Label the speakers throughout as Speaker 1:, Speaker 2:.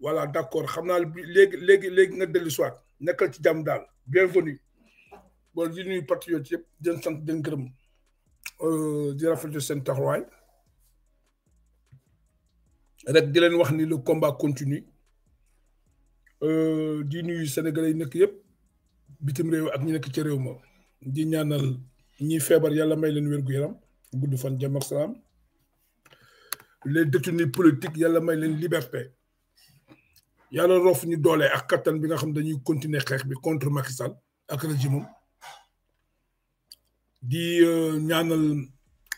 Speaker 1: voilà d'accord. xamna leg leg leg nga delu swat nekkal ci jam dal bienvenue Bonne di nuyu patriote centre di leen sant di leen gërëm euh, di rafetlu seen rek di len wax ni le combat continue euh, di nuy sénégalais nekk yëpp bitim rew ak ñu nekk ci rew mo di ñaanal ñi feebar yalla may leen wër gu yaram guddu fan jàmm ak salam les détenus politiques yalla may leen liberté yàlla roof ñu doole ak kattan bi nga xam dañuy continuer xeex bi contre Macky Sall ak régime di euh, ñaanal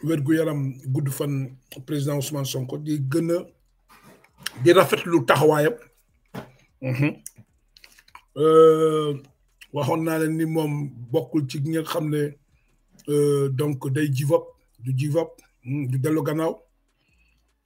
Speaker 1: wergu yaram gudd fan président Ousmane Sonko di gën a di rafetlu taxawaayam mhm. euh, waxoon naa leen ni moom bokkul ci nga xam ne euh, donc day jivop du jivop du dellu gannaaw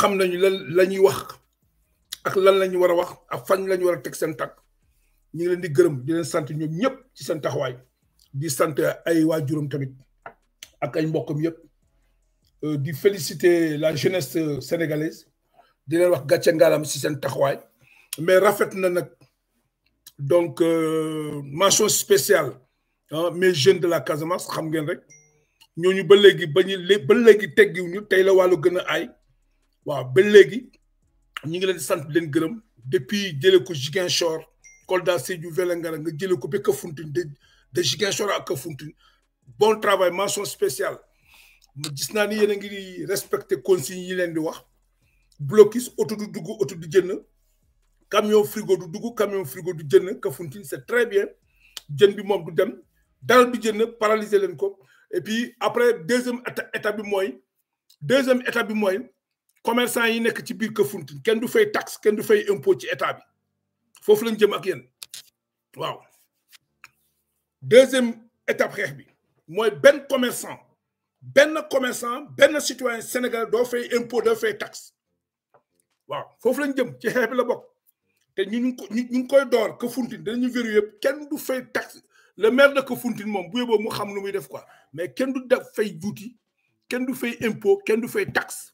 Speaker 1: xam nañu lan la wax ak lan la wara wax ak fañ la ñu war a teg seen tàkk ñu ngi leen di gërëm di leen sant ñoom ñëpp ci seen taxawaay di sant ay waajuram tamit ak ay mbokkam yëpp euh, di féliciter la jeunesse sénégalaise di leen wax gàcce ngaalam si seen taxawaay mais rafet na nag donc euh, mention spéciale ah mes jeunes de la Casamance xam ngeen rek ñooñu ba léegi ba ñu ba léegi teggiw ñu tey la wàllu gën a aay waaw ba léegi ñu ngi leen sant leen gërëm depuis jëlee ko Ziguinchor Kolda Sédhiou velengara nga jëlee ko ba Kafountine de de Ziguinchor ak Kafountine bon travail mention spéciale ma gis naa ni yéen a ngi respecté consignes yi leen di wax blocus oto du dugg autour du jënd camion frigo du dugg camion frigo du jënd Kafountine c'est très bien jën bi moom du dem dal du jënd paralyser leen ko et puis après deuxième étape bi mooy deuxième étape bi mooy commerçant yi nek ci biir Kafountine kenn du fay taxe kenn du fay impôt ci état bi foofu lañ jëm ak yéen waaw deuxième étape xeex bi mooy benn commerçant benn commerçant benn citoyen sénégal doo fay impôt doo fay taxe waaw foofu lañ jëm ci xeex bi la bokk te ñu ñu ñu ngi koy door Kafountine dañu vérifier yëpp kenn du fay taxe le maire de Kafountine moom bu yeboo mu xam lu muy def quoi mais kenn du def fay juuti kenn du fay impôt kenn du fay taxe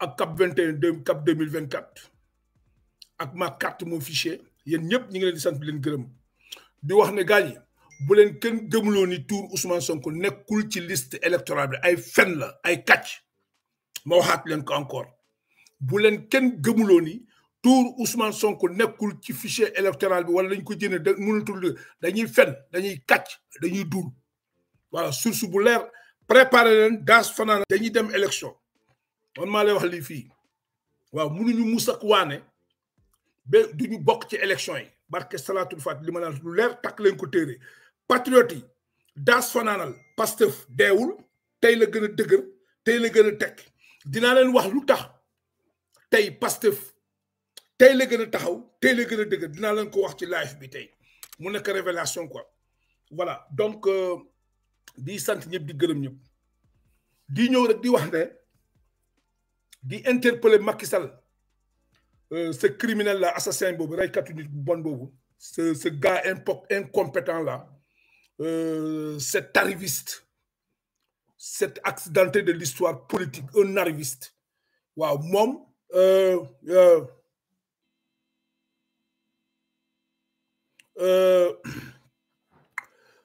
Speaker 1: ak cap 21 cap 2024 ak ma carte mon fichier yéen ñep ñi ngi leen di sant di leen gërëm di wax ne gañ bu leen kenn gëmloo ni tour Ousmane Sonko nekkul ci liste électorale ay fen la ay katch ma waxaat leen ko encore bu leen kenn gëmloo ni tour Ousmane Sonko nekkul ci fichier électoral bi wala dañ ko jëne da mënatul dañuy fen dañuy katch dañuy duul voilà source bu leer préparé leen daas fanaan dañuy dem élection man maa lay wax lii fii waaw mënuñu musak waane ba duñu bokk ci élection yi barke salaatul faat li ma naan lu leer takk lañ ko téere patriote yi daas fanaanal pastef deewul tey la gën a dëgër tey la gën a tekk dinaa leen wax lu tax tey pastef tey la gën a taxaw tey la gën a dëgër dinaa leen ko wax ci live bi tey mu nekk révélation quoi voilà donc euh, di sant ñëpp di gërëm ñëpp di ñëw rek di wax ne di interpeller Macky Sall euh, ce criminel là assassin Bobo, bon ce ce gars incompétent là euh, cet arriviste cet accidenté de l'histoire politique un arriviste waaw mon euh,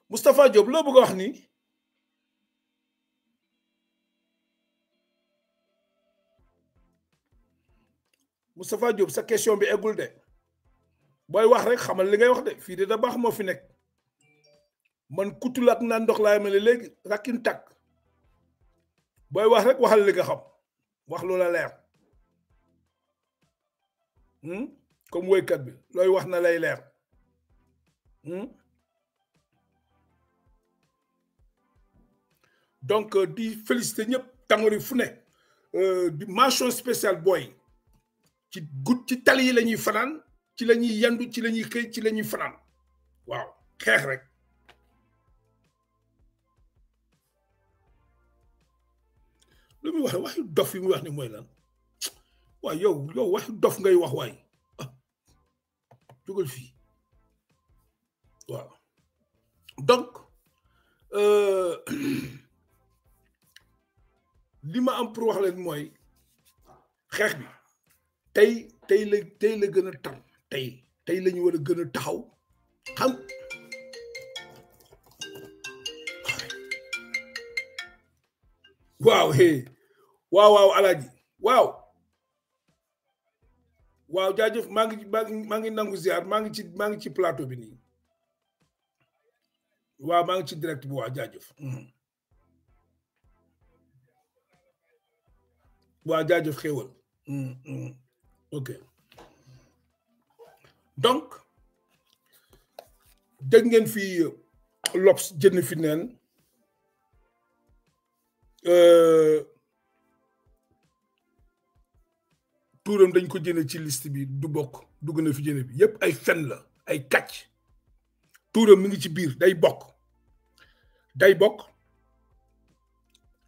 Speaker 1: Moustapha Diop le bëgg Moustapha Diop sa question bi de Boy wax rek xamal li ngay wax de fi de fi man nan dox mel wax rek waxal la hmm? comme vous bi loy wax na lay hmm? donc euh, di félicité ñëpp tangori fu ne euh, mention ci gudd ci tali yi la fanaan ci la ñuy yandu ci la ñuy xëy ci lañuy fanaan waaw xeex rek lu muy wax waxu dof yi muy wax ni mooy lan waaw yow yow waxu dof ngay wax waay ah jógal fii waaw donc euh, li ma am pour wax leen mooy xeex bi tey tey la la gën a tar tey tey la ñu war a gën a taxaw xam waaw hey waaw waaw alaaji waaw waaw jaajëf maa ngi maa ngi nangu ziar maa ngi ci maa ngi ci plateau bi nii waaw maa ngi ci direct bi waaw jaajëf hmm. waaw jaajëf xéewal hmm, hmm. ok donc dégg ngeen fi euh, L'Obs jën fi neen euh, tuuram dañ ko jëne ci list bi du bokk dugg na fi jëne bi yépp ay fen la ay kàcc tuuram mi ngi ci biir day bokk day bokk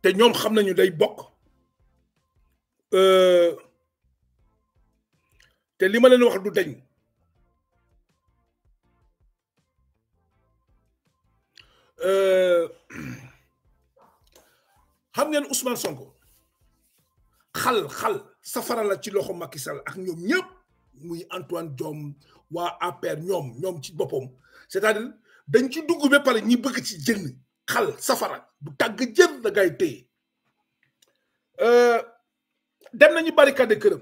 Speaker 1: te ñoom xam nañu day bokk euh, te li ma leen wax du dañ euh, xam ngeen Ousmane Sonko xal xal safara la ci loxo Macky ak ñoom ñëpp muy Antoine Diome waa APR ñoom ñoom ci boppam c'est-à-dire dañ ci dugg ba pare ñi bëgg ci jënn xal safara bu tàgg jën da ngay téye euh, dem nañu barricade këram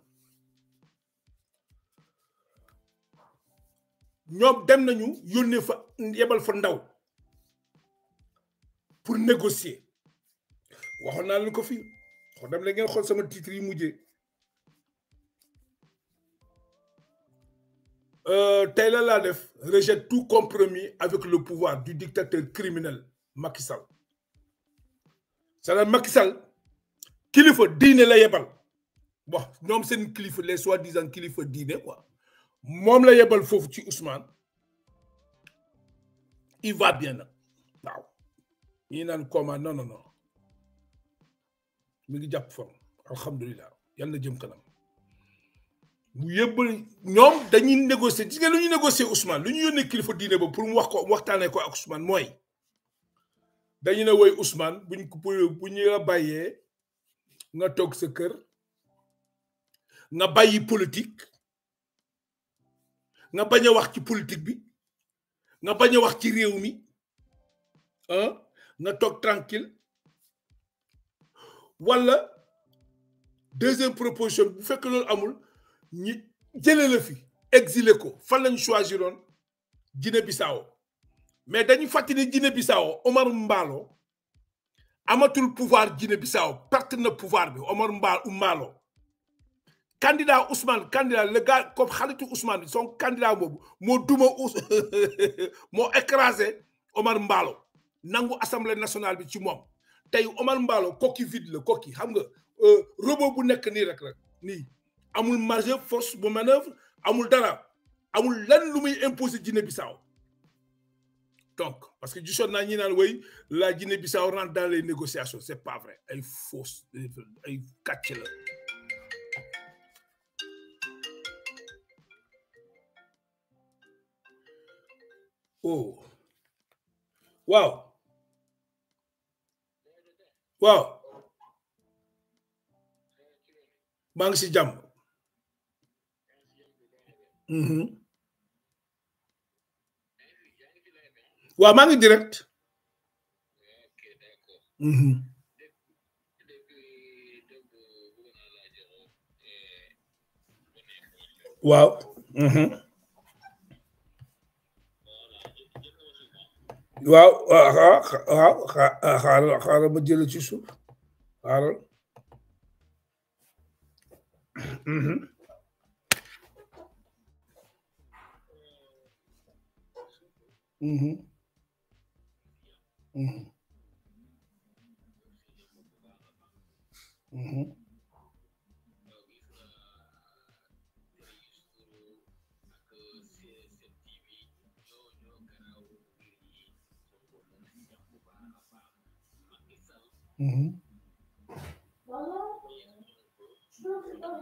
Speaker 1: ñom dem nañu yónnee fa yebal fa ndaw pour négocier waxoon naa leen ko fi xon dem la ngeen xol sama titre yi euh tey la def rejette tout compromis avec le pouvoir du dictateur criminel Macky Sall cest à Macky Sall kilifa diine la yebal wax ñom seen kilifa les soi-disant kilifa diine quoi mom la yebal Usman, ci Ousmane il va bien Il waaw ñi pas non non non mi ngi forme Il yàlla jëm kanam mu Il ñom dañuy négocier gis nga lu ñu négocier Ousmane lu ñu yone kilifa diiné ba pour mu wax ko waxtane ko ak Ousmane moy dañu ne way Ousmane buñ ko la nga tok sa kër nga politique nga bañ a wax ci politique bi nga bañ wax ci ah tranquille wala deuxième proposition bu fekk loolu amul ni, jële la fi exilé ko fan lañ Bissau mais dañu Guinée Bissau Omar amatul pouvoir Guinée Bissau perte na pouvoir bi Omar candidat Ousmane candidat le gars comme Khalid Ousmane son candidat boobu moo duma Ous moo écrasé Omar Mballo nangu assemblée nationale bi ci moom Omar Mbalo, coquille vide le coquille xam robot bu nekk nii rek rek ni. amul marge force bu manœuvre amul dara amul lan lu muy imposé Guinée-Bissau donc parce que gisoon naa ñi naan way la Guinée-Bissau rentre dans les négociations c'est pas vrai Elle est fausse est kàcce là. Ooh. wow, Whoa. Bang si jam. Mm -hmm. Wa mangi direct. Mm -hmm. Wow. Mm -hmm. waaw waaw waaw xaaral xaaral ma jëlee ci suuf xaaral Mm-hmm.
Speaker 2: Mm-hmm. Mm-hmm. Mmh.
Speaker 3: Voilà. Je veux préparer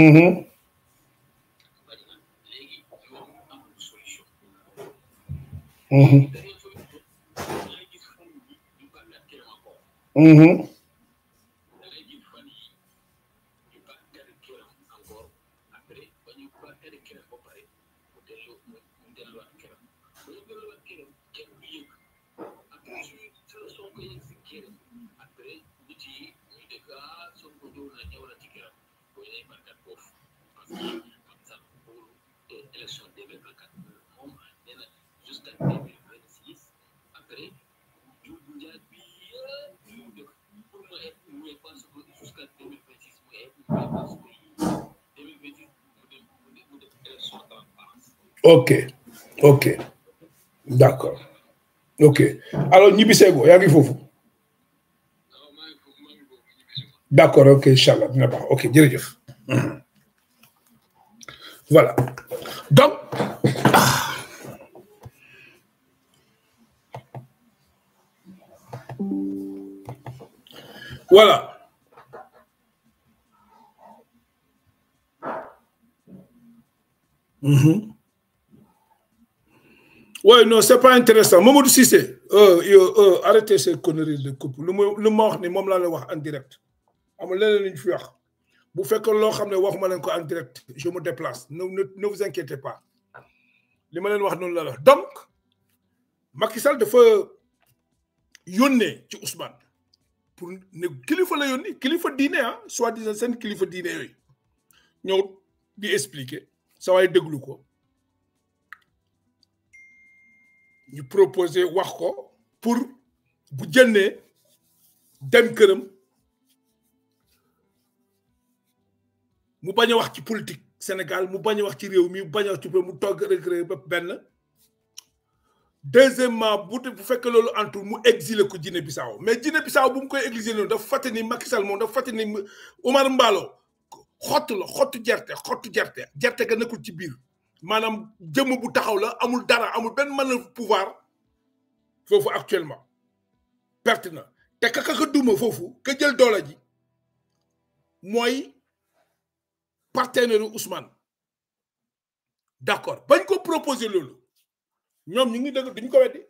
Speaker 2: Mm-hmm. Mm-hmm. Mm-hmm.
Speaker 1: yow ñibbisee ko yaa ngi foofu D'accord, ok Inch'Allah, allah dina ok jërëjëf voilà donc voilà. Mm-hmm. Ouais, non, c'est pas intéressant. Mamadou Sissé, euh, euh, arrêtez ces conneries de couple. Le mort le mot, mom la wax en direct. Am lenen luñ fi wax. Bu fekk lo xamné wax len ko en direct, je me déplace. Ne, ne, ne vous inquiétez pas. Li ma len wax non la Donc Macky Sall feu yonne ci Ousmane pour ne kilifa la yonni kilifa dîner, ah soit disant une kilifa dîner. yoy ñew di expliquer sa way déglu ko nous proposer wax ko pour bu dem mu bañ a wax ci politique Sénégal mu bañ wax ci réew mi bañ a mu togg rek ba benn deuxièmement bu bu loolu mu exilé ko Bissau mais Guinée Bissau bu mu koy exilé noonu dafa fàtte ni Macky Sall moom Omar Mballo xott la xottu gerte ga manam jëm bu taxaw la amul dara amul ben manœuvre pouvoir fofu actuellement Pertinent. na te ka duma fofu ke jël dola ji moy partenaire Ousmane d'accord bañ ko proposer lolu ñom ñu ngi dëgg duñu ko wéddi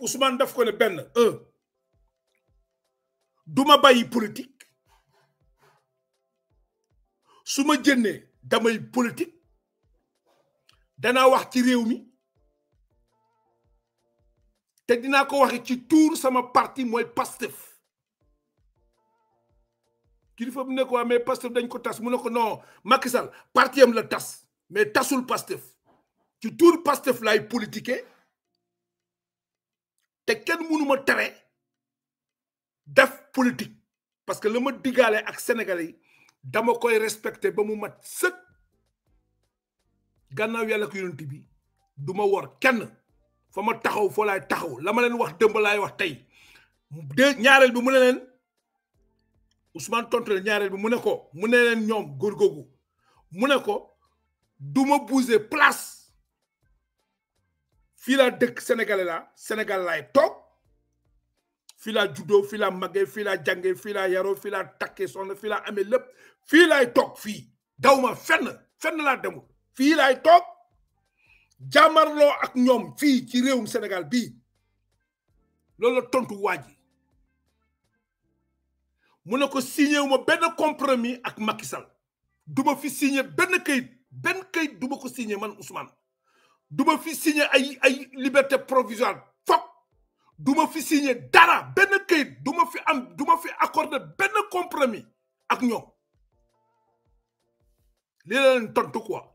Speaker 1: Ousmane daf ko né ben un duma bàyyi politique suma jënné damay politique dana wax ci réew mi te dina ko waxe ci tour sama parti mooy Pastef kilifa bu ne ko waa mais Pastef dañ ko tas mu ne ko non Macky Sall parti am la tas mais tasul Pastef ci tour Pastef lay politiquer te kenn mënu tere def politique parce que le ma digale ak Sénégalais yi dama koy respecté ba mu mat sëkk gannaaw yàlla ko yonent bi du ma wor kenn fa ma taxaw lay taxaw la ma leen wax dëmb laay wax tey de ñaareel bi mu ne leen Ousmane tontu leen ñaareel bi mu ne ko mu ne leen ñoom góor mu ne ko du ma place fii laa dëkk sénégalais la Sénégal laay toog fii laa juddoo fii laa màggee fii laa fila fii laa yaroo fii laa takkee soxna fii laa amee lépp fii laay toog fii daw fenn fenn laa demul fi lay tok jàmmarloo ak ñom fi ci réewum Sénégal bi loolu tontu waji ji mu ne ko signé wu compromis ak Macky Sall duma fi signé ben kayit ben kayit duma ko signé man Ousmane duma fi signé ay ay liberté provisoire fok duma fi signé dara ben kayit duma fi am duma fi accorder ben compromis ak ñom lii tontu quoi.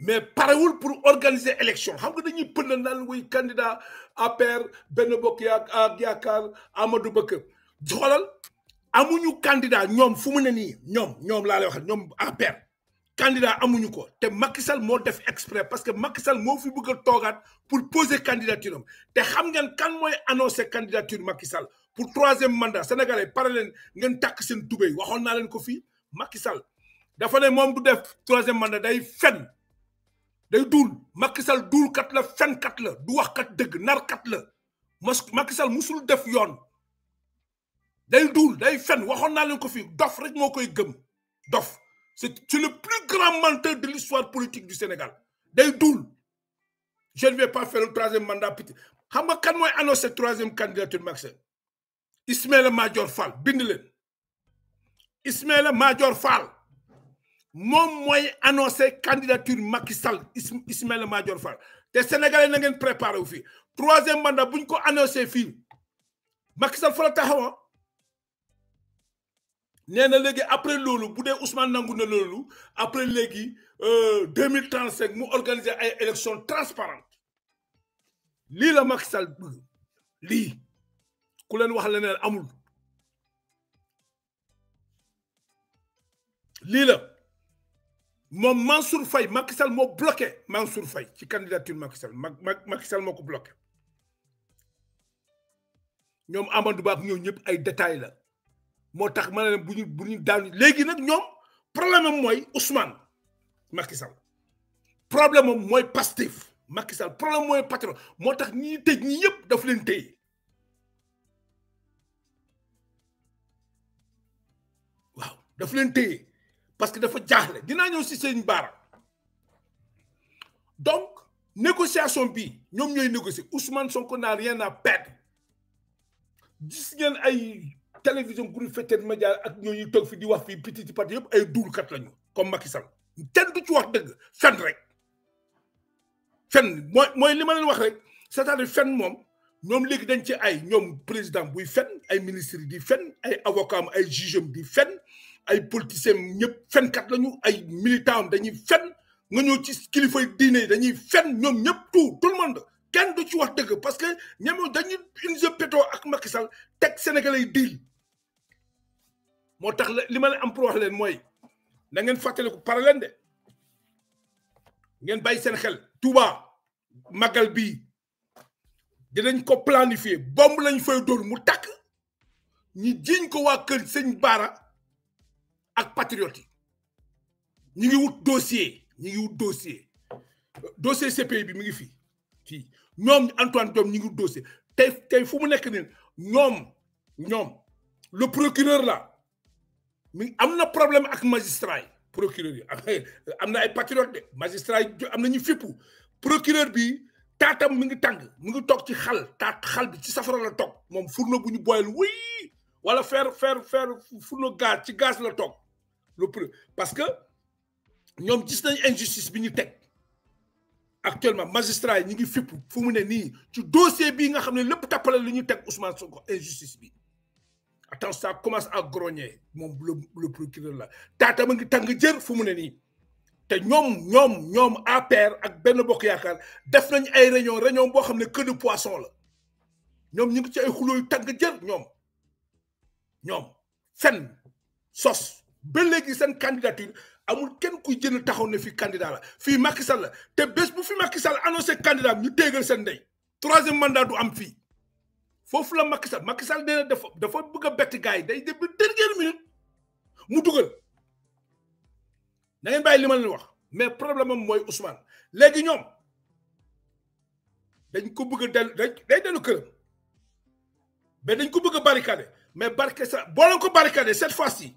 Speaker 1: mais parewul pour organiser élection xam nga dañuy pënd naan wuy candidat APR benn bokk ak yaakaar Amadou Ba xoolal amuñu candidat ñom fu mu ne nii ñoom ñoom laa lay wax ñom APR candidat amuñu ko te Macky Sall def exprès parce que Macky Sall moo fi bëgg togat pour poser candidature te xam ngeen kan moy annoncer candidature Macky Sall pour troisième mandat sénégalais pare leen ngeen takk seen tubéy waxon na len ko fi Macky Sall dafa ne du def troisième mandat day fen day duul Macky Sall kat la kat la du waxkat dëgg narkat la mas Macky Sall musul def yoon day duul day fen waxon na len ko fi dof rek moo koy dof c'est le plus grand menteur de l'histoire politique du Sénégal day duul je ne vais pas faire le troisième mandat piti xam nga kan moy annoncer troisième candidature Macky Sall Ismaël Madior Fall bind len Ismaël Madior Fall mon moyen annoncer candidature Macky Sall le major Fall te sénégalais na ngeen préparé wu troisième mandat buñ ko annoncé film Macky Sall fa la taxawa ah. nee après lolu boudé Ousmane Nangou na lolu après légui euh 2035 mu organiser ay élections transparentes li la Macky Sall bëgg li ku leen wax leneen amul li la mon Mansour Fay, Macky Sall bloqué Mansour Fay. ci candidature Macky Sall ma Macky Sall bloqué Ba ñoo ay détails la tax problème c'est Ousmane Macky problème Macky Sall problème patron ñi ñi daf leen parce que dafa jaxlé dina ñëw ci une barre donc négociation bi ñom ñoy négocier Ousmane Sonko n'a rien à perdre gis ay télévision groupe ak fi di wax petit parti ay comme Macky Sall du ci wax fen rek c'est-à-dire fen mom ñom légui dañ ci ay président buy fen ay ministre di fen avocat juge ay politiciens ñëpp fenkat lañu ay militants dañuy fen nga ñëw ci kilifa diine dañuy fen ñoom ñëpp tout tout monde kenn du ci wax dëgg parce que ñoom dañuy unise péto ak Macky Sall teg Sénégalais yi diil moo tax li ma leen am pour wax mooy na ngeen fàttaliku pare leen de ngeen bàyyi seen xel. Touba magal bii dinañ ko planifier bomb lañ fay dóor mu takk ñi jiñ ko waa kër sëñ Baara. ak patriote ñi ngi dossier dossier dossier CPI bi mi ngi Antoine ngi dossier tay fu mu le procureur là, mi a un problème ak magistrat procureur yi eh, ay patriote de magistrat procureur bi taatam mi ngi mi ngi ci xal xal bi ci la bu ñu boyal wala gaz ci gaz parce que nous gis nañ injustice actuellement magistrat ñi ngi fu mu ne ci dossier bi nga xamne lepp li ñu Ousmane Sonko injustice attends ça commence à grogner mon le procureur là tata ma ngi jër fu mu ne ni te ñom ñom ñom APR ak ben bokk def nañ ay réunion réunion bo xamne poisson ngi ci ba léegi seen candidature amul kenn kuy jënd taxaw ne fii candidat la fii Macky Sall la te bés bu fi Macky Sall annoncé candidat ñu déggal seen ndey troisième mandat du am fii foofu la Macky Sall Macky Sall nee na dafa dafa bëgg a bett gars day def ba dernière minute mu dugal na ngeen bàyyi li ma leen wax mais problème am mooy Ousmane léegi ñoom dañ ko bëgg a dellu day dellu kër mais dañ ko bëgg a barricadé mais barricadé sa boo leen ko barricadé cette fois ci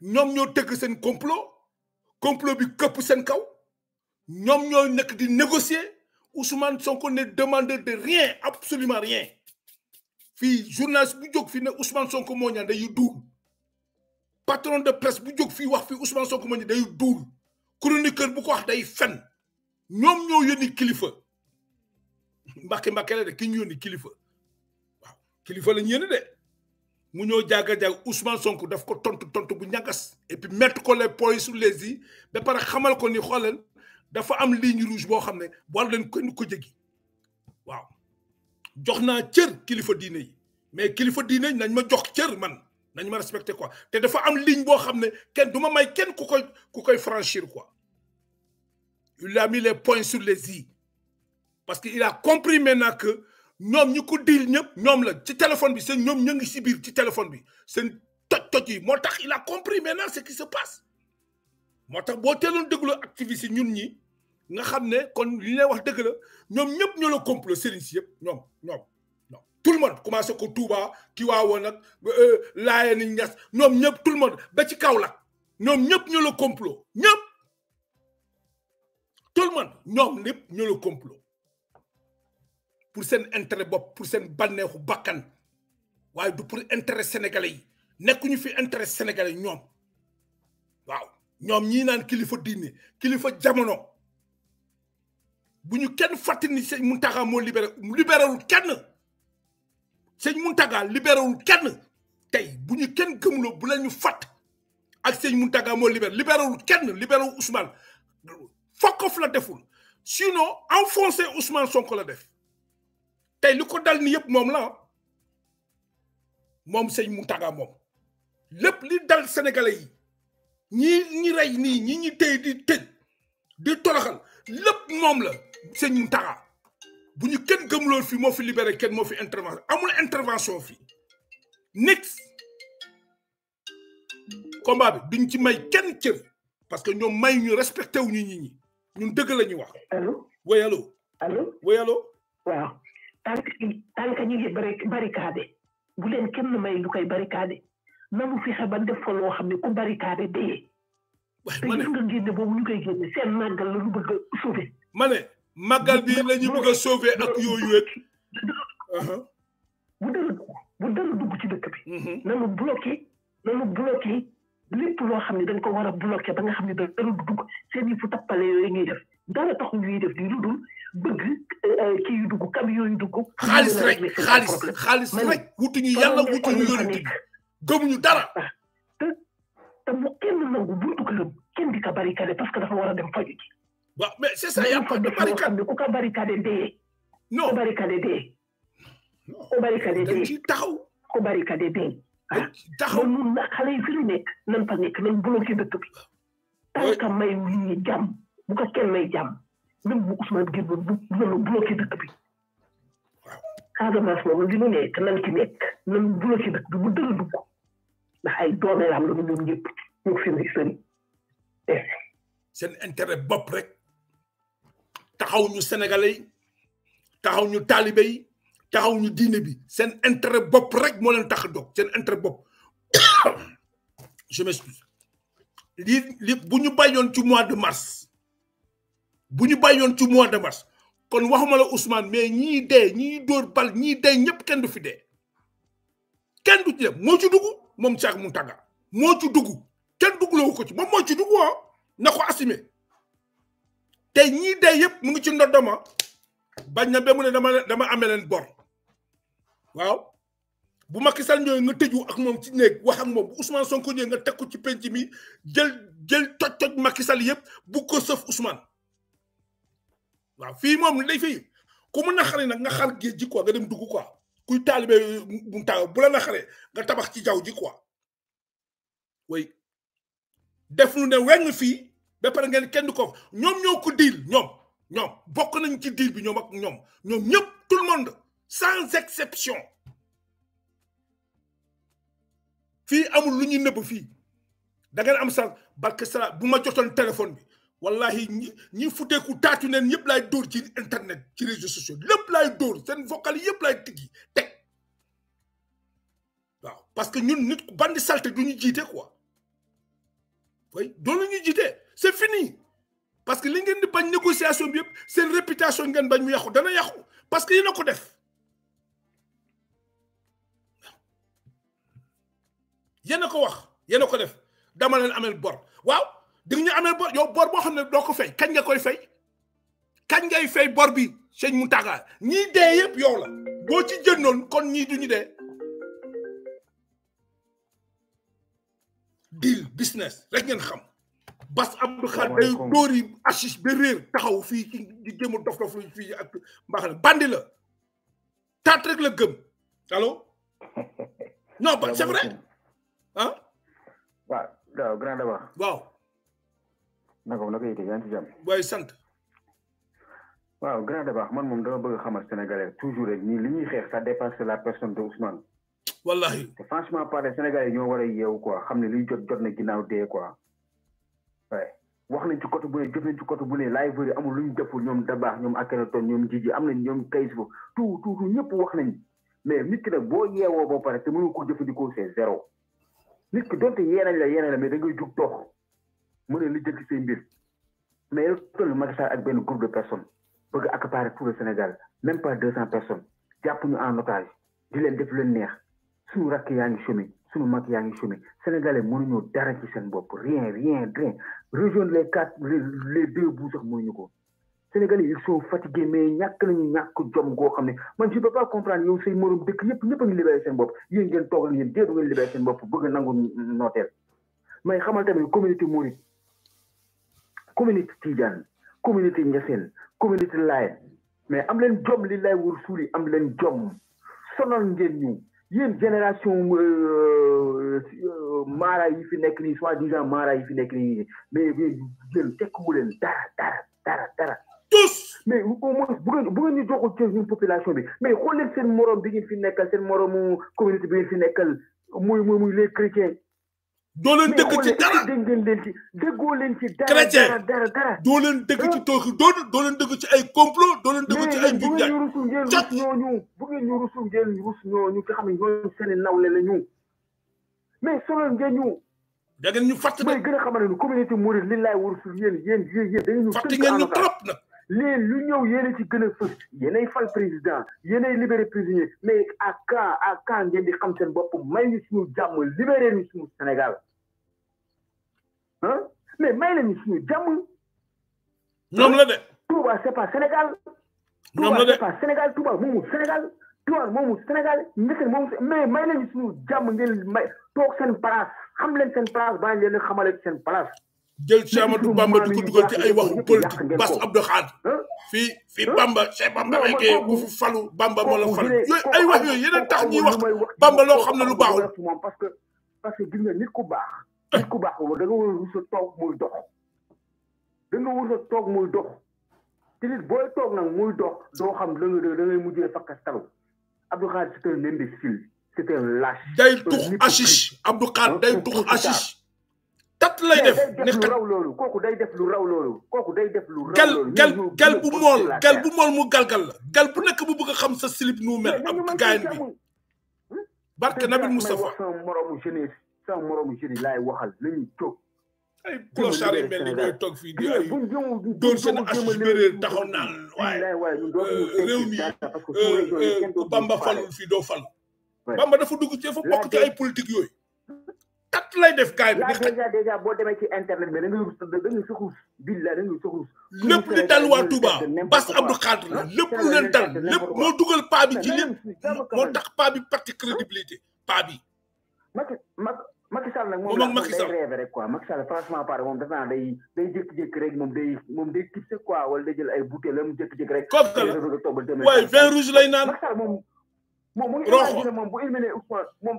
Speaker 1: ñom ñoo seen complot complot bi këpp seen kaw ñom ñoo négocier Ousmane Sonko ne demandeur de rien absolument rien fi journaliste bu jog Ousmane Sonko mo ñaan patron de presse bu jog Ousmane Sonko mo ñaan chroniqueur bu ko wax day fen ñom ñoo de ki ñu kilifa waaw kilifa de mu ñëw jaaga jaag Ousmane Sonko daf ko tontu tontu bu ñagas et puis mettre ko les points sur les i ba par xamal ko ni xoolal dafa am ligne rouge boo xam ne war wow kenn ko qu'il waaw jox naa kilifa diine mais kilifa diine nañ ma jox cër man nañ ma respecté quoi te dafa am ligne boo xam ne kenn du may ku koy ku koy franchir quoi il a mis les points sur les i parce qu'il a compris maintenant que ñom ñu ko diil ñëpp la ci téléphone bi seen ñom ci téléphone bi il a compris maintenant ce qui se passe tax activiste ñun ñi nga xamné kon li lay wax la ñom complot ci ñom ñom tout le monde commencé ko Touba ni ñass ñom tout le monde ba ci la ñom complot tout le monde ñom ñëpp ñoo complot pour s'en intérêt pour s'en banner bakkan waye du pour intérêt sénégalais yi fi intérêt sénégalais ñom waaw ñom ñi naan kilifa diine kilifa jamono buñu kenn fàttali ni sëñ libéré kenn seigne kenn tay buñu kenn faisons bu la fat ak seigne nous mo libéré kenn Ousmane fokof la deful sinon enfoncez Ousmane Sonko la def le lu dal ni ni Mom la ni ni ni ni ni li dal sénégalais yi ni ni ray ni ni ñi tay di ni di toroxal ni ni la seigne ni bu kenn libéré kenn ni intervention amul intervention combat bi ci may kenn parce que ñom may ñu respecté wu ni
Speaker 3: ni ñi ñun ni ni oui allô. Allô. oui waaw. tànk yi tànk ñu ngi barricade bu leen kenn may lu koy barricade namu fexe ban def fa loo xam ne ku barricade dee. waaye ma ne te nga génne boobu ñu koy génne seen màggal la ñu bëgg a sauver.
Speaker 1: ma ne màggal bi la ñu bëgg a sauver ak yooyu yëpp.
Speaker 3: Uh-huh. dugg ci dëkk bi. Mm-hmm. nanu bloqué nanu bloqué lépp loo xam ne dañ ko war a ba nga xam ne dara dugg seen i fu tappale yooyu ngay dara tax ñuy def di lu dul bëgg euh, kii yu dugg camion yu dugg. xaalis rek xaalis xaalis rek wutuñu yàlla wutuñu yonent bi gëmuñu dara. Ah, te te mu kenn nangu buntu këram kenn di ka barricade parce que dafa war a dem faju ji. waaw mais c'est ça y'a pas de barricade ku ka barricade dee. non ku barricade dee. ku barricade dee ci taxaw. ku barricade dee. Ah. taxaw nun na xale yi fi ñu nekk nan fa nekk nan bloqué dëkk bi. tant que may lii jàmm. bu ko kenn may jàmm même bu Ousmane Gueye bu bu bloqué dëkk bi waaw Casamance moom li mu ne te nan ci nekk nan bloqué dëkk bi bu dëgg dugg ndax ay doomee am la ñu ñoom ñëpp ñoo seen historique
Speaker 1: seen intérêt bopp rek taxaw ñu sénégalais yi taxaw ñu taalibe yi ñu diine bi seen intérêt bopp rek moo la tax a seen intérêt bopp je m'excuse lii li bu ñu bàyyoon ci mois de mars bu ñu bàyyoon ci mois de mars kon waxuma la Ousmane mais ñii dee ñii dóor bal ñii dee ñëpp kenn du fi kenn du ci moo ci dugg moom mu Moutaga moo ci dugg kenn duggloo ko ci moom moo ci dugg woo ah, na ko te ñii dee yëpp mu ngi ci ndoddoma bañ na ba mu ne dama dama amee leen bor waaw bu Macky Sall ñëwee nga tëju ak moom ci néeg wax ak moom bu Ousmane Sonko ñëwee nga teg ko ci penc mi jël jël toj toj Macky Sall yëpp bu ko sëf Ousmane. wa fi mom lay fi ku mu naxaree nag nga xal ge ji quoi nga dem dugg quoi kuy taalibe bu taaw bu la naxale nga tabax ci jaww ji quoi way def lu ne weng fi ba par ngeen kenn du ko ñom ñoo ko diil ñom ñoom bokk nañ ci deal bi ñom ak ñom ñom ñep tout le monde sans exception fi amul lu ñuy nëbb fii da ngeen am sa barke sala buma ma jotoon téléphone bi wallahi ñi ñi futeeku taatu neen ñëpp laay dóor ci internet ci réseaux sociaux lepp lay door sen vocal yëpp lay tigi teg waaw parce que ñun nit bandi salté duñu jité quoi way doolu ñu jiite c'est fini parce que li ngeen di bañ négociation bi sen réputation ngeen bañ mu yaxu dana yaxu parce que yéen a ko def yéen a ko wax yéen a ko def dama leen amel bor waaw di ñu amee bor yow boo xam ne doo ko fay kañ nga koy fay kañ ngay fay bor bi sëñ Mountakha ñii dee yëpp yow la boo ci jëndoon kon ñii duñu dee deal business rek ngeen xam Bass Abdou Khadre day dóor yi assis ba réer taxaw fii ci di jëma dof dof fii ak mbaax bandi la taat rek la gëm allo non ba c'est vrai ah waaw naka ko naka yitee yaa ngi
Speaker 4: ci sant. waaw grand débat man moom dama bëgg a xamal sénégalais toujours rek ñii li ñuy xeex sa dépasse la personne de Ousmane. wallahi te franchement parler sénégalais ñoo war a yeewu xam ne liy jot jot na ginnaaw dee quoi. waaye wax nañ ci côté bu ne jot nañ ci côté bu ne laay bëri amul lu ñu jëful ñoom Dabaax ñoom Akhenaton ñoom Jiji am nañ ñoom Kayz foofu tout tout tout ñëpp wax nañ mais nit ki nag boo yeewoo ba pare te mënu ko jëfandikoo c'est zéro nit ki donte yee nañ la yee nañ la mu ne li jël ci say mbir mais yow toll Macky Sall ak benn groupe de personnes bëgg accaparer tout le Sénégal même pas deux cent personnes jàpp ñu en otage di leen def leen neex suñu rakk yaa ngi chômé suñu mag yaa ngi chômé sénégalais mënuñoo dara ci seen bopp rien rien rien rejoindre les quatre les deux bouts sax mënuñu ko sénégalais ils sont fatigués mais ñàkk nañu ñàkk jom goo xam ne man je peux pas comprendre yow say morom dëkk yëpp ñëpp a ngi libéré seen bopp yéen ngeen toog yéen déedu ngeen libéré seen bopp bëgg nangu nooteel mais xamal tamit communauté mouride communauté Tidiane communauté Niassène communauté Laye mais am leen jom li lay wër suuli am leen
Speaker 1: jom sonal ngeen ñu yéen génération euh, euh, mara yi fi nekk nii soi-disant maara yi fi nekk nii mais yéen tekku leen dara dara
Speaker 3: dara dara mais au moins bu ngeen bu ngeen ñu joxul ci ñun population bi mais xool leen seen morom bi ngeen fi nekkal seen moromu communauté bi ngeen fi nekkal muy muy muy doo leen dëkk ci dara déggoo leen ci dara dara dara doo
Speaker 1: leen dëkk ci tooxi doon dëkk ci ay complot doo dëkk ci ay njuñ njaay bu ngeen ñu ñooñu bu ñu rusu ngeen rus ñooñu nga xam ñooñu seen nawle la ñu mais solo ngeen ñu da ngeen ñu fàtt may gën a xamal ne communauté Mouride li laay warusul yéen yéen yéen yéen dañu ñu fàtt ngeen ñu trop lu ñëw yéen ci gën a fës yéenay fal président yéenay
Speaker 3: libéré prisonnier mais à quand à quand di xam seen bopp may ñu suñu jàmm libéré ñu Sénégal Hein? mais may leen ñu suñu jàmm. la de. c'est pas Sénégal. de c'est pas Sénégal Touba Sénégal. Touba moomu Sénégal Sénégal. mais may leen ñu suñu jàmm place xam place place. jël Bamba ko
Speaker 1: ci ay politique hein? Hein? Bamba Bamba falu Bamba la falu ay wax Bamba lu nit ku baax da nga war toog muy dox da nga toog muy dox te booy toog nag muy dox doo xam da nga da ngay mujjee fakkastalu Abdou Khadre c'est un imbécile c'est un lâche day tux ashish Abdou Khadre day tux ashish tat lay def def lu day def lu raw loolu kooku day def lu raw loolu gal gal bu mool gal bu mool mu galgal la gal bu nekk bu bëgg a xam sa slip nu mel ab gaayan bi barke Nabil Moustapha moromu sama moromu jeunes yi laay waxal nañu toog. ay clochard yi mel ni ñooy toog fii di ay doon seen assis béréer taxaw naan waaye euh, euh, réew mi euh, Bamba falul fii doo fal. Bamba dafa dugg da nga soxla lépp li dal waa Touba Bass Abdou lépp lu dal lépp moo dugal paa bi moo tax paa parti crédibilité paa Macky
Speaker 3: Sall nak mom Macky Sall rêve
Speaker 4: rek quoi Macky Sall franchement par mom daf naa day day jékki-jékki rek mom day mom day tipse quoi wala day jël ay bouteille butéelam jékki-jékki rek. kooku la nga vin rouge lay naan. Macky Sall
Speaker 1: moom. moom mu ngi imaginer moom bu éliminé Ousmane moom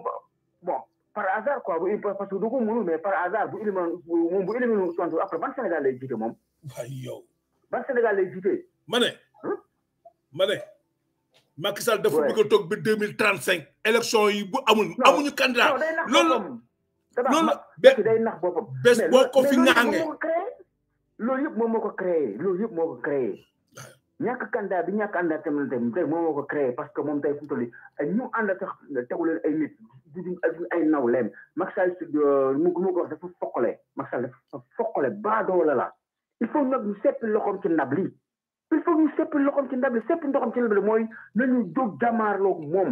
Speaker 1: bon par hasard quoi bu parce que du ko mënul mais par hasard bu éliminé moom bu éliminé Ousmane après ban Sénégal lay jiite mom waay yow. ban Sénégal lay jiite. Mané hein? Mané Macky Sall dafa bëgg tok bi 2035 élection yi bu amul amuñu candidat loolu.
Speaker 3: loolu bés day nax boppam bés boo loolu yëpp moom moo ko créé loolu yëpp moo ko créé ñàkk candidat bi ñàkk ànda tam tey moom moo ko créé parce que
Speaker 4: moom tey fu mu toll nii ñu ànda sax tegu ay nit ay naw leen Macky Sall euh, mu ko wax dafa foqale Macky Sall la il faut nag ñu
Speaker 3: seppi loxoom ci ndab li il faut ñu seppi loxoom ci ndab li seppi ndoxam ci ndab li mooy nañu jóg jàmmaarloog moom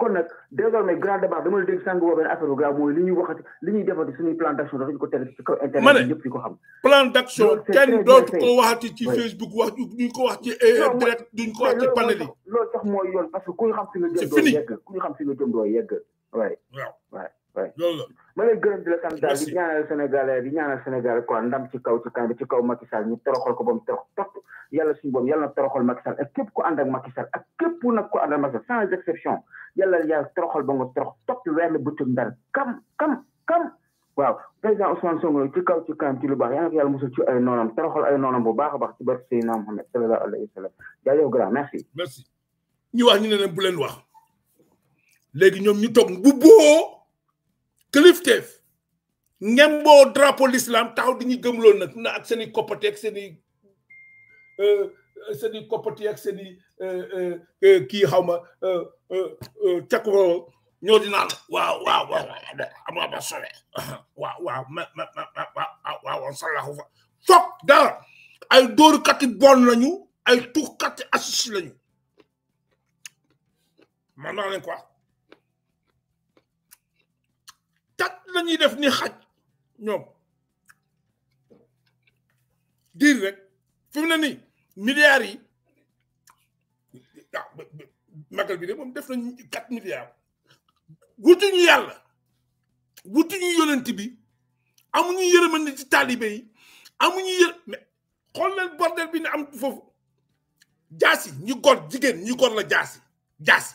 Speaker 4: kon nag désormais grand débat dama la dégg sànq woo affaire bu grave mooy li ñuy waxati li ñuy defati suñuy plan d' action dafa ñu ko teg ci kaw internet ñëpp di ko xam. plan d' action kenn dootu ko waxati ci Facebook
Speaker 1: wax duñ ko wax ci direct duñ ko wax ci panel yi. sax mooy yoon parce que ku ñu xam si nga
Speaker 4: jëm ku ñu xam si nga jëm doo yegg waay. waaw
Speaker 1: ma lay gërëm di la sant daal di
Speaker 4: ñaanal Sénégal di ñaanal ci kaw ci kanam ko ba mu sans exception yàlla yàlla toroxal ba nga topp weer la bëccëg ndar kam kam kam waaw président Ousmane Sonko ci kaw ci kanam ci lu baax yàlla na ko ci ay noonam toroxal ay noonam bu baax a baax ci barke Seydina Mohamed sallallahu merci merci wax
Speaker 1: ñu ne leen bu wax léegi ñoom ñu toog bu kilifteef ngemboo drapeau l'islam taxaw di ñu gëmloo nag na ak seen i koppati ak seen i euh, seen i koppati ak seen i euh, euh, kii xaw ma cakko ñoo di naan waaw waaw waaw ama ba sole waaw waaw ma ma waaw sallahu fa foog dara ay dóorukati bon lañu ay tuxkati assis lañu man naa leen ko wax cat la ñuy def ni xaj ñoom diir rek fi mu ne nii milliards yi ah magal bi de moom def nañ quatre milliards wutuñu yàlla wutuñu yonent bi amuñu yërëmande ci taalibe yi amuñu yër mais xool leen bordel bi ne am foofu jaasi ñi gor jigéen ñi gor la jaasi jaasi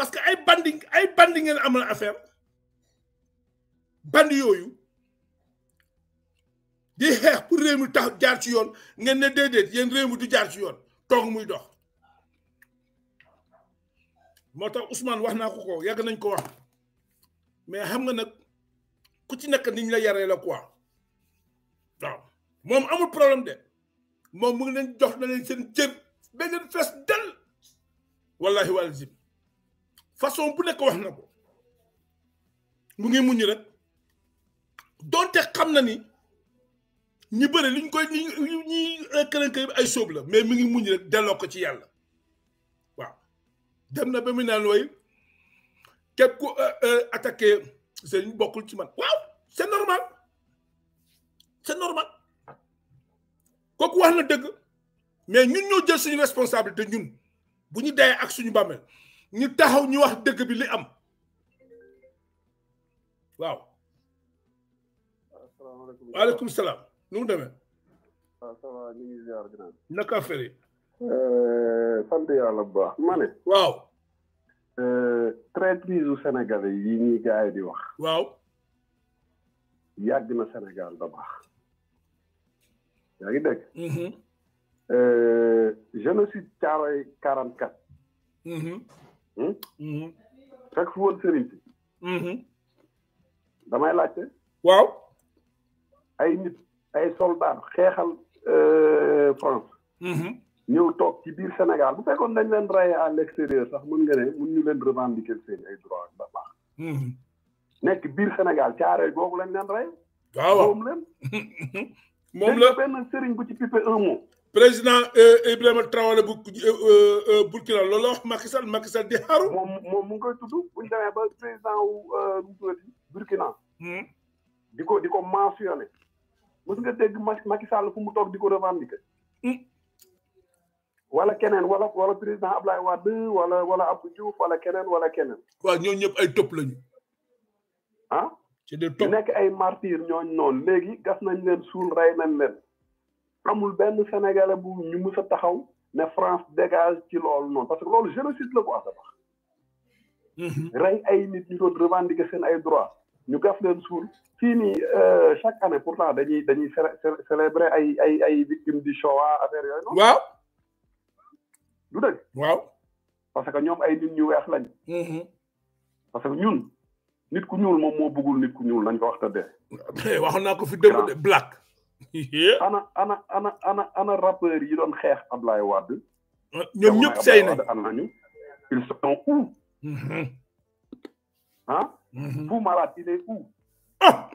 Speaker 1: parce que ay banding ay banding ngeen amal affaire bandi yoyu di xex pour réew mi tax jaar ci yoon ngeen ne dedet yeen réew mi du jaar ci yoon tok muy dox motax Ousmane wax ko ko yag nañ ko wax mais xam nga nak ku ci nek niñ la yaree la quoi waaw mom amul problème de mom mu ngi len jox na len seen cër benen fess del wallahi walzim façon bu nek wax na ko mu ngi muñu rek donte xam na ni ñi bëri liñ koy ñi ñi kërankër bi ay sóob la mais mi ngi muñ rek delloo ko ci yàlla waaw dem na ba mu naan way képp ku euh, euh, attaqué seen bokkul ci man waaw c'est normal c'est normal kooku wax na dëgg mais ñun ñoo jël suñu responsabilité ñun bu ñu dayee ak suñu bàmmeel ñu taxaw ñu wax dëgg bi li am waaw. asalaamaaleykum waaleykum salaam nu mu demee. naka affaire yi. sant yàlla bu baax ma ne.
Speaker 4: waaw. traîtrise sénégalais yi ñuy gars di wax. waaw. yàgg na Sénégal da baax. yaa ngi dégg. génocide Caaroy 44.
Speaker 5: Hmm?
Speaker 1: Mm-hmm. fekk fu woon sëriñ si mm-hmm. damay laajte waaw ay nit ay soldat xeexal euh, France mm-hmm. ñëw toog ci biir Sénégal bu fekkoon dañ leen rey à l'extérieur sax mën nga ne mën ñu leen revendiquer seen ay droit ba baax nekk biir Sénégal caaree googu lañ leen rey waaw moom leen moom la benn sëriñ bu ci pipe un mot président euh, Ibrahim Traoré euh, euh, Burkina lolo wax Macky Sall Macky Sall di xaru. moom mo mu ngi koy tudd bu ñu ba président wu Burkina. Hmm. diko diko mentionné. mo nga dégg Macky Sall fu mu toog di ko hmm. wala keneen wala wala président Ablaye Wade wala wala Abdou Diouf wala keneen wala keneen. wa ñoo ñep ay top lañu. ah. ci des topp nek ay martyrs ñoo non légui gas nañ leen suul ray nañ leen. amul benn sénégalais bu ñu mus a taxaw ne France dégage ci lool noonu parce que loolu génocide la ko asa tax rey ay nit ñu doon revendiquer seen ay droit ñu gaf leen suul fii nii euh, chaque année pourtant dañuy dañuy célébrer ay ay ay victimes du Shoah affaire yooyu noonu waaw du dëgg waaw parce que ñoom ay nit ñu weex lañ mhm. parce que ñun nit ku ñuul moom moo bëggul nit ku ñuul nañ ko wax te dee wax naa ko fi démb de black ana ana ana ana ana yi doon xeex Ablaye Wade. Ah, ñoom ñëpp sey nañu ñu. ils sont où. Mm-hmm. ah. Fou mm-hmm. Malade il est ah.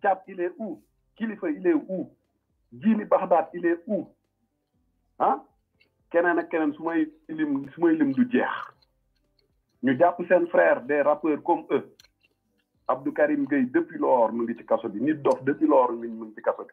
Speaker 1: Thiat il est où. Kilifeu il Jini Baxdaat il est ah. keneen ak keneen su may lim su may lim du jeex. ñu jàpp seen frère des rappeurs comme eux. Abdou Karim Gueye depuis ngi ci kaso bi nit dof depuis lors mu ngi ci kaso bi.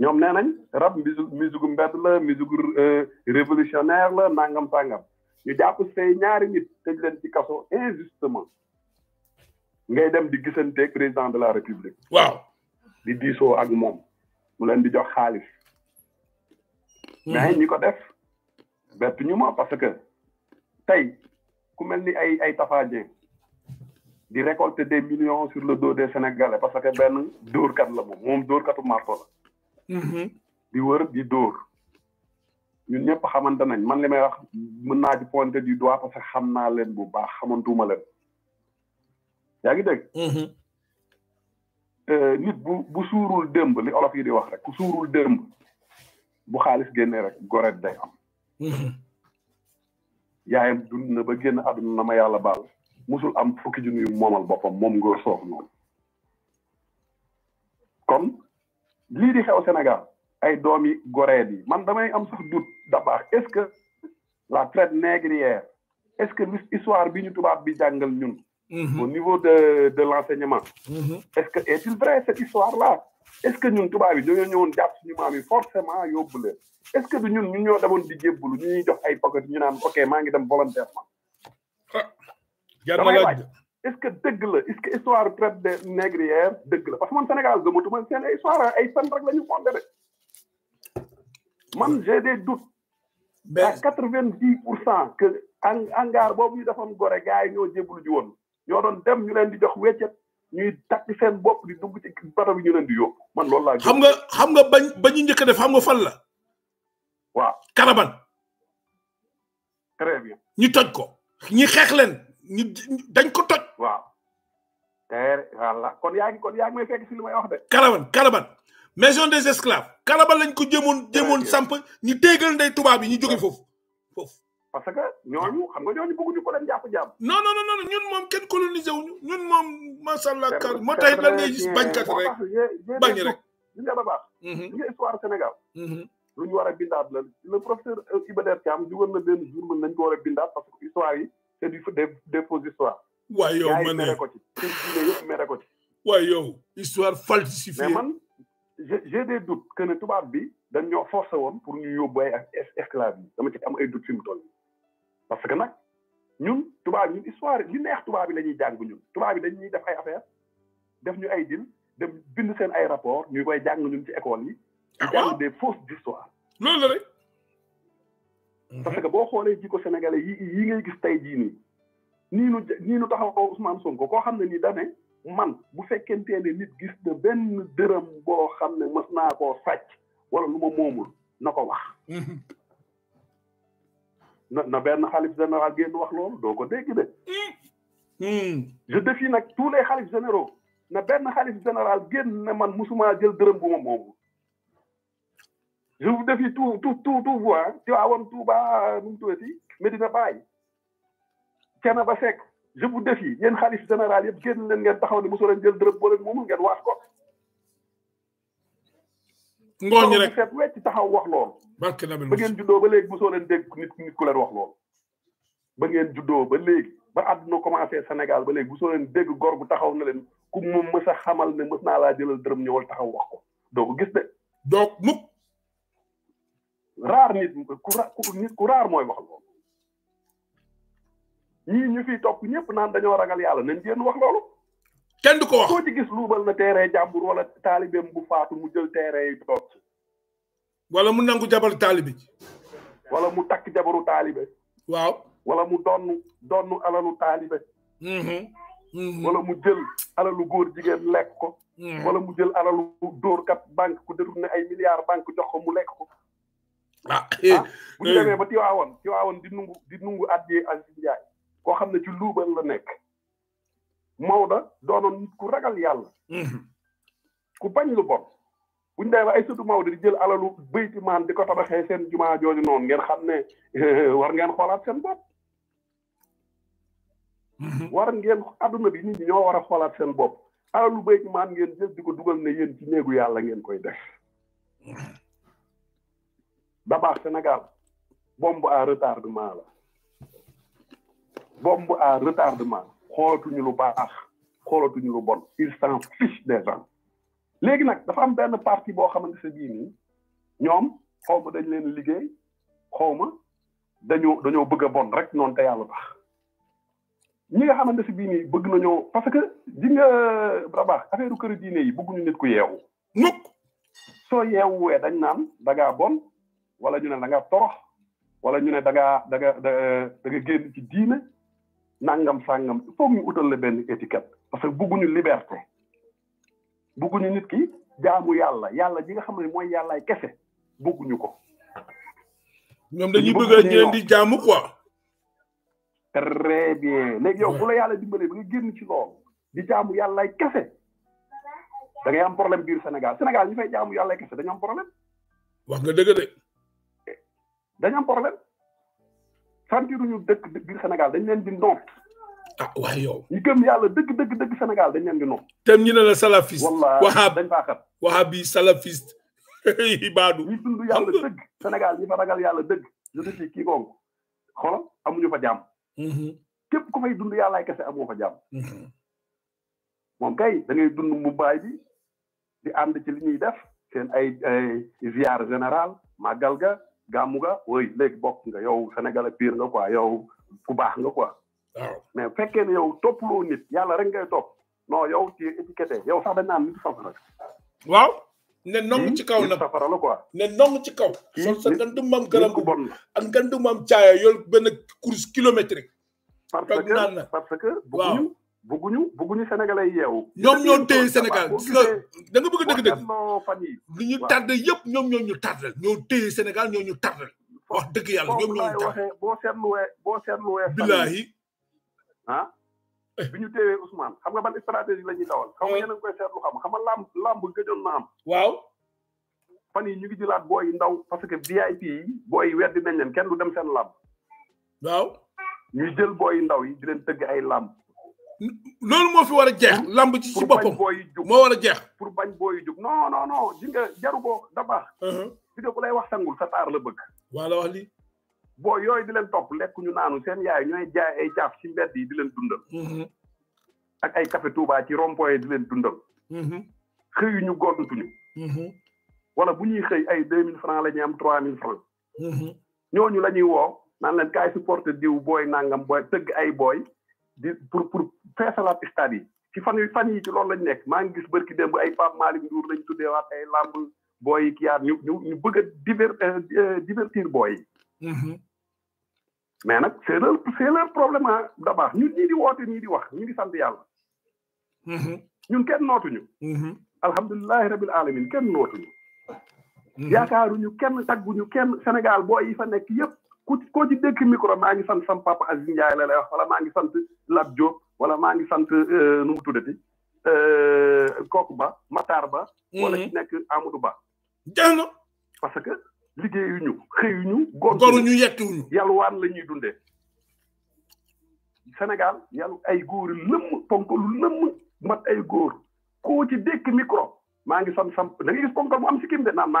Speaker 1: ñoom nee nañ rab musique musique mbett la musique euh, révolutionnaire la nangam sàngam ñu jàpp say ñaari nit tëj leen ci kaso injustement ngay dem di gisanteeg président de la république
Speaker 6: waaw di
Speaker 1: diisoo ak moom mu leen di jox xaalis hmm. mais ñi ko def bett ñu ma parce que tey ku mel ni ay ay tafadien
Speaker 6: di récolter des millions sur le dos de sénégalais parce que benn dóorkat la moom moom dóorkatu marto la Mhm. di wër di dóor ñun ñëpp
Speaker 1: xamante nañ man li may wax mën naa ci pointer du parce que xam naa leen bu baax xamantuma leen yaa ngi dégg mhm. euh, nit bu bu suurul démb li olof yi di wax rek ku suurul démb bu xaalis génnee rek goret day am
Speaker 2: mhm.
Speaker 6: yaayam dund na ba génn àdduna na ma yàlla baal mosul am fukki junni yu moomal boppam moom ngóor soof noonu kon
Speaker 1: li di xew senegal ay doomi goree bi man damay am sax doute d'abord est-ce que la traite négrière est-ce que histoire bi ñu tubaab bi jàngal ñun mhm. au niveau de de l' enseignement mhm. est-ce que est-il vrai cette histoire là est-ce que ñun tubaab yi dañoo ñëwoon jàpp suñu maam yi forcément yóbbu leen est-ce que du ñun ñun ñoo demoon di jébbulu ñu ñuy jox ay pocket ñu naan ok maa ngi dem volontairement ah, est-ce que dëgg la est-ce que histoire traite des négrières dëgg la parce que man Sénégal gëmatuma seen ay histoire ay fen rek la ñu fondé rek man j'ai des doutes à quatre-vingt-dix pour cent que angaar boobu ñu defoon gore gars yi ñoo jébbalu ji woon ñoo doon dem ñu leen di jox weccet ñu takk seen bopp di dugg ci bato bi ñu leen di yóbbu man loolu laa xam nga xam nga bañ ñu njëkk a def xam nga fan la waaw karaban très bien ñu toj ko ñi xeex leen dañ ko toj waaw. teer voilà kon yaa ngi kon yaa ngi may fekk si li de. Kalaban Kalaban maison des esclaves Kalaban lañ ko jëmoon jëmoon samp ñu déggal ndey tubaab yi ñu jóge foofu foofu. parce que ñooñu xam nga ñooñu bëgguñu ko leen jàpp jàpp. non non non ñun moom kenn colonisé ñun moom macha allah. kàlla moo tax it lan bañ rek. li nga ba baax. Mhm. li mhm. lu ñu war a bindaat la le professeur Iba Der nañ a bindaat parce que histoire yi c'est du des waaye yow ma ne ko ci seen waaye yow histoire falsifiée mais man j'ai des doutes que ne tubaab bi dañ ñoo forcé woon pour ñu yóbbu ay esclave yi dama ci am ay doute fi toll parce que nag ñun tubaab ñun histoire li neex tubaab bi lañuy ñuy jàng ñun tubaab bi dañuy def ay affaire def ñu ay dil dem bind seen ay rapport ñu koy jàng ñun ci école yi ah jàng des fausses histoires loolu la rek mhm. parce que boo xoolee jikko sénégalais yi yi ngay gis tey jii nii ni nu nii nu taxaw ko Ousmane koo xam ne ni dane man bu fekkentee ne nit gis na benn dërëm boo xam ne mës naa koo sàcc wala lu ma moomul na ko wax na na benn xalif général génn wax loolu doo ko dégg de hmm. je défie nag tous les xalif généraux na benn xalif général génn ne man musumaa jël dërëm bu ma moomul je vous défie tout tout tout tout voir Tivaouane Touba nu mu tuddati Medina Thiénaba Seck je vous défie yéen xalif général yëpp génn leen ngeen taxaw ne mosoo leen jël dërëm boo leen moomul ngeen waas ko. ngooñ rek seet wecc taxaw wax lool. barke na ba ngeen juddoo ba léegi mosoo leen dégg nit nit ku leen wax lool. ba ngeen juddoo ba léegi ba àdduna commencé Sénégal ba léegi mosoo leen dégg gor bu taxaw na leen ku mu mës a xamal ne mës naa laa jëlal dërëm ñëwal taxaw wax ko doo ko gis de. donc mukk raar nit ku ra nit ku raar mooy wax lool. ñii ñu fiy topp ñëpp naan dañoo ragal yàlla nañ génn wax loolu kenn du ko wax koo ci gis luubal na teeree jàmbur wala taalibeem bu faatu mu jël teeree yi toog wala mu nangu jabar taalibe wala mu takk jabaru taalibe waaw wala mu donn donn alalu taalibe mm-hmm. Mm-hmm. wala mu jël alalu góor jigéen lekk ko mm-hmm. wala mu jël alalu dóor kat banque ku détourné ay milliards bank jox ko mu lekk ko ah, ah eh, bu ñu eh. demee ba tiwaawoon tiwaawoon di nungu di nungu adje Aziz Ndiaye koo xam ne ci luubal la nekk Maodo doonoon nit ku ragal yàlla mhm. ku bañ lu bopp buñ dee ba ay sëtu Maodo di jël alalu bayti maan di ko tabaxee seen jumaa jooju noonu ngeen xam ne war ngeen xoolaat seen bopp mhm. war ngeen adduna bi nit ñi ñoo war a xoolaat seen bopp alalu bayti maan ngeen jël di ko dugal ne yéen ci néegu yàlla ngeen koy def mhm. da baax Sénégal bombe à retardement la bombe à retardement xoolatuñu lu baax xoolatuñu lu bon il s'en fiche des gens léegi nag dafa am benn parti boo xamante sa bii nii ñoom xaw ma dañ leen liggéey xaw ma dañoo bëgg bon rek non te yàlla tax ñi nga xamante si bii nii bëgg nañoo parce que di nga rabaax affaire kër diine yi bëgguñu nit ku yeewu mukk soo yeewuwee dañ naan da ngaa bon wala ñu ne da ngaa torox wala ñu ne da ngaa da nga da nga génn ci diine nangam sàngam il faut ñu utal la benn étiquette parce que bugguñu liberté bugguñu nit ki jaamu yàlla yàlla ji nga xam ne mooy yàlla yàllaay kese bugguñu ko. ñoom dañuy bëgg a leen di yàlla dimbalee ba nga ci loolu di jaamu yàllaay kese da ngay am problème biir Sénégal Sénégal ñi fay yàlla yàllaay kese dañu am problème. wax nga dëgg de. Eh, dañu am problème. santiruñu dëkk biir Sénégal dañ leen di noot.
Speaker 2: ah waaye yow.
Speaker 1: ñu gëm yàlla dëgg dëgg dëgg Sénégal dañ leen di noot. te ñu ne la salafiste. wallaahi dañ faa xam wahabi salafiste. ibaadu ñi dund yàlla dëgg. Sénégal ñi fa ragal yàlla dëgg. je te dis kii kooku xoolal amuñu fa jàmm. Mm-hmm. képp ku fay dund yàllaay kese amoo fa jàmm. Mm-hmm. moom kay da ngay dund mu baay bi di ànd ci li ñuy def seen ay ziar général màggal ga. gàmmu nga woy léegi bokk nga yow sénégalais pire nga quoi yow ku baax nga quoi. mais bu fekkee ne yow toppuloo nit yàlla rek ngay topp non yow ci étiquette yow sax dañ naan nit safara. waaw ne nong ci kaw nag safara la quoi. ne nong ci kaw. sol sa ngandu maam garam bon ak ngandu maam caaya yool benn course kilométrique. parce que parce que waaw. bugguñu bugguñu sénégalais yi yeewu. ñoom ñoo téye Sénégal gis nga da nga bëgg a dëgg-dëgg. lu ñu tardé yëpp ñoom ñoo ñu tardal ñoo téye Sénégal ñoo ñu tardal. wax dëgg yàlla ñoom ñoo ñu tardal boo seetluwee boo seetluwee. billaahi. ah eh. bi ñu téyee Ousmane xam nga ban stratégie la ñuy dawal. xaw ma eh. yéen a ngi koy seetlu xam xam nga làmb làmb gëjoon na am. waaw. fan yi ñu ngi jëlaat booy yu ndaw parce que VIP yi booy yi weddi nañ leen kenn du dem seen làmb. waaw. ñu jël booy yu ndaw yi di leen tëgg ay làmb loolu moo fi war a jeex. lamb ci ci boppam moo war a jeex. pour bañ booy jug non non non ji nga jaru ko da baax. di nga ku lay wax sangul sa taar la bëgg. waa wax lii. boo yooyu di leen topp lekk ñu naanu seen yaay ñooy jaay ay jaaf ci mbedd yi di leen dundal. Uh-huh. ak ay café Touba ci rond di leen dundal. Uh-huh. xëyu ñu gontuñu. Uh-huh. wala bu ñuy xëy ay deux mille francs la ñuy am trois mille francs. ñooñu la ñuy woo naan leen kaay supporter diw booy nangam boy tëgg ay booy di pour pour. feesalaat stade yi ci fan fan yi ci loolu lañu nekk maa ngi gis bërki démb ay Pape Malick Ndour lañ tuddeewaat ay làmb booy yi kiyaat ñu ñu ñu bëgg a diver euh, euh, divertir booy yi
Speaker 4: mm-hmm. nag
Speaker 1: c'est leur problème a da baax ñii di woote ñii di wax ñu ngi sant yàlla mm-hmm. ñun kenn nootuñu mm-hmm. alhamdulilahi rabil alamin kenn nootuñu yaakaaruñu kenn tagguñu kenn Sénégal booy yi fa nekk yëpp ku koo ci dëkk micro maa ngi sant sam papa Aziz Ndiaye la lay wax wala maa ngi sant Lat Diop wala maa ngi sant euh, nu mu tuddati euh, ba Matar ba. Mhm. wala ci nekk Amadou Ba. jeex parce que liggéeyuñu xëyuñu. ñu yettuñu yalwaan la ñuy dundee. Sénégal yàlla ay góor lëmm ponkal lëmm mat ay góor koo ci dékk micro. maa ngi sant sam da nga gis ponkal maa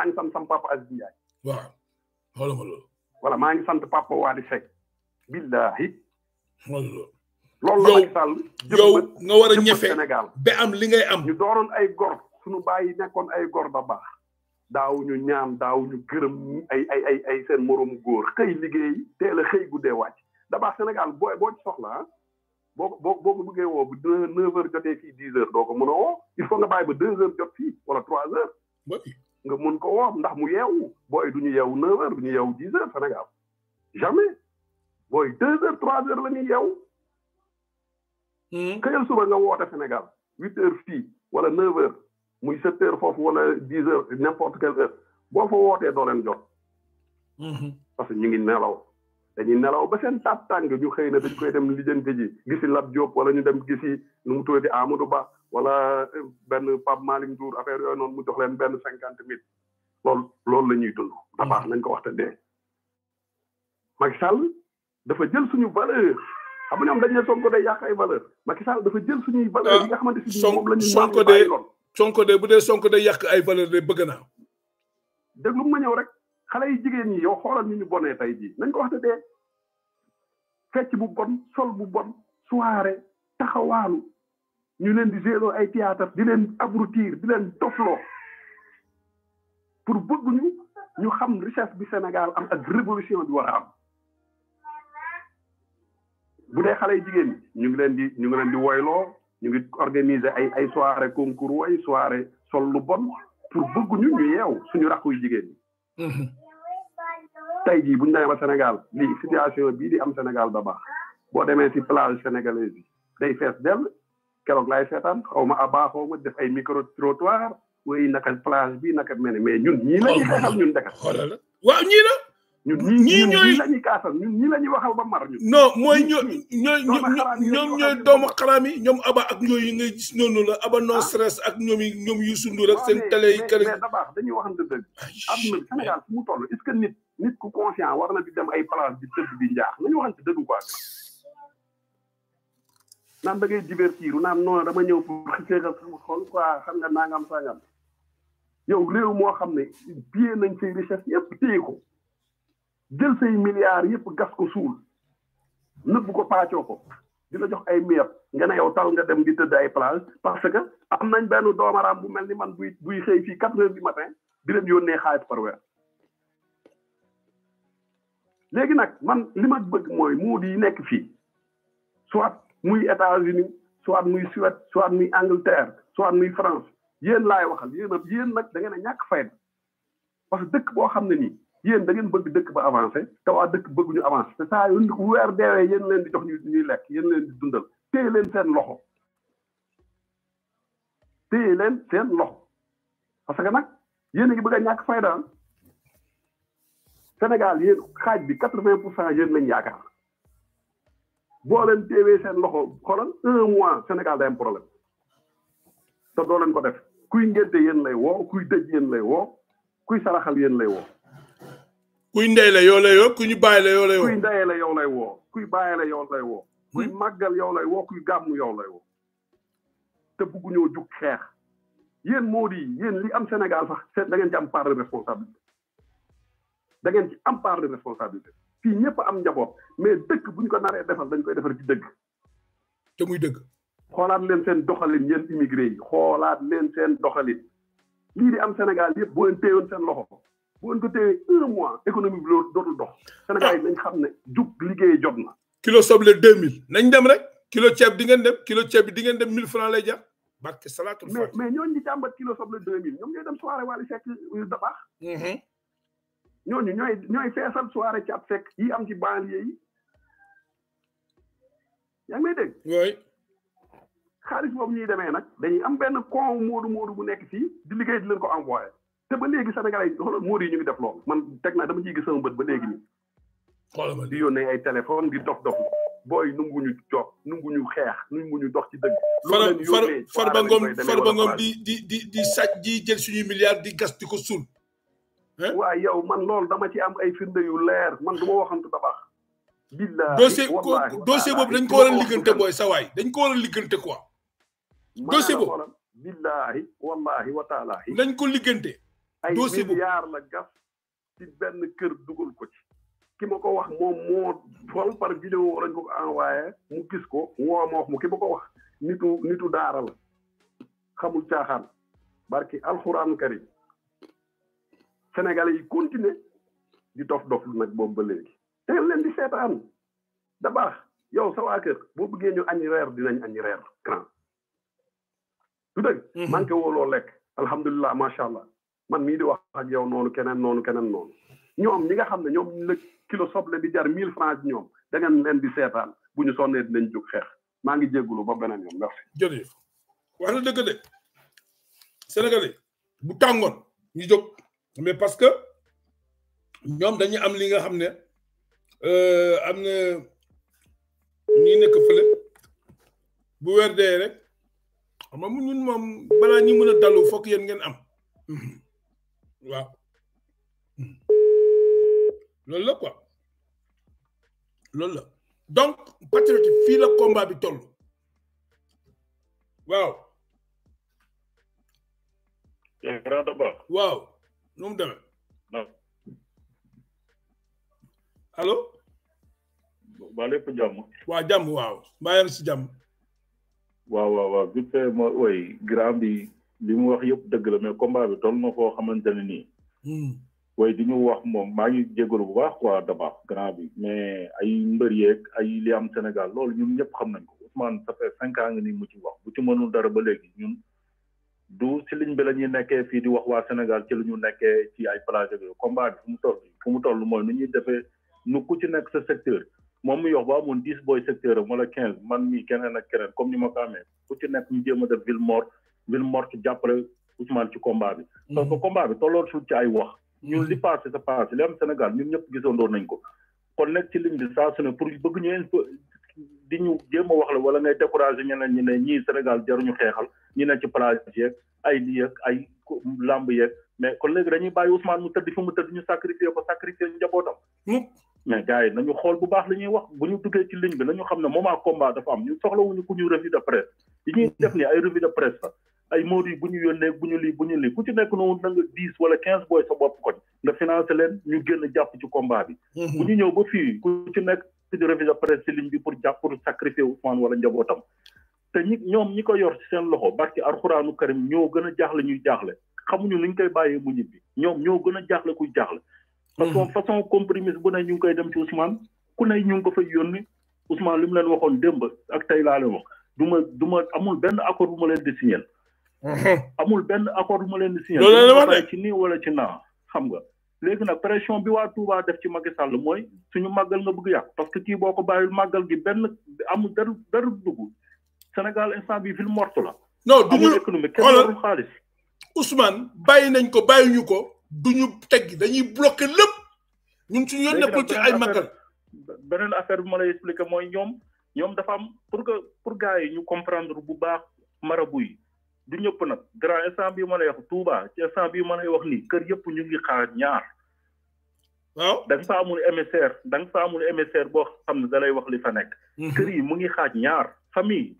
Speaker 1: ngi sant sam papa Aziz Ndiaye. waaw maa ngi sant papa Wali Seck. billahi. loolu la Macky Sall yow nga war a ñefe Sénégal am li ngay am ñu doonoon ay gor suñu yi nekkoon ay gor da baax daaw ñu ñaan daaw ñu gërëm ay ay ay ay seen moroomu góor xëy liggéey teel a xëy guddee wàcc da baax Sénégal boo boo ci soxla ah, boo boo boo ko bëggee woo bu neuf heures jotee fii dix heures doo ko a woo il faut nga bàyyi ba deux heures nga mën ko woo ndax mu yeewu booy du ñu yeewu neuf heures du ñu yeewu dix heures Sénégal jamais booy deux heures trois heures la ñuy xëyal hmm? suba nga woote Sénégal huit heures fii wala neuf heures muy sept heures foofu wala dix heures n'importe quelle heure boo fa wootee doo leen jot. Hmm. parce que ñu ngi nelaw dañuy nelaw ba seen taat tànk ñu xëy na dañ koy dem lijjanti ji gisi Lat Diop wala ñu dem gisi nu mu tuddati Amadou Ba wala eh, benn Pape Malick Ndour affaire yooyu noonu mu jox leen benn cinquante mille loolu loolu la ñuy dund. da hmm. baax nañ ko wax te dee. Macky Sall dafa jël suñu valeur. xam nga ñoom dañ ne Sonko day yàq ay valeur Macky Sall dafa jël suñuy valeur yi nga ah, xamante si moom la ñu Sonko de Sonko de bu dee Sonko day yàq ay valeur de bëgg naa lu ma ñëw rek xale yi jigéen ñi yow xoolal ni ñu bonee tey bii nañ ko wax te dee fecc bu bon sol bu bon soirée taxawaalu ñu leen di géeloo ay théâtre di leen abrutir di leen dofloo pour bëgguñu ñu ñu xam richesse bi Sénégal am ak révolution bi war a am bu dee xale yu jigéen ñu ngi leen di ñu ngi leen di woyloo ñu ngi organiser ay ay soirée concours way soirée sol lu bon pour bëgg ñu ñu yeew suñu rakku yu jigéen ñi. Mhm. tey jii bu ñu demee ba Sénégal lii situation bii di am Sénégal ba baax boo demee si plage sénégalaise bi day fees dell keroog laay seetaan xaw ma a baaxoo ma def ay micro trottoir way naka plage bi naka mel mais ñun ñii la ñuy xeexal ñun dëkk. waaw ñii la. ñu ñii ñooy lañuy kaasal ñun ñii lañuy waxal ba mar ñu non mooy ñoo ñooy ñoom ñooy doomu xaraam yi ñoom aba ak ñooy yi ngay gis noonu la aba non ah. stress ak ñoom yi ñoom yu sundu rek seen télé yi kër da baax dañuy waxante dëgg am na Sénégal toll que nit nit ku conscient war na di dem ay place di tëdd di njaax nañu waxante dëgg quoi naan da ngay divertir u naan noonu dama ñëw pour xëccëgal sama xol quoi xam nga nangam sangam yow réew moo xam ne biyee nañ say richesse yëpp téye ko jël say milliards yëpp gas ko suul nëbb ko paacoo ko di la jox ay meeb nga ne yow tal nga dem di tëdd ay plage parce que am nañ benn doomaraam bu mel ni man buy buy xëy fii quatre heures du matin di leen yónnee xaalis par weer léegi nag man li ma bëgg mooy muud yi nekk fii soit muy États-Unis soit muy Suède soit muy Angleterre soit muy France yéen laay waxal yéen a yéen nag da ngeen a ñàkk fayda parce que dëkk boo xam ne nii yéen da ngeen bëgg dëkk ba avancé te waa dëkk bëgguñu avancé te saa yu weer deewee yéen leen di jox ñu ñuy lekk yéen leen di dundal téye leen seen loxo téye leen seen loxo parce que nag yéen a ngi bëgg a ñàkk fayda ah. Sénégal yéen xaaj bi quatre vingt pour cent yéen lañ yaakaar boo leen téewee seen loxo xoolal un mois Sénégal day am problème te doo ko def kuy ngénte yéen lay woo kuy dëj yéen lay woo kuy saraxal yéen lay woo kuy ndey la yow lay woo ku ñu la yow lay woo. kuy ndey la lay woo kuy bàyyi la yow lay woo. kuy màggal yow lay woo kuy gàmm yow lay woo. te ñëw jug xeex yéen moo di yéen li am Sénégal sax seet da ngeen ci am part de responsabilité ci am part fii ñëpp am njaboot mais dëkk buñ ñu ko naree defal dañ koy defar ci dëgg. te muy dëgg. xoolaat leen seen doxalin yéen immigré yi xoolaat leen seen doxalin lii di am Sénégal yëpp boo leen seen loxo. bu ëntatee un mois économie bi loolu dootul dox. Sénégal yi nañ xam ne jug liggéey jot na. kilo soble deux mille nañ dem rek kilo ceeb di ngeen dem kilo ceeb bi di ngeen dem mille franc lay jar. barke salaatul mais mais ñooñu di jàmbat kilo soble deux mille ñoom ñooy dem soirée wàllu fekk da baax. ñooñu ñooy ñooy feesal soirée ci ab fekk yi am ci banlieue yi yaa ngi may dégg. oui. xaalis boobu ñuy demee nag dañuy am benn con moodu moodu bu nekk fii di liggéey di leen ko envoyé. te ba léegi Sénégalais yi xoolal móor yi ñu ngi def loolu man teg naa dama ciy gis sama bët ba léegi nii. xoolal ma di yónnee ay téléphone di dof dof booy nunguñu jox nunguñu xeex nunguñu dox ci dëgg. loolu leen far ba ngoom far ba ngoom di di di di sàcc di jël suñuy milliards di gas di ko suul. waaw yow man loolu dama ci am ay firnde yu leer man du ma waxantu tabax. billaahi dossier dossier boobu dañ ko war a liggante booy sa waay dañ ko war a liggante quoi. dossier boobu. billaahi wallaahi wa taalaahi. dañ ko liggante. ay milliards la gas ci benn kër dugal ko ci ki ma ko wax moom moo xool par vidéo lañ ko envoyé mu gis ko woo ma wax mu ki ma ko wax nitu nitu daara la xamul caaxaan barki alxuraan kari. sénégalais yi continuer di dof dof lu nag boobu ba léegi te leen di seetaan da baax yow sa waa kër boo bëggee ñu añ reer dinañ añ reer grand du dëgg mhm. manqué woo loo lekk alhamdulilah macha allah man mii di wax ak yow noonu keneen noonu keneen noonu ñoom ñi nga xam ne ñoom la kilo soble di jar mille francs ñoom da ngeen leen di seetaan bu ñu sonnee dañ jóg xeex maa ngi jéggulu ba beneen yoon na dëgg de sénégalais bu tàngoon ñu jóg mais parce que ñoom dañuy am li nga xam ne euh, am na ñi nekk fële bu weer rek xam nga ñun moom balaa ñu mën a dalu fokk yéen ngeen am. waaw hmm. loolu la quoi loolu la donc patriote fii la combat bi toll waaw. grand débat. waaw nu mu demee. allo. ba jàmm. waaw jàmm waaw mbaa si jàmm.
Speaker 7: waaw waaw waaw vite fait ma ooy li mu wax yëpp dëgg la mais combat bi toll na foo xamante ne nii. Hmm. waaye di ñu wax moom maa ngi jégalu bu baax quoi dabaax grand bi mais ay mbër yeeg ay li am Sénégal loolu ñun ñëpp xam nañ ko Ousmane ça fait cinq ans nga mu ci wax bu ci mënul dara ba léegi ñun du si ligne bi la ñuy nekkee fii di wax waa Sénégal ci lu ñu nekkee ci ay plage yooyu combat bi fu mu toll fu mu toll mooy nu ñuy defee nu ku ci nekk sa secteur moom mu yox ba amoon dix booy secteur wala quinze man mii keneen ak keneen comme ni ma amee ku ci nekk ñu jéem a def Ville Morte jàppale Ousmane ci combat bi. Mm. parce que combat bi tollootul ci ay wax. Mm. ñun li passé sa passé li am Sénégal ñun ñëpp gisandoo nañ ko. kon nekk ci ligne bi saa su ne pour bëgg ñu di ñu jéem a wax la wala ngay découragé ñeneen ñi ne ñii Sénégal jaruñu xeexal ñu ne ci plage yeeg ay yeeg ay lamb yeeg mais kon léegi dañuy bàyyi Ousmane mu tëdd fi mu tëdd ñu sacrifié ko sacrifié njabootam. Mm. mais gars nañu xool bu baax li ñuy wax bu ñu duggee ci ligne bi xam ne moment combat dafa am ñu soxlawuñu ku ñu revue de ñuy def ni ay revue de presse ay Mody bu ñu yónnee bu ñu lii bu ñu lii ku ci nekk noonu na nga dix wala quinze booy sa bopp koñ nga financé leen ñu génn jàpp ci combat bi. Mhm. bu ñu ñëw ba fii ku ci nekk di revue de presse ci ligne bi pour jàpp pour sacrifier Ousmane wala njabootam. te ñi ñoom ñi ko yor seen loxo barki alxuraanu karim ñoo gën a jaaxle ñuy jaaxle xamuñu nuñ koy bàyyee mu ñibbi ñoom ñoo gën a jaaxle kuy jaaxle. parce que mhm. façon compromise bu ne ñu ngi koy dem ci Ousmane ku ne ñu ngi ko fay yónni Ousmane li mu leen waxoon démb ak tey laa leen wax du ma du ma amul benn accord bu ma leen di signer Mhm. amul benn accord lu ma leen di signé. loolu ci nii wala ci naa xam nga. léegi nag pression bi waa Touba def ci Macky Sall mooy suñu màggal nga bëgg yàq parce que kii boo ko bàyyil màggal gi benn amul dara dara dugg Sénégal instant bi ville morte la.
Speaker 1: non du ñu économique kenn warul xaalis. Ousmane bàyyi nañ ko bàyyi ñu ko du ñu teg dañuy bloqué lépp ñun suñu yoon nekkul ci ay màggal.
Speaker 7: beneen affaire bi ma lay expliqué mooy ñoom ñoom dafa am pour que pour gars yi ñu comprendre bu baax marabu yi. du ñëpp nag grand instant bii ma lay wax Touba ci instant bii ma wax nii kër yëpp ñu ngi xaar ñaar. waaw da nga fa amul émissaire da nga fa amul émissaire boo xam ne da wax li fa nekk. Mhm. kër yi mu ngi xaaj ñaar famille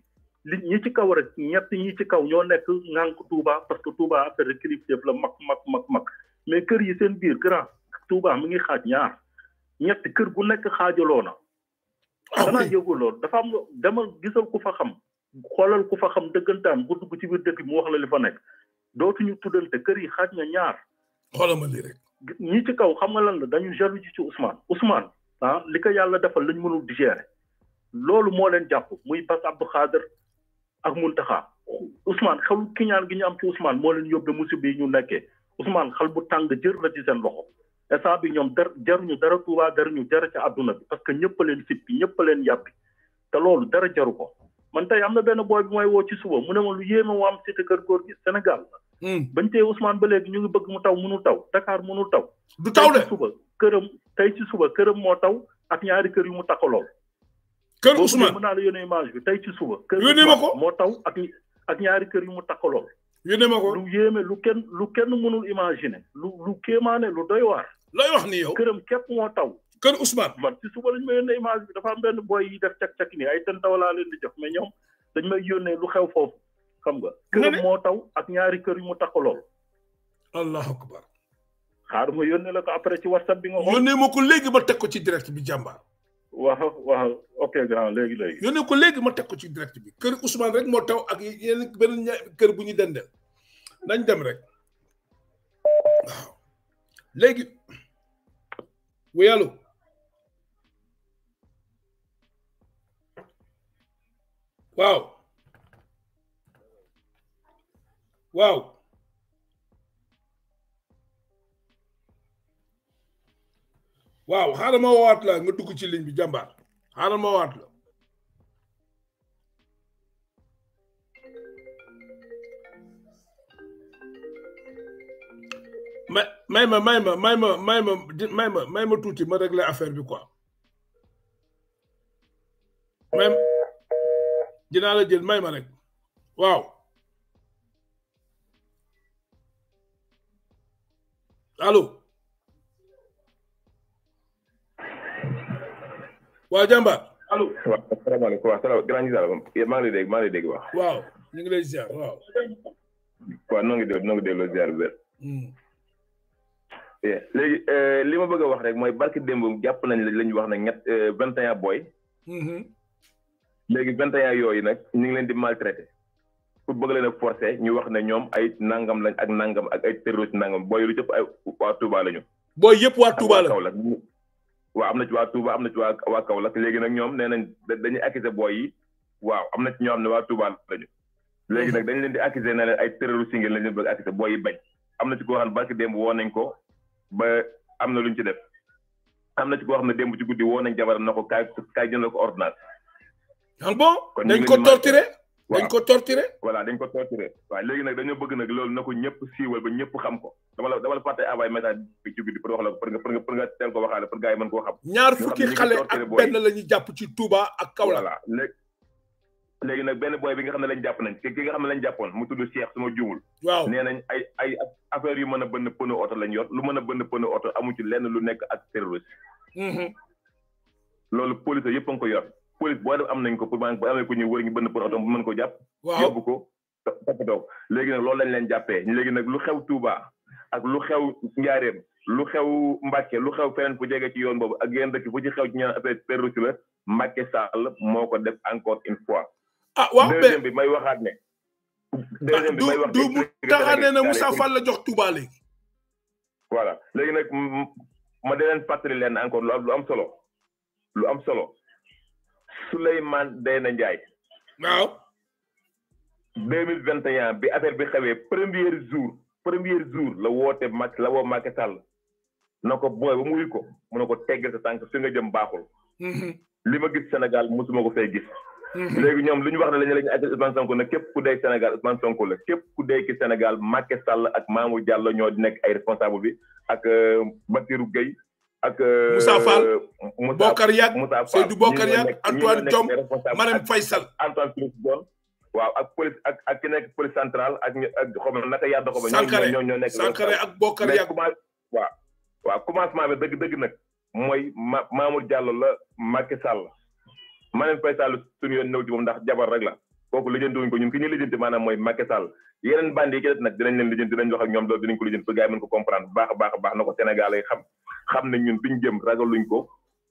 Speaker 7: li ñi ci kaw rek ñett ñi ci kaw ñoo nekk ŋànk Touba parce que Touba affaire kilifteef la mag mag mag mag mais kër yi seen biir grand Touba mu ngi xaaj ñaar ñett kër gu nekk xaajaloo na. Ah, dafa am dama gisal ku fa xam. xoolal ku fa xam dëggantaan bu dugg ci biir dëkk bi mu wax la li fa nekk dootuñu tuddante kër yi xaaj na ñaar. xoolal ma lii rek. ñi ci kaw xam nga lan la dañu jaloux ci Ousmane Ousmane ah li ko yàlla defal lañ mënul digérer loolu moo leen jàpp muy Bass Abdou Khader ak Mountakha Ousmane xalu kiñaan gi ñu am ci Ousmane moo leen yóbbee musib yi ñu nekkee Ousmane xal bu tàng jër la ci seen loxo instant bi ñoom dara jaruñu dara Touba jaruñu dara ci àdduna bi parce que ñëpp leen sippi ñëpp leen yàppi te loolu dara jaru ko. man tey am na benn booy bi mooy woo ci suba mu ne ma lu yéeme waa am cité kër góor gi Sénégal hmm. bañ tey Ousmane ba léegi ñu ngi bëgg mu taw mënul taw Dakar mënul taw. du taw de tey ci suba këram tey ci suba këram moo taw ak ñaari kër yu mu takkalool. kër Ousmane mën naa la yónnee image bi tey ci suba. yónnee ma moo taw ak ak ñaari kër yu mu takkalool. yónnee ma ko lu yéeme lu kenn lu kenn mënul imaginer lu lu kéemaane lu doy waar. looy wax ni yow këram képp moo taw. kër Ousmane. man ci suba lañ ma yónnee image bi dafa am benn boy yi def cak cak nii ay ten taw laa leen di jox mais ñoom dañ may yónnee lu xew foofu xam nga. kër moo taw ak ñaari kër yu mu takkalool.
Speaker 1: allahu akbar. xaar ma yónnee la ko ci whatsapp bi nga. xool yónnee ma léegi ma teg ko ci direct bi jàmbaar. waaw waaw ok léegi léegi. yónnee ko léegi ma teg ko ci direct bi kër Ousmane rek moo taw ak yenn benn kër bu ñu dendeel nañ dem rek léegi léegi. wéyalu. waaw waaw waaw xaaral ma woowaat la nga dugg ci ligne bi jàmbaar xaaral ma woowaat la ma may ma may ma may ma tuuti ma régler affaire bi quoi. dinaa la jël may ma rek waaw
Speaker 6: allo waaw jàmbaar allo waaw asalaamaaleykum waaw salaam grand dégg maa ngi dégg waaw waaw
Speaker 1: ñu ngi lay ziar waaw
Speaker 6: waaw noo ngi déglu noo ngi déglu hmm. eh, eh, li ma bëgg a wax rek mooy barki démb jàpp nañ lañu wax na ñett eh, vingt boy un hmm, booy hmm. léegi vingt et un yooyu nag ñu ngi leen di maltraité pour bëgg leen a forcé ñu wax ne ñoom ay nangam lañ ak nangam ak ay terroriste nangam booy lu jëpp ay waa Touba la ñu. booy yëpp waa Touba la Kaolack waaw am na ci waa Touba na ci waa waa Kaolack léegi nag ñoom nee nañ dañuy accusé booy yi waaw am na ci ñoo xam ne waa Touba la léegi nag dañ leen di accusé ne leen ay terroriste ngeen lañ leen bëgg accusé booy yi bañ am na ci koo xam ne barki démb woo nañ ko ba am na luñ ci def am na ci koo xam ne démb ci guddi woo nañ jabaram na ko kaay kaay jëndal ko ordonnance ah bon dañ ko torturé dañ ko torturé voilà dañ ko torturé waaw léegi nag dañoo bëgg nag loolu na ko ñëpp siiwal ba ñëpp xam ko dama la dama la fàtte envoyé message bi ci guddi pour wax la ko pour nga pour nga pour nga ko xam ñaar fukki xale ak benn la jàpp ci Touba ak Kaolack voilà léegi léegi nag benn booy bi nga xam ne lañ jàpp nañ ki nga xam ne lañ jàppoon mu tudd Cheikh suma juumul waaw nee nañ ay ay affaire yu mën a bënn pneu oto lañu yor lu mën a bënn pneu oto amu ci lenn lu nekk ak terroriste mhm. loolu police yëpp a ngi police boo dem am nañ ko pour amee ku ñuy wër ñu bënn pour oto mën ko jàpp. waaw yóbbu ko toppatoo léegi nag loolu lañ leen jàppee léegi nag lu xew Touba ak lu xew Njaareem lu xew Mbacke lu xew feneen fu jege ci yoon boobu ak yeneen dëkk fu ci xew ci ñaan affaire terroriste la Macky Sall moo ko def encore une fois. ah waaw bi may waxaat ne. deuxième bi ah, may wax du mu taxane na Moussa léegi. voilà léegi fàttali leen encore lu lu am solo lu am solo. Souleymane Deyna Ndiaye. waaw. deux mille vingt bi affaire bi xewee premier jour premier jour la woote Mack la woo Macky Sall na ko booy ba mu wuyu ko mu ne ko teggal sa tànk fi nga jëm baaxul. Mhm. li ma gis Sénégal mosuma ko fay gis. Mhm. léegi ñoom lu ñu wax ne lañu lañu àgg Ousmane Sonko képp ku dee Sénégal Ousmane Sonko la képp ku dee ki Sénégal Macky Sall ak Mamour Diallo ñoo nekk ay responsable bi ak euh, Bassirou géy ak euh, Moussa Fall Bokar Yàgg Seydou Bokar Yàgg Antoine Diom Marème Faysal Antoine Félix Diome waaw ak police ak ak ki nekk police centrale ak ak xaw ma naka yàlla xaw a Sankare ñoo ñoo nekk Sankare ak Bokar Yàgg waaw waaw commencement bi dëgg dëgg nag mooy ma Mamour Diallo la Macky Sall Marème Faysal suñu yoon néew ci moom ndax jabar rek la kooku lijjanti wuñ ko ñun ki ñu lijjanti maanaam mooy Macky Sall yeneen bandi yi ci des nag dinañ leen lijjanti dinañ wax ak ñoom loolu comprendre baax a baax a baax na ko Sénégal xam xam ne ñun duñ jëm ragaluñ ko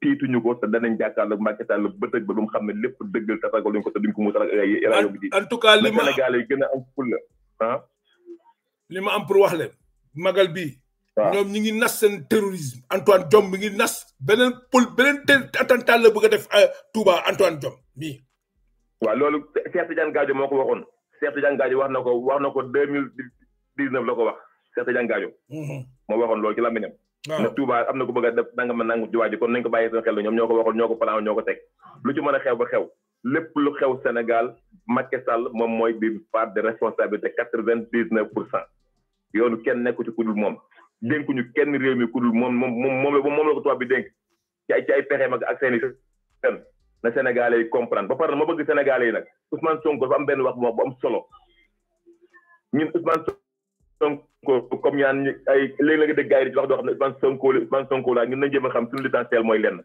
Speaker 6: tiituñu ko te danañ jàkkaarloo ak Macky Sall ba tëj ba ba xam ne lépp dëggal te ragaluñ ko te duñ ko muus rayobu ji en tout cas li ma Sénégal yi a am fulla ah li ma am pour wax leen magal bii
Speaker 1: ñoom ñi ngi nas seen terrorisme Antoine Diome mi ngi nas beneen pol beneen
Speaker 6: attentat la bëgg a def euh, Touba Antoine Diome mii waaw loolu Cheikh Tidiane Gadio moo ko waxoon Cheikh Tidiane Gadio wax na ko wax na ko deux mille dix neuf la ko wax Cheikh Tidiane Gadio. Mhm. moo waxoon loolu ci làmmiñam. waaw ne Touba am na ko bëgg a def nangam ma nangu jiwaay ji kon nañ ko bàyyi seen xel ñoom ko waxoon ko plan ñoo ko teg. a xew ba xew lépp lu xew Sénégal Macky Sall moom mooy bi part de responsabilité quatre vingt dix neuf pour cent yoonu kenn nekku ci kudul moom. dénkuñu kenn réew mi kudul moom moom moom la moom la ko tubaab bi dénk ci ay ci ay ak seen i seen. na Sénégalais yi comprendre ba pare ma bëgg Sénégalais yi nag Ousmane Sonko dafa am benn wax bu wax bu am solo ñun Ousmane Sonko comme yaan ay léegi la nga dégg yi di ci ne Ousmane Sonko la Ousmane Sonko la ñun nañ jéem a xam suñu l'essentiel mooy lenn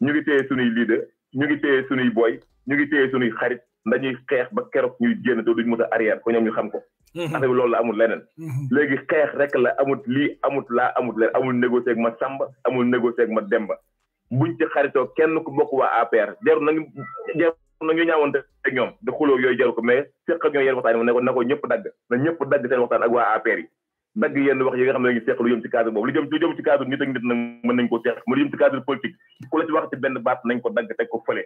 Speaker 6: ñu ngi téye suñuy leader ñu ngi téye suñuy boy ñu ngi téye suñuy xarit dañuy xeex ba keroog ñuy génn te duñ mën a arrière ko ñoom ñu xam ko mm-hmm. affaire bi loolu la amul leneen mm-hmm. léegi xeex rek la amut lii amut la amut leneen amul négocier ak ma Samba amul négocier ak ma Demba buñ ci xaritoo kenn ku bokk waa APR jarul nañu jarul nañu ñaawoon ñoom di xuloo yooyu jaru ko mais seq ak ñoom yenn waxtaan yi ne ko na ko ñëpp dagg na ñëpp dagg seen waxtaan ak waa APR yi dagg yenn wax yi nga xam ne ñu seq lu jëm ci cadre boobu lu jëm ci cadre nit ak nit nag mën nañ ko seq mu lu jëm ci cadre politique ku la ci wax ci benn baat nañ ko dagg teg ko fële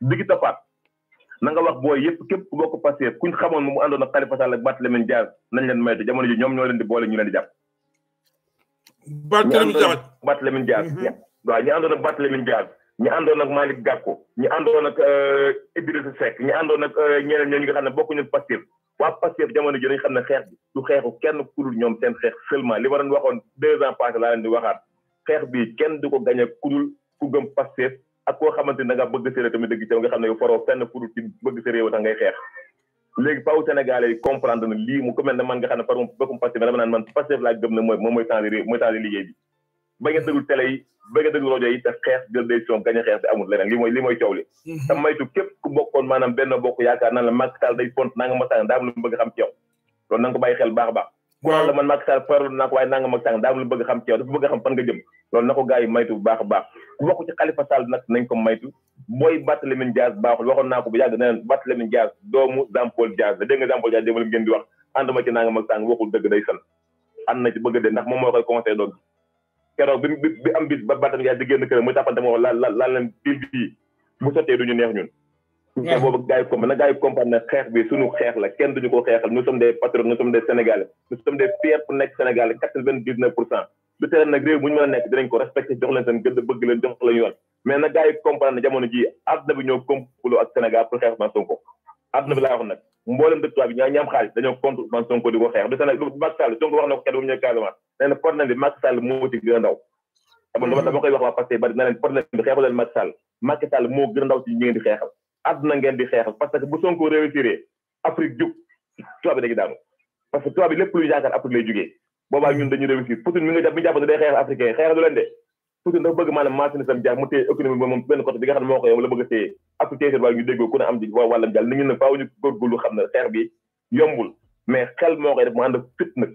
Speaker 6: diggi tapaat na nga wax booy yëpp képp ku bokk passé kuñ xamoon mu àndoon ak Khalifa Sall ak Barthélémy Dias nañ ñoom ñoo leen di boole ñu leen di jàpp Barthélémy waaw ñu àndoon ak Barthélémy Dias ñu àndoon a Malick Gakou ñu àndoon ak euh, Idrissa Seck ñu àndoon a euh, ñeneen ñooñu nga xam ne bokkuñu ak Pastef waa Pastef jamono ji dañu xam ne xeex bi du xeexu kenn kudul ñoom seen xeex seulement li ma doon waxoon deux ans passé laa leen xeex bi kenn du ko gañe kudul ku gëm Pastef ak koo xamante ni da nga bëgg sa réew tamit dëgg ca nga xam ne yow faroo fenn kudul ci bëgg sa réew ngay xeex léegi faw Sénégalais yi ba a déglu télé yi bañ a déglu rajo yi te xeex jël décision gañ a xeex te amul leneen li mooy coow li mhm. te maytu képp ku bokkoon maanaam benn bokk yaakaar naan la Macky Sall day font naa ma sàng daam lu mu bëgg xam ci yow loolu na nga ko bàyyi a baax ku naan la man Macky Sall parol naa ko waaye na ko gars yi maytu baax a baax ku bokk ci Khalifa Sall nag nañ ko maytu booy Barthélémy Dias baaxul waxoon naa ko bu yàgg neneen Barthélémy Dias doomu Jean Paul Dias la dégg nga Jean Paul Dias dégg ngeen di wax ànd ma ci naa nga ma sàng waxul na ci moo koy conseil keroog bi bi am bis ba Barthélémy Dias di génn këram muy tàppante moo la la la leen bil bii bu sottee du ñu neex ñun te boobu gars yi comprendre na gars yi comprendre na xeex bi suñu xeex la kenn duñu ko xeexal nous sommes des patriotes nous sommes des sénégalais nous sommes des fiers pour nekk sénégalais quatre vingt dix neuf pour cent du tere nag réew mu ñu mën a nekk dinañ ko respecté jox leen seen gëdd bëgg leen jox leen yoon mais na gars yi comprendre na jamono ji àdduna bi ñoo complot ak Sénégal pour xeex Sonko àdduna bi laa wax nag mboolem dëkk tubaab bi ñoo ñaam xaalis dañoo contre Ousmane Sonko di ko xeex du Sénégal na ko kenn ah hmm. moo gën a ndaw dama dama koy wax waa ngeen di xeexal àdduna ngeen di xeexal parce que bu Sonko réussiré Afrique jug tubaab bi daanu parce que tubaab bi lépp luy yaakaar Afrique lay jugee boobaa ñun dañu réussir Poutine mi nga jàpp mi jàpp ne day xeexal africain xeexal du leen de Poutine dafa bëgg maanaam marchandisam jaay mu téye économie benn côté bi nga xam moo ko a téye ak su téye seen waaye yombul mais xel moo koy def mu ànd ak fit nag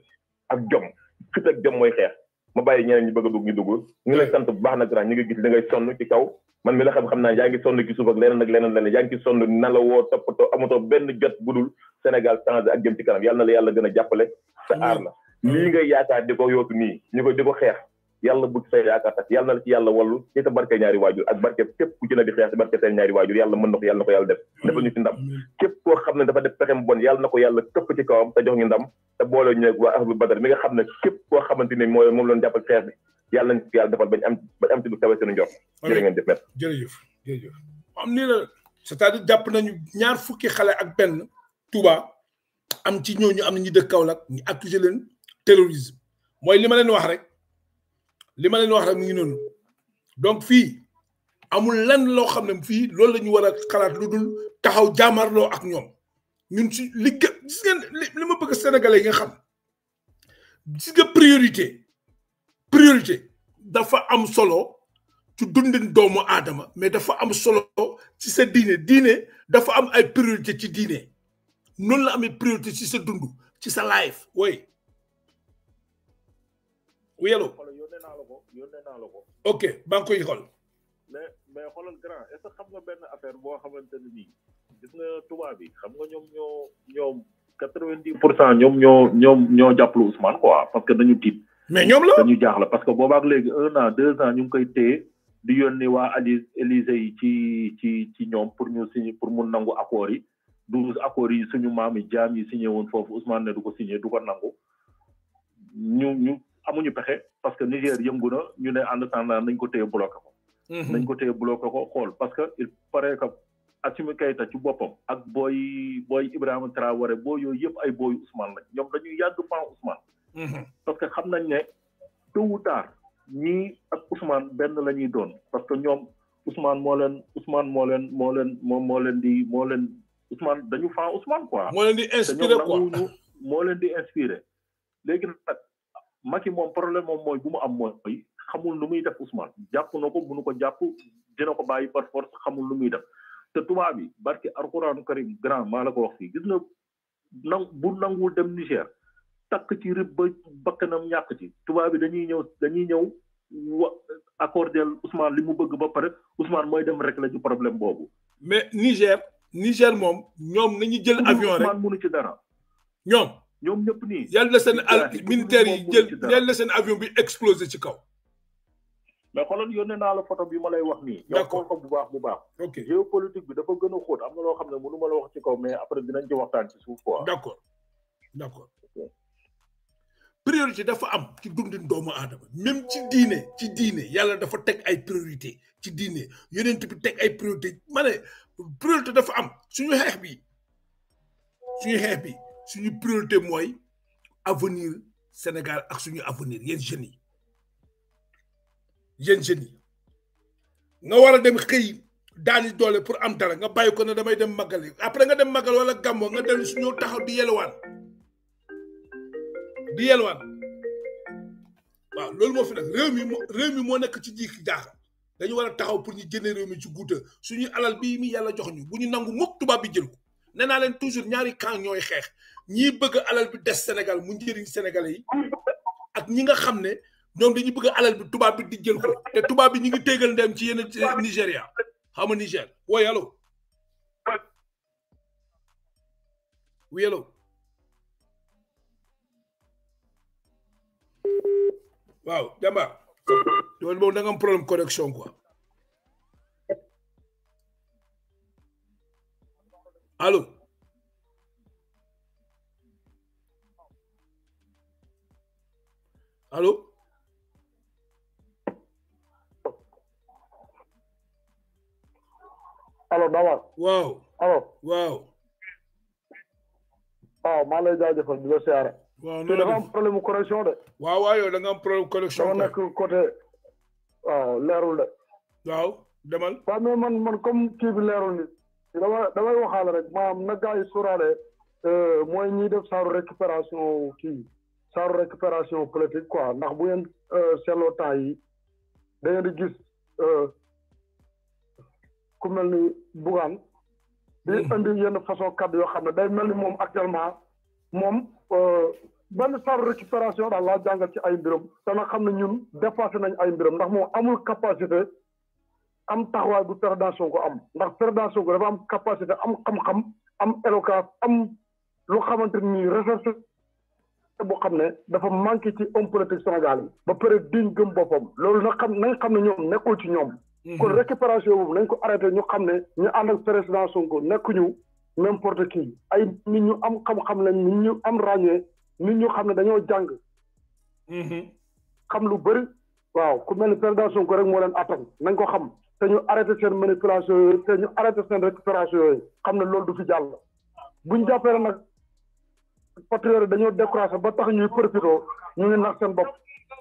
Speaker 6: ak jom fit ak jom mooy xeex ma bàyyi ñeneen ñi bëgg a dugg ñu dugg ñu lay sant bu baax nag grand ñu ngi gis da ngay sonn ci kaw man mi la xam xam naa yaa ngi sonn ci suuf ak leneen ak leneen leneen yaa ngi ci sonn na la woo toppatoo amatoo benn jot budul Sénégal changé ak jëm ci kanam yàlla na la yàlla gën a jàppale sa aar la lii yaakaar di ko yootu nii ñu ko xeex yàlla bu say yaakaar tax yàlla la ci yàlla wallu ci ta ñaari waajur ak barke képp ku ci ne di xeex ci barke seen ñaari waajur yàlla mën na ko yàlla na ko yàlla def dafa ñu ci ndam képp koo xam ne dafa def pexem bon yàlla na ko yàlla këpp ci kawam te jox ñu ndam te boole ñu ak waa ahlu badar mi nga xam ne képp koo xamante ni mooy moom loon jàppal xeex am ci lu kawe
Speaker 1: am nii la c'est-à-dire jàpp nañu ñaar fukki xale ak benn Touba am ci ñooñu am na ñu dëkk Kaolack ñu accusé leen terrorisme mooy li ma leen wax rek li ma leen wax rek mu ngi noonu donc fii amul lan loo xam ne fii loolu la ñu war a xalaat lu dul taxaw jaamarloo ak ñoom ñun si li gis ngeen li bëgg sénégalais nga xam gis nga priorité priorité dafa am solo ci dundin doomu aadama mais dafa am solo ci sa diine diine dafa am ay priorité ci diine noonu la amee priorité ci sa dund ci sa life way yellow
Speaker 7: yónnee naa la ko yónnee naa la ko.
Speaker 1: ok maa ngi koy xool.
Speaker 7: mais mais xoolal grand est ce que xam nga benn affaire boo xamante ne nii gis nga tubaab bi xam nga ñoom ñoo ñoom quatre vingt dix pour cent ñoom ñoo ñoom ñoo jàppale Ousmane quoi parce que dañu tiit. mais ñoom la dañu jaaxle parce que boobaak léegi un an deux ans ñu ngi koy téye di yónni waa ali Élysée yi ci ci ci ñoom pour ñu signer pour mu nangu accords yi douze accords yi suñu maam yi jaam yi signé woon foofu Ousmane ne du ko signé du ko nangu ñu ñu. amuñu pexe parce que Niger yëngu na ñu ne en attendant nañ ko téye bloqué ko. Mhm. nañ ko téye bloqué ko xool parce que il paraît que Assimi Goïta ci boppam. ak booy booy Ibrahima Traoré booy yooyu yëpp ay booy Ousmane lañ ñoom dañuy yàgg fan Ousmane. Mhm. parce que xam nañ ne tôt ou tard ñii ak Ousmane benn la doon parce que ñoom Ousmane moo leen Ousmane moo leen moo leen moom moo leen di moo leen Ousmane dañu fan Ousmane quoi. moo di inspiré quoi Macky moom problème moom mooy bu mu am mooy xamul nu muy def Ousmane jàpp na ko mënu ko jàpp dina ko bàyyi par force xamul nu muy def te tubaab bi barki alxuraanu karim grand maa la ko wax fii gis na nang bu nanguwul dem Niger takk ci rib ba bakkanam ñàkk ci tubaab bi dañuy ñëw dañuy ñëw wa accordel li mu bëgg ba pare Ousmane mooy dem
Speaker 1: régler ci problème boobu. mais Niger Niger moom ñoom nañu jël avion rek ci dara ñoom. ñoom ñëpp nii. yàlla na seen al militaire yi jël yàlla na seen avion bi explosé ci kaw. mais xoolal yónnee naa la photo bi ma lay wax nii. d'accord bu baax
Speaker 7: bu baax. ok géopolitique bi dafa gën a xóot am na loo xam ne mënu ma la wax ci kaw mais après dinañ ci waxtaan ci suuf
Speaker 1: quoi. d'accord d'accord priorité dafa am ci dundin doomu aadama même ci diine ci diine yàlla dafa teg ay priorité ci diine yonent bi teg ay priorité ma ne priorité dafa am suñu xeex bi suñu bi. suñu priorité mooy avenir Sénégal ak suñu avenir yéen jeunes yi yéen jeunes yi nga war a dem xëy daani doole pour am dara nga bàyyi ko ne damay dem màggali après nga dem magal wala gàmmo nga dellu suñu taxaw di yelwaan di yelwaan waaw loolu moo fi nag réew mi réew mi moo nekk ci jiiki jaaxal dañu war a taxaw pour ñu génne réew mi ci guuta suñu alal bii mi yàlla jox ñu bu ñu nangu mukk tubaab bi jël ko nee naa leen toujours ñaari camp ñooy xeex ñi bëgg alal bi des Sénégal mu njëriñ Sénégalais yi ak ñi nga xam ne ñoom dañu bëgg alal bi tubaab bi di jël ko te tubaab bi ñu ngi tégal ndem ci yenn eh, nigeria xam nga Niger woy allo oui allo waaw jamba loolu moom da nga am problème connexion quoi allo allo allo Baba. waaw. allo waaw. waaw maa lay jaajëfal di la siyaare. waaw noonu dafa am problème de. waaw waaw yow da nga am problème connexion. nekk côté waaw leerul de. waaw demal. waaw mais man man comme kii bi leerul ni dama damay waxaale rek maanaam na gars yi sóoraale euh,
Speaker 5: mooy ñiy def saaru récupération kii. sans récupération politique quoi ndax bu ngeen euh, seetloo temps yi da ngeen di gis euh,
Speaker 1: ku mel ni Bougane di mm. indi yenn façon kàddu yoo xam ne day mel ni moom actuellement moom euh, benn sans récupération daal laa jàngal ci ay mbiram te nag xam ne ñun dépassé nañ ay mbiram ndax moom amul capacité am taxawaay bu président Sonko am ndax président Sonko dafa am capacité am xam-xam am éloquence am
Speaker 5: lu xamante ni recherche xam ne dafa manqué ci homme politique Sénégal yi ba
Speaker 1: pare diñ gëm boppam loolu na xam na nga xam ne ñoom nekkul ci ñoom mhm. kon récupération boobu nañ ko arrêté ñu xam ne ñu ànd ak président Sonko nekkuñu n'importe qui ay nit ñu am xam-xam lañ nit ñu am ràññee nit ñu xam ne dañoo jàng mhm. xam lu bëri waaw ku mel ni président Sonko rek moo leen attan nañ ko xam te ñu arrêté seen manipulation yooyu te ñu arrêté seen récupération yooyu xam ne loolu du fi jàll buñ jàppee nag patriote dañoo découragé ba tax ñuy profitoo ñu ngi nax seen bopp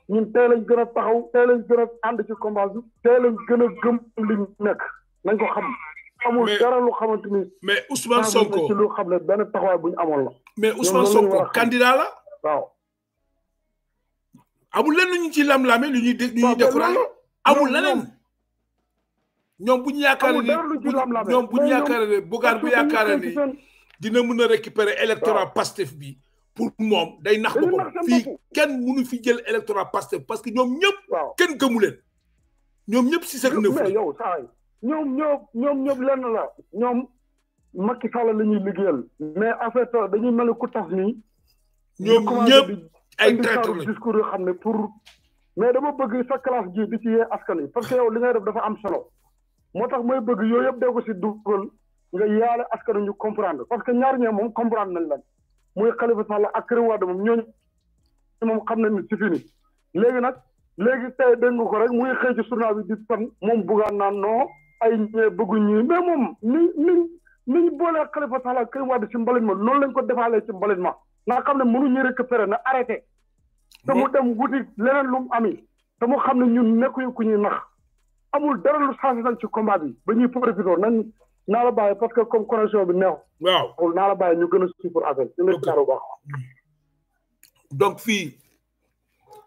Speaker 1: ñun tey lañ gën a taxaw tey lañ gën a ànd ci combat bi tey lañ gën a gëm li nekk nañ ko xam amul dara lu xamante ni mais Ousmane Sonko ci lu xam ne benn taxawaay buñ amoon la mais Ousmane Sonko candidat la waaw amul lenn lu ñu ci lam-lame lu ñuy lu ñoom bu ñu yaakaar la ñoom bu ñu yaakaar ni bugaan bu yaakaar ni dina mën a récupérer électorat pastef bi pour moom day nax boppam fii kenn mënu fi jël électorat pastef parce que ñoom ñëpp kenn gëmu leen ñoom ñëpp si sek na mais yow saay ñoom
Speaker 3: ñoom ñëpp lenn la ñoom Macky Sall la ñuy liggéeyal mais en fait dañuy mel ku tax nii ñoom ñëpp ay traître lañ discours yoo xam ne pour
Speaker 1: mais dama bëgg sa classe ji di ci yee parce que yow li ngay def dafa am solo moo tax mooy
Speaker 5: bëgg yooyu yëpp dee ko si dugal nga yaale askan ñu comprendre parce que ñaar ñoom moom comprendre nañ leen muy Khalifa Sall ak Karim Wade moom ñooñu moom xam nañ ni si léegi nag
Speaker 3: léegi tey dégg nga ko rek muy xëy ci journal bi moom buggaan naan non ay ñee bëgguñ ñii mais moom ni ni ni ñu boolee Khalifa Sall ak Karim Wade si mbalit ma noonu lañ ko defaalee
Speaker 1: si mbalit ma naa xam ne mënuñu récupérer na arrêté te mu dem wuti leneen lu mu ami te mu xam ne ñun nekkuñu ku ñuy nax amul dara lu changé nañ ci combat bi ba ñuy profité nañ naa la parce que comme connexion bi neex. waaw naa la bàyyi ñu gën a suivre affaire bi. donc fii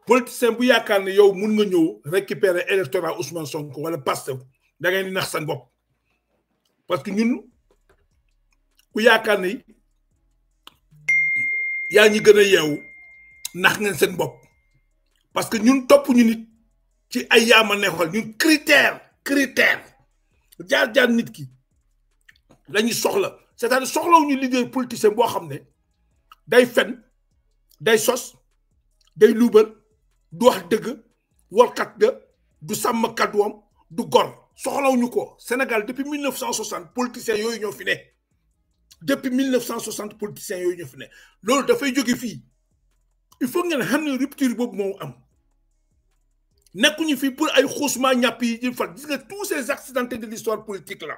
Speaker 1: politicien bu yaakaar ne yow mun nga ñëw récupérer électorat Ousmane sonk wala Pastef da ngay di nax sa bopp parce que ñun ku yaakaar ni yaa ñi gën a yeewu nax ngeen seen bopp parce que ñun topp ñu nit ci ay yaama neexal ñun critère critère jaar jaar nit ki. c'est-à-dire que nous politicien politiciens politiciens, day day sos day du du sam du gor ko Sénégal depuis 1960 politiciens yoy ñoo depuis 1960 politiciens yoy ñoo fi ne loolu fay joggé fi il faut ngeen ne rupture bobu mo am nekkuñu fi pour ay yi di gis tous ces accidents de l'histoire politique là.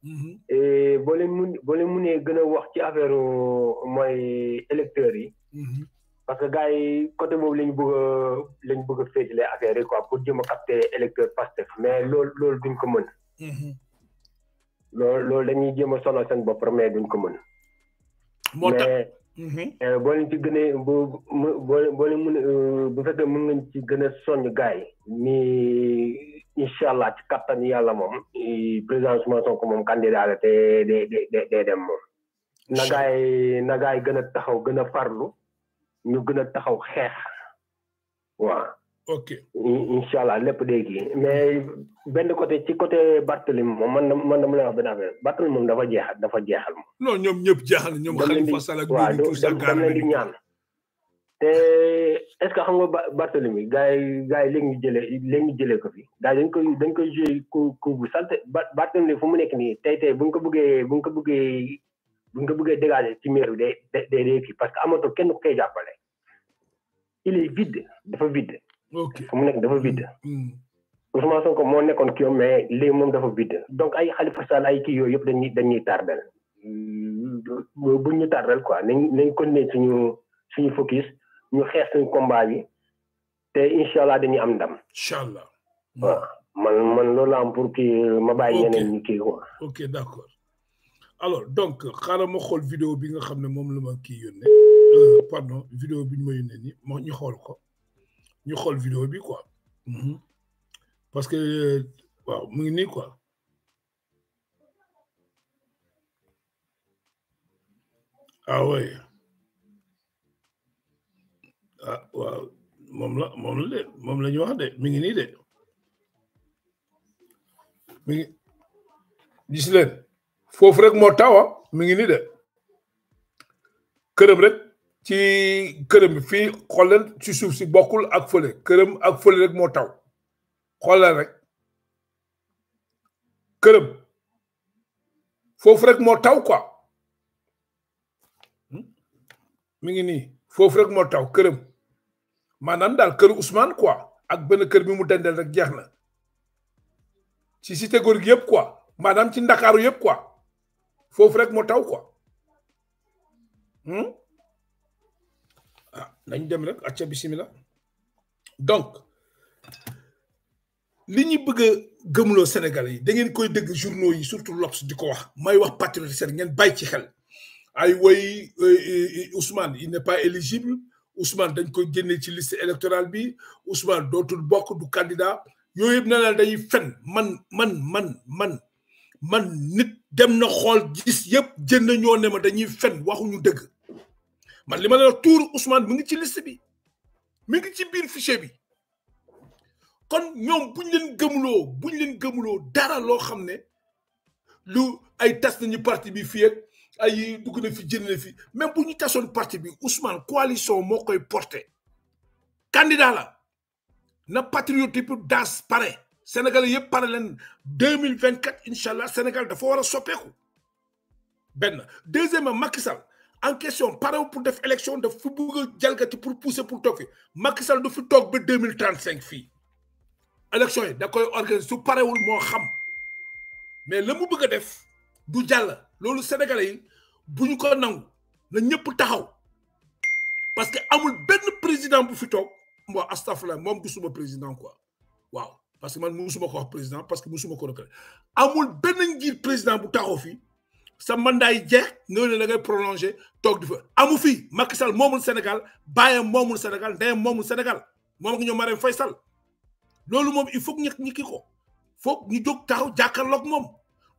Speaker 4: Mm-hmm. et boo leen mun boo leen munee gën a wax ci affaire mooy électeurs yi. Mm-hmm. parce que gars yi côté boobu lañ bëgg a bëgg a féetale affaire yi quoi pour jëm a capter électeur Pastef mais loolu loolu duñ ko mën. Mm-hmm. loolu loolu dañuy jéem a sonal seen bopp mais duñ ko mën. moo tax mais euh, boo leen ci gënee boo boo boo leen mën euh, bu ci gën a soññ gars yi. incha allah ci kattan yàlla moom président Ousmane Sonko moom candidat la te day day dem moom. na gaay na gaay gën a taxaw gën a farlu ñu gën a taxaw xeex waaw. ok incha allah lépp day kii mais benn côté ci côté Barthélemy moom man man dama lay wax benn affaire Barthélemy moom dafa jeexal dafa jeexal moom. non ñoom ñëpp jeexal ñoom. Khalifa Sall ak ñoom tout ça. waaw dama leen di ñaan. te est ce que xam nga Barthélemy gars yi gars yi léegi ñu jëlee léegi ñu jëlee ko fi gars yi dañ koy dañ koy joué ku ku bu salte Barthélemy fu mu nekk nii tey tey bu ñu ko bëggee bu ñu ko bëggee bu ñu ko bëggee dégager ci miir bi day day day kii parce que amatul kenn ku koy jàppale il est vide dafa vide. ok fu mu nekk dafa vide. Mm. Mm. Ousmane Sonko moo nekkoon kii mais léegi moom dafa vide donc ay Khalifa Sall ay kii yooyu yëpp dañuy dañuy tardel
Speaker 2: mm,
Speaker 4: buñ ñu tardel quoi nañ nañ continuer suñu suñu focus. ñu xeex suñu combat yi te incha allah dañuy am ndam. incha allah waaw man man loolu am pour que ma bàyyi ñeneen ñi kii quoi.
Speaker 1: ok d' accord alors donc xaaral ma xool vidéo bi nga xam ne moom la ma kii yónnee euh, pardon vidéo bi ñu ma yónnee nii ma ñu xool ko ñu xool vidéo bi quoi mhm. parce que euh, waaw mu ngi nii quoi. ah oui. ah waaw moom la moom la de moom la ñu wax de mi ngi nii de mi ngi foofu rek moo tawa ah. mi ngi nii de këram rek ci këram bi fii xoolal ci suuf si bokkul ak fële këram ak fële rek moo taw xoolal rek këram foofu rek moo taw quoi hmm? mi ngi nii foofu rek moo taw këram maanaam daal kër Ousmane quoi ak benn keur bi mu dendel rek jeex ci cité góor gi yëpp quoi maanaam ci ndakaaru yëpp quoi foofu rek mo taw quoi hmm? ah nañ dem rek acca bismillah donc li ñu bëgg gëmlo gëmloo Sénégal yi da ngeen koy dëgg journaux yi surtout lops diko wax may wax patriote seen ngeen bay ci xel ay way euh, euh, euh, Ousmane il n'est pas éligible Ousmane dañ koy génne ci liste électorale bi Ousmane dootul bokk du candidat yooyu yëpp na la day fen man man man man man nit dem na xool gis yëpp jënd ñoo ne ma dañuy fen waxuñu dëgg man li ma la tuur Ousmane mu ngi ci liste bi mu ngi ci biir fichier bi kon ñoom buñ leen gëmuloo buñ leen gëmuloo dara loo xam ne lu ay tas nañu parti bi fii ay dugg na fi jënd na fi même bu ñu tasoon parti bi Ousmane coalition moo koy porter candidat la na patriotisme pour pare Sénégal yëpp pare leen 2024 incha allah Sénégal dafa war a soppeeku benn deuxièmement Macky Sall en question pare pour def élection daf fi bëgg a jalgati pour pousser pour toog fi Macky Sall du fi toog ba 2035, fii élection yi da koy organiser su parewul moo xam mais la mu bëgg a def du jàll loolu sénégalais buñ ko nangu la ñëpp taxaw parce que amul benn président bu fi toog bon astafurlah moom du suma président quoi waaw parce que man musuma ko wax président parce que musuma ko reconnaître amul benn ngir président bu taxaw fi sa mandat yi jeex nga ne la ngay prolonger toog di fa amu fi Macky Sall moomul Sénégal bàyyam moomul Sénégal ndeyam moomul Sénégal moom ak ñoom Marème Faye Sall loolu moom il faut que ñu ko faut ñu jóg taxaw jàkkaarloog moom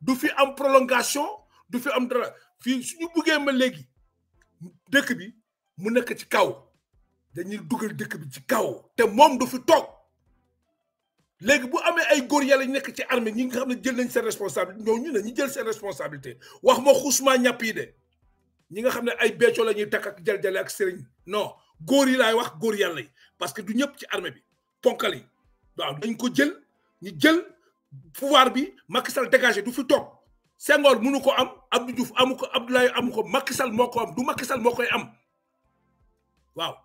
Speaker 1: du fi am prolongation du fi am dara. fii suñu buggee ma léegi dëkk bi mu nekk ci kaw dañuy dugal dëkk bi ci kaw te moom du fi toog léegi bu amee ay góor yàlla ñu nekk ci armée ñi nga xam ne jël nañ seen responsabilité ñoo ñu ne ñu jël seen responsabilité wax ma xusma ñàpp yi de ñi nga xam ne ay beccoo la ñuy takk ak jaljale ak sëriñ non góor yi laay wax góor yàlla yi parce que du ñëpp ci armée bi ponkal yi waaw dañ ko jël ñu jël pouvoir bi Macky Sall dégagé du fi toog Senghor munu ko am Abdou Diouf amu ko Abdoulaye amu ko Macky Sall moo am du Macky Sall moo koy am waaw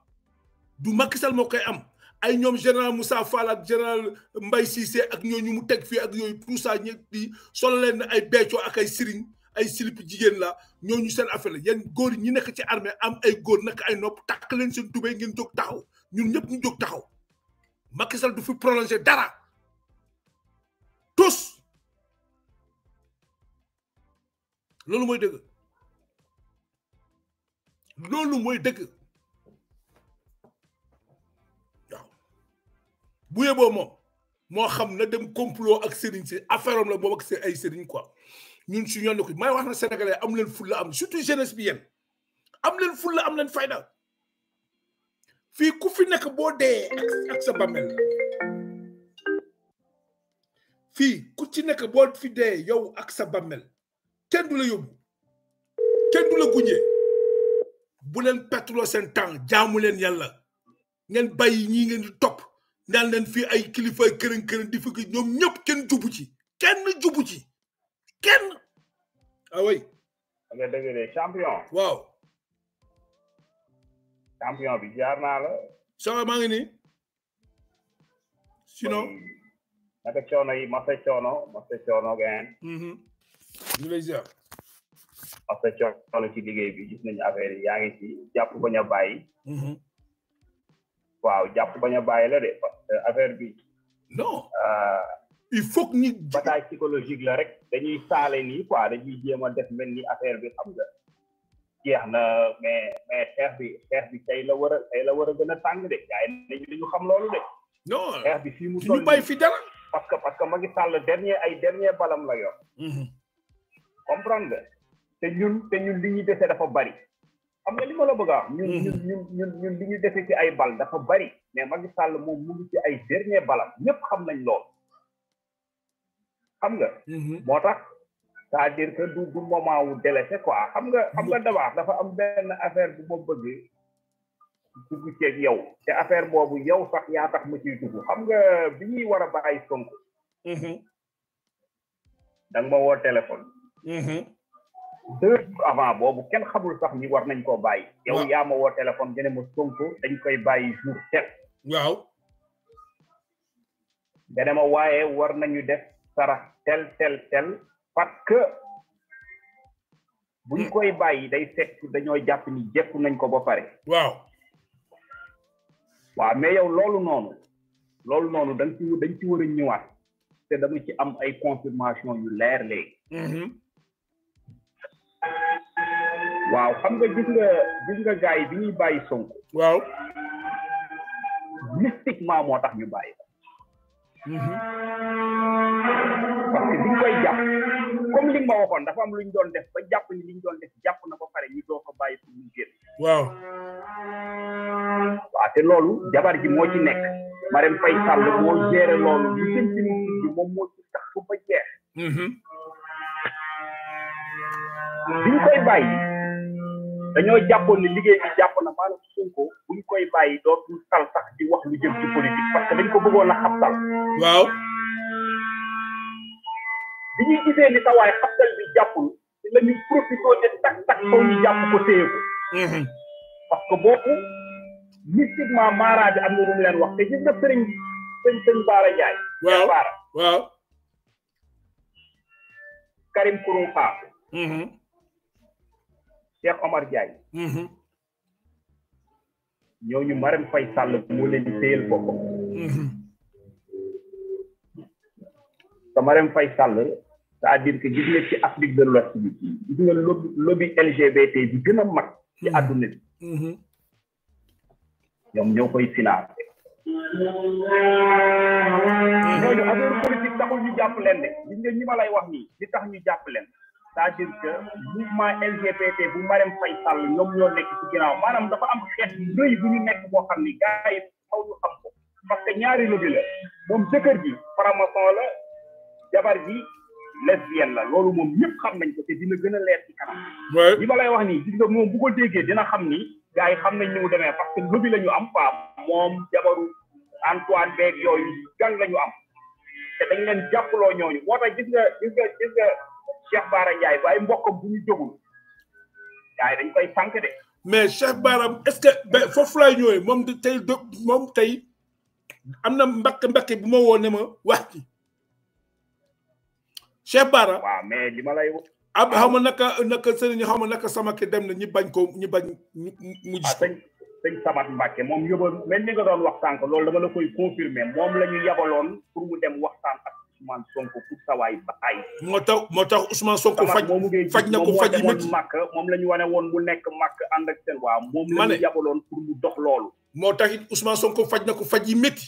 Speaker 1: du Macky Sall moo koy am ay ñoom général Moussa Fall ak général Mbaye Cissé ak ñooñu mu teg fii ak yooyu tout ça ñëpp di solo ay beccoo ak ay siriñ ay silip jigéen la ñooñu seen affaire la yéen góor ñi nekk ci armée am ay góor nag ay nopp takk leen seen tubéy ngeen jóg taxaw ñun ñëpp ñu jóg taxaw Macky du fi prolonger dara tous loolu mooy dëgg loolu mooy dëgg waaw yeboo moom moo xam na dem complot ak sëriñ si affaire la moom ak seen ay sëriñ quoi ñun si ñoon ko may wax na sénégalais am leen fulla am surtout jeunesse bi yéen am leen fulla am leen fayda fii ku fi nekk boo dee ak sa bàmmeel fii ku ci nekk boo fi dee yow ak sa bàmmeel kenn du la yóbbu kenn du la gunjee bu leen pétrole seen temps jaamu leen yàlla ngeen bàyyi ñii ngeen di topp naan leen fii ay kilifa kërën kërën di fekk ñoom ñëpp kenn jubu ci kenn jubu ci kenn
Speaker 6: ah oui nga dëgg de champion waaw bi jaar naa la soxla maa ngi nii sinon naka coono yi masa coono masa coono gaen ñu lay ziar parce que coono ci liggéey bi gis nañu affaire yi yaa ngi ci jàpp bañ a bàyyi mm-hmm. waaw jàpp bañ a bàyyi la de affaire bi non
Speaker 4: euh, il faut que ñu bataille psychologique la rek dañuy saale nii quoi dañuy jéem a def mel ni affaire bi xam nga jeex na mais mais xeex bi xeex bi tey la war a tey la war a gën a tàng de gaay nañu dañu xam loolu de non xeex bi fii mu toll ñu bàyyi fi dara parce que parce que Macky Sall dernier ay dernier balam la yor mm-hmm. comprendre nga te ñun te ñun li ñu dese dafa bari xam nga li ma la bëgg a wax. ñun mhm. ñun ñun ñun li ñu dese ci ay bal dafa bari mais Macky Sall moom mu ngi ci ay dernier balam ñëpp xam nañ lool xam nga. Mhm. moo tax c'est-à-dire que du
Speaker 6: du moment ko délaissé quoi xam nga xam nga mhm. dabaax dafa am benn affaire bu ma bëgg. dugg ceeg yow te affaire boobu yow sax yaa tax ma ciy dugg xam nga bi ñuy war a bàyyi ay da nga ma woo téléphone. Mhm.
Speaker 4: deux avant boobu kenn xamul sax ni war nañ koo bàyyi. yow yaa ma woo téléphone gën ma dañ koy bàyyi jour tel. waaw. gën ma waaye war nañu def sarax tel tel tel parce que buñ hmm. koy bàyyi day set dañoo jàpp ni jekku nañ ko ba pare. waaw. waaw mais yow loolu noonu. loolu noonu dañ ci dañ ci ñëwaat te dama ci am ay confirmation yu leer léegi.
Speaker 1: Mhm. waaw xam nga gis nga gis nga gars bi ñuy bàyyi Sonko. waaw. mystiquement moo tax ñu bàyyi ko. Mhm. parce bi ñu jàpp comme li ma waxoon dafa am lu
Speaker 4: ñu doon def ba jàpp ni li ñu doon def jàpp na ko pare ñu doo ko bàyyi pour ñu waaw. waaw te loolu jabar ji moo ci nekk. Marème Faye Sall moo géré loolu lu jëm ci moom moo ci tax
Speaker 1: ba jeex. Mhm. bi ñu koy bàyyi. dañoo jàppoon ne liggéey bi jàpp na maanaam Sonko buñ koy bàyyi dootul tal sax di wax lu jëm ci politique parce que dañ ko bëggoon a xabtal.
Speaker 8: waaw. bi ñuy gisee ni sawaay xabtal bi jàppul ci la ñuy profité ne tak tak ñu jàpp ko téye ko. Mhm. parce que boobu
Speaker 1: mystiquement maara bi am na lu leen wax te gis nga sëriñ sëñ sëñ Baara Ndiaye. waaw Baara waaw. Karim Kouroum Fall.
Speaker 4: Cheikh Omar Diagne. Mm-hmm. ñooñu Marème Faye Sall moo leen di téyel boppam. Mm-hmm. te Marème Faye Sall cest dire que gis nga ci Afrique de l'Ouest LGBT bi gën a mag ci mm-hmm. àdduna bi.
Speaker 6: ñoom ñoo koy financé.
Speaker 1: ñooñu affaire politique taxul ñu jàpp leen de gis ma lay wax nii li tax ñu jàpp leen. cest à bu Marème Faye Sall ñoom ñoo nekk ci ginnaaw maanaam dafa am xeet rëy bu ñu nekk boo xam ni gars yi xaw ñu xam ko parce que ñaari lobby la moom jëkkër ji franc-maçon la jabar ji lesbienne la loolu moom ñëpp xam nañ ko te dina gën a leer ci kanam. waaw li ma lay wax nii gis nga moom bu ko déggee dina xam ni gaa yi xam nañ ni mu demee parce que lobby la ñu am quoi moom jabaru Antoine beeg yooyu gang la ñu am te dañ leen jàppaloo ñooñu moo tax gis nga gis nga gis nga. Cheikh Bara Ndiaye waaye mbokkam bu ñu jógul gars yi dañ koy sànq de. mais Cheikh Bara est-ce que foofu laay ñëwee moom tey moom tey am na mbakk mbakk bu ma woo ne ma wax ci Cheikh Bara. waaw mais li ma lay wax. ab xaw ma naka naka sëriñ xaw ma naka sama ki dem na ñi bañ ko ñi bañ mu gis ah, ko. sëñ Sabat Mbacke moom yóbbu mel ni nga doon waxtaan ko loolu dama la koy confirmer moom la ñu yabaloon pour mu dem waxtaan Ousmane Sonko pour sawaay baay. moo tax moo tax Ousmane Sonko faj faj na ko faj yi métti moom la ñu wane woon bu nekk màkk ànd ak seen waa moom la ñu yabaloon pour mu dox loolu. moo tax it Ousmane Sonko faj na ko faj yi métti.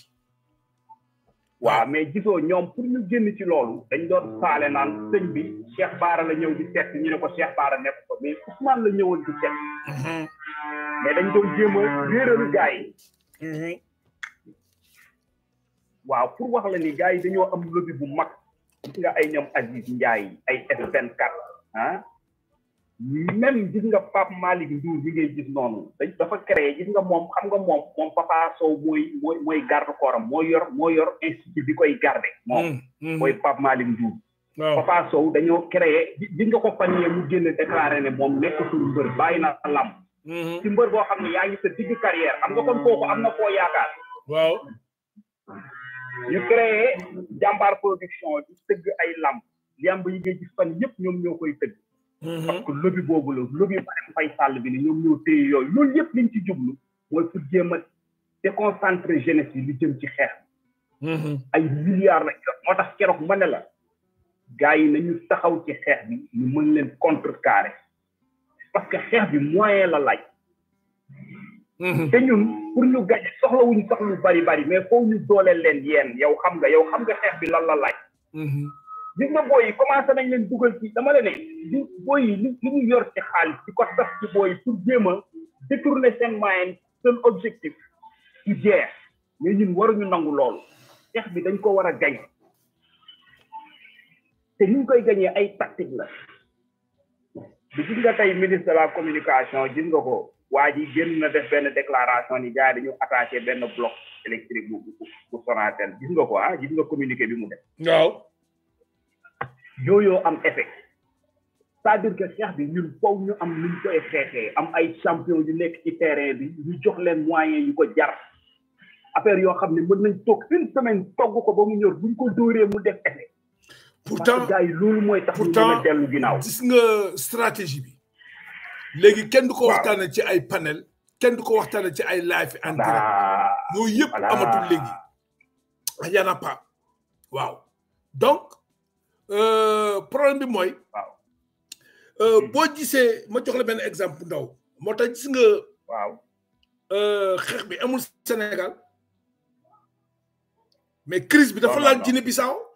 Speaker 1: waaw mais gisoo ñoom pour ñu génn ci loolu. dañ doon saale naan sëñ bi Cheikh Baara la ñëw di seet ñu ne ko Cheikh Baara nekk ko mais Ousmane la ñëwoon di seet. Mhm. mais dañ doon jéem a
Speaker 6: réeralu waaw pour wax la ni gars yi dañoo am lobby bu mag gis nga ay ñoom Aziz Ndiaye ay F24 ah
Speaker 1: même gis nga Pape Malick Ndour bi ngay gis noonu dañ dafa créé gis nga
Speaker 4: moom xam nga moom moom Papa Sow mooy mooy mooy garde corps am moo yor moo yor institut bi koy garde moom mm, mm. mooy Pape Malick Ndour Papa Sow dañoo créé gis nga ko fanyee
Speaker 1: mu génn déclaré ne moom nekkatul mbër bàyyi na lam mm-hmm. ci mbër boo xam ne yaa ngi sa digg carrière xam nga kon kooku am na koo yaakaar waaw ñu créé jàmbaar production di tëgg ay lamb lamb yi ngay gis fan yëpp ñoom ñoo koy tëgg.
Speaker 2: Mhm. parce que
Speaker 1: boobu la lobby Marème Faye Sall bi ne ñoom ñoo téye yooyu loolu yëpp liñ ci jublu mooy pour jéem a déconcentré jeunesse yi lu jëm ci xeex. Mhm. ay
Speaker 6: milliards lañ jot tax keroog ma ne la gars yi nañu taxaw ci xeex bi ñu mën leen
Speaker 4: contrecarrer parce que xeex bi moyen la laaj. Mhm. te ñun pour ñu gañe soxlawuñ sax lu bari bari mais foo ñu dooleel leen yéen yow xam nga yow xam nga xeex bi lan la laaj. Mhm. gis nga booy yi commencé nañ leen dugal ci dama la ne li
Speaker 1: booy yi li ñu yor ci xaalis di ko tax ci booy pour jéem a détourner seen moyen seen objectif du jeex mais ñun waruñu nangu loolu xeex bi dañ ko war a gañ te ñu koy gañee ay tactique la
Speaker 6: bi gis nga tey ministre de la communication gis nga ko. waa ji génn na def benn déclaration ni gars yi dañu attaqué benn bloc électrique bu bu bu Sonatel gis nga ko ah gis nga communiqué bi mu def. waaw. yooyoo am effet.
Speaker 1: c'est-à-dire que xeex bi ñun foog ñu am luñ koy xeexee am ay champion yu nekk ci terrain bi ñu jox leen moyens yu ko jar affaire yoo xam ne mën nañ toog une semaine togg ko ba mu ñor buñ ko dóoree mu def effet. pourtant gars yi loolu mooy tax ñu mën a dellu ginnaaw. nga stratégie bi. léegi kenn du ko waxtaanee ci ay panel kenn du ko waxtaanee ci ay laafi en direct yooyu yëpp amatul léegi ah, y en a pas waaw donc euh, problème bi mooy euh, hmm. boo gisee ma jox la benn exemple ndaw moo ta gis nga waaw euh, xeex bi amul Sénégal mais crise bi dafa laal Guinée Bissau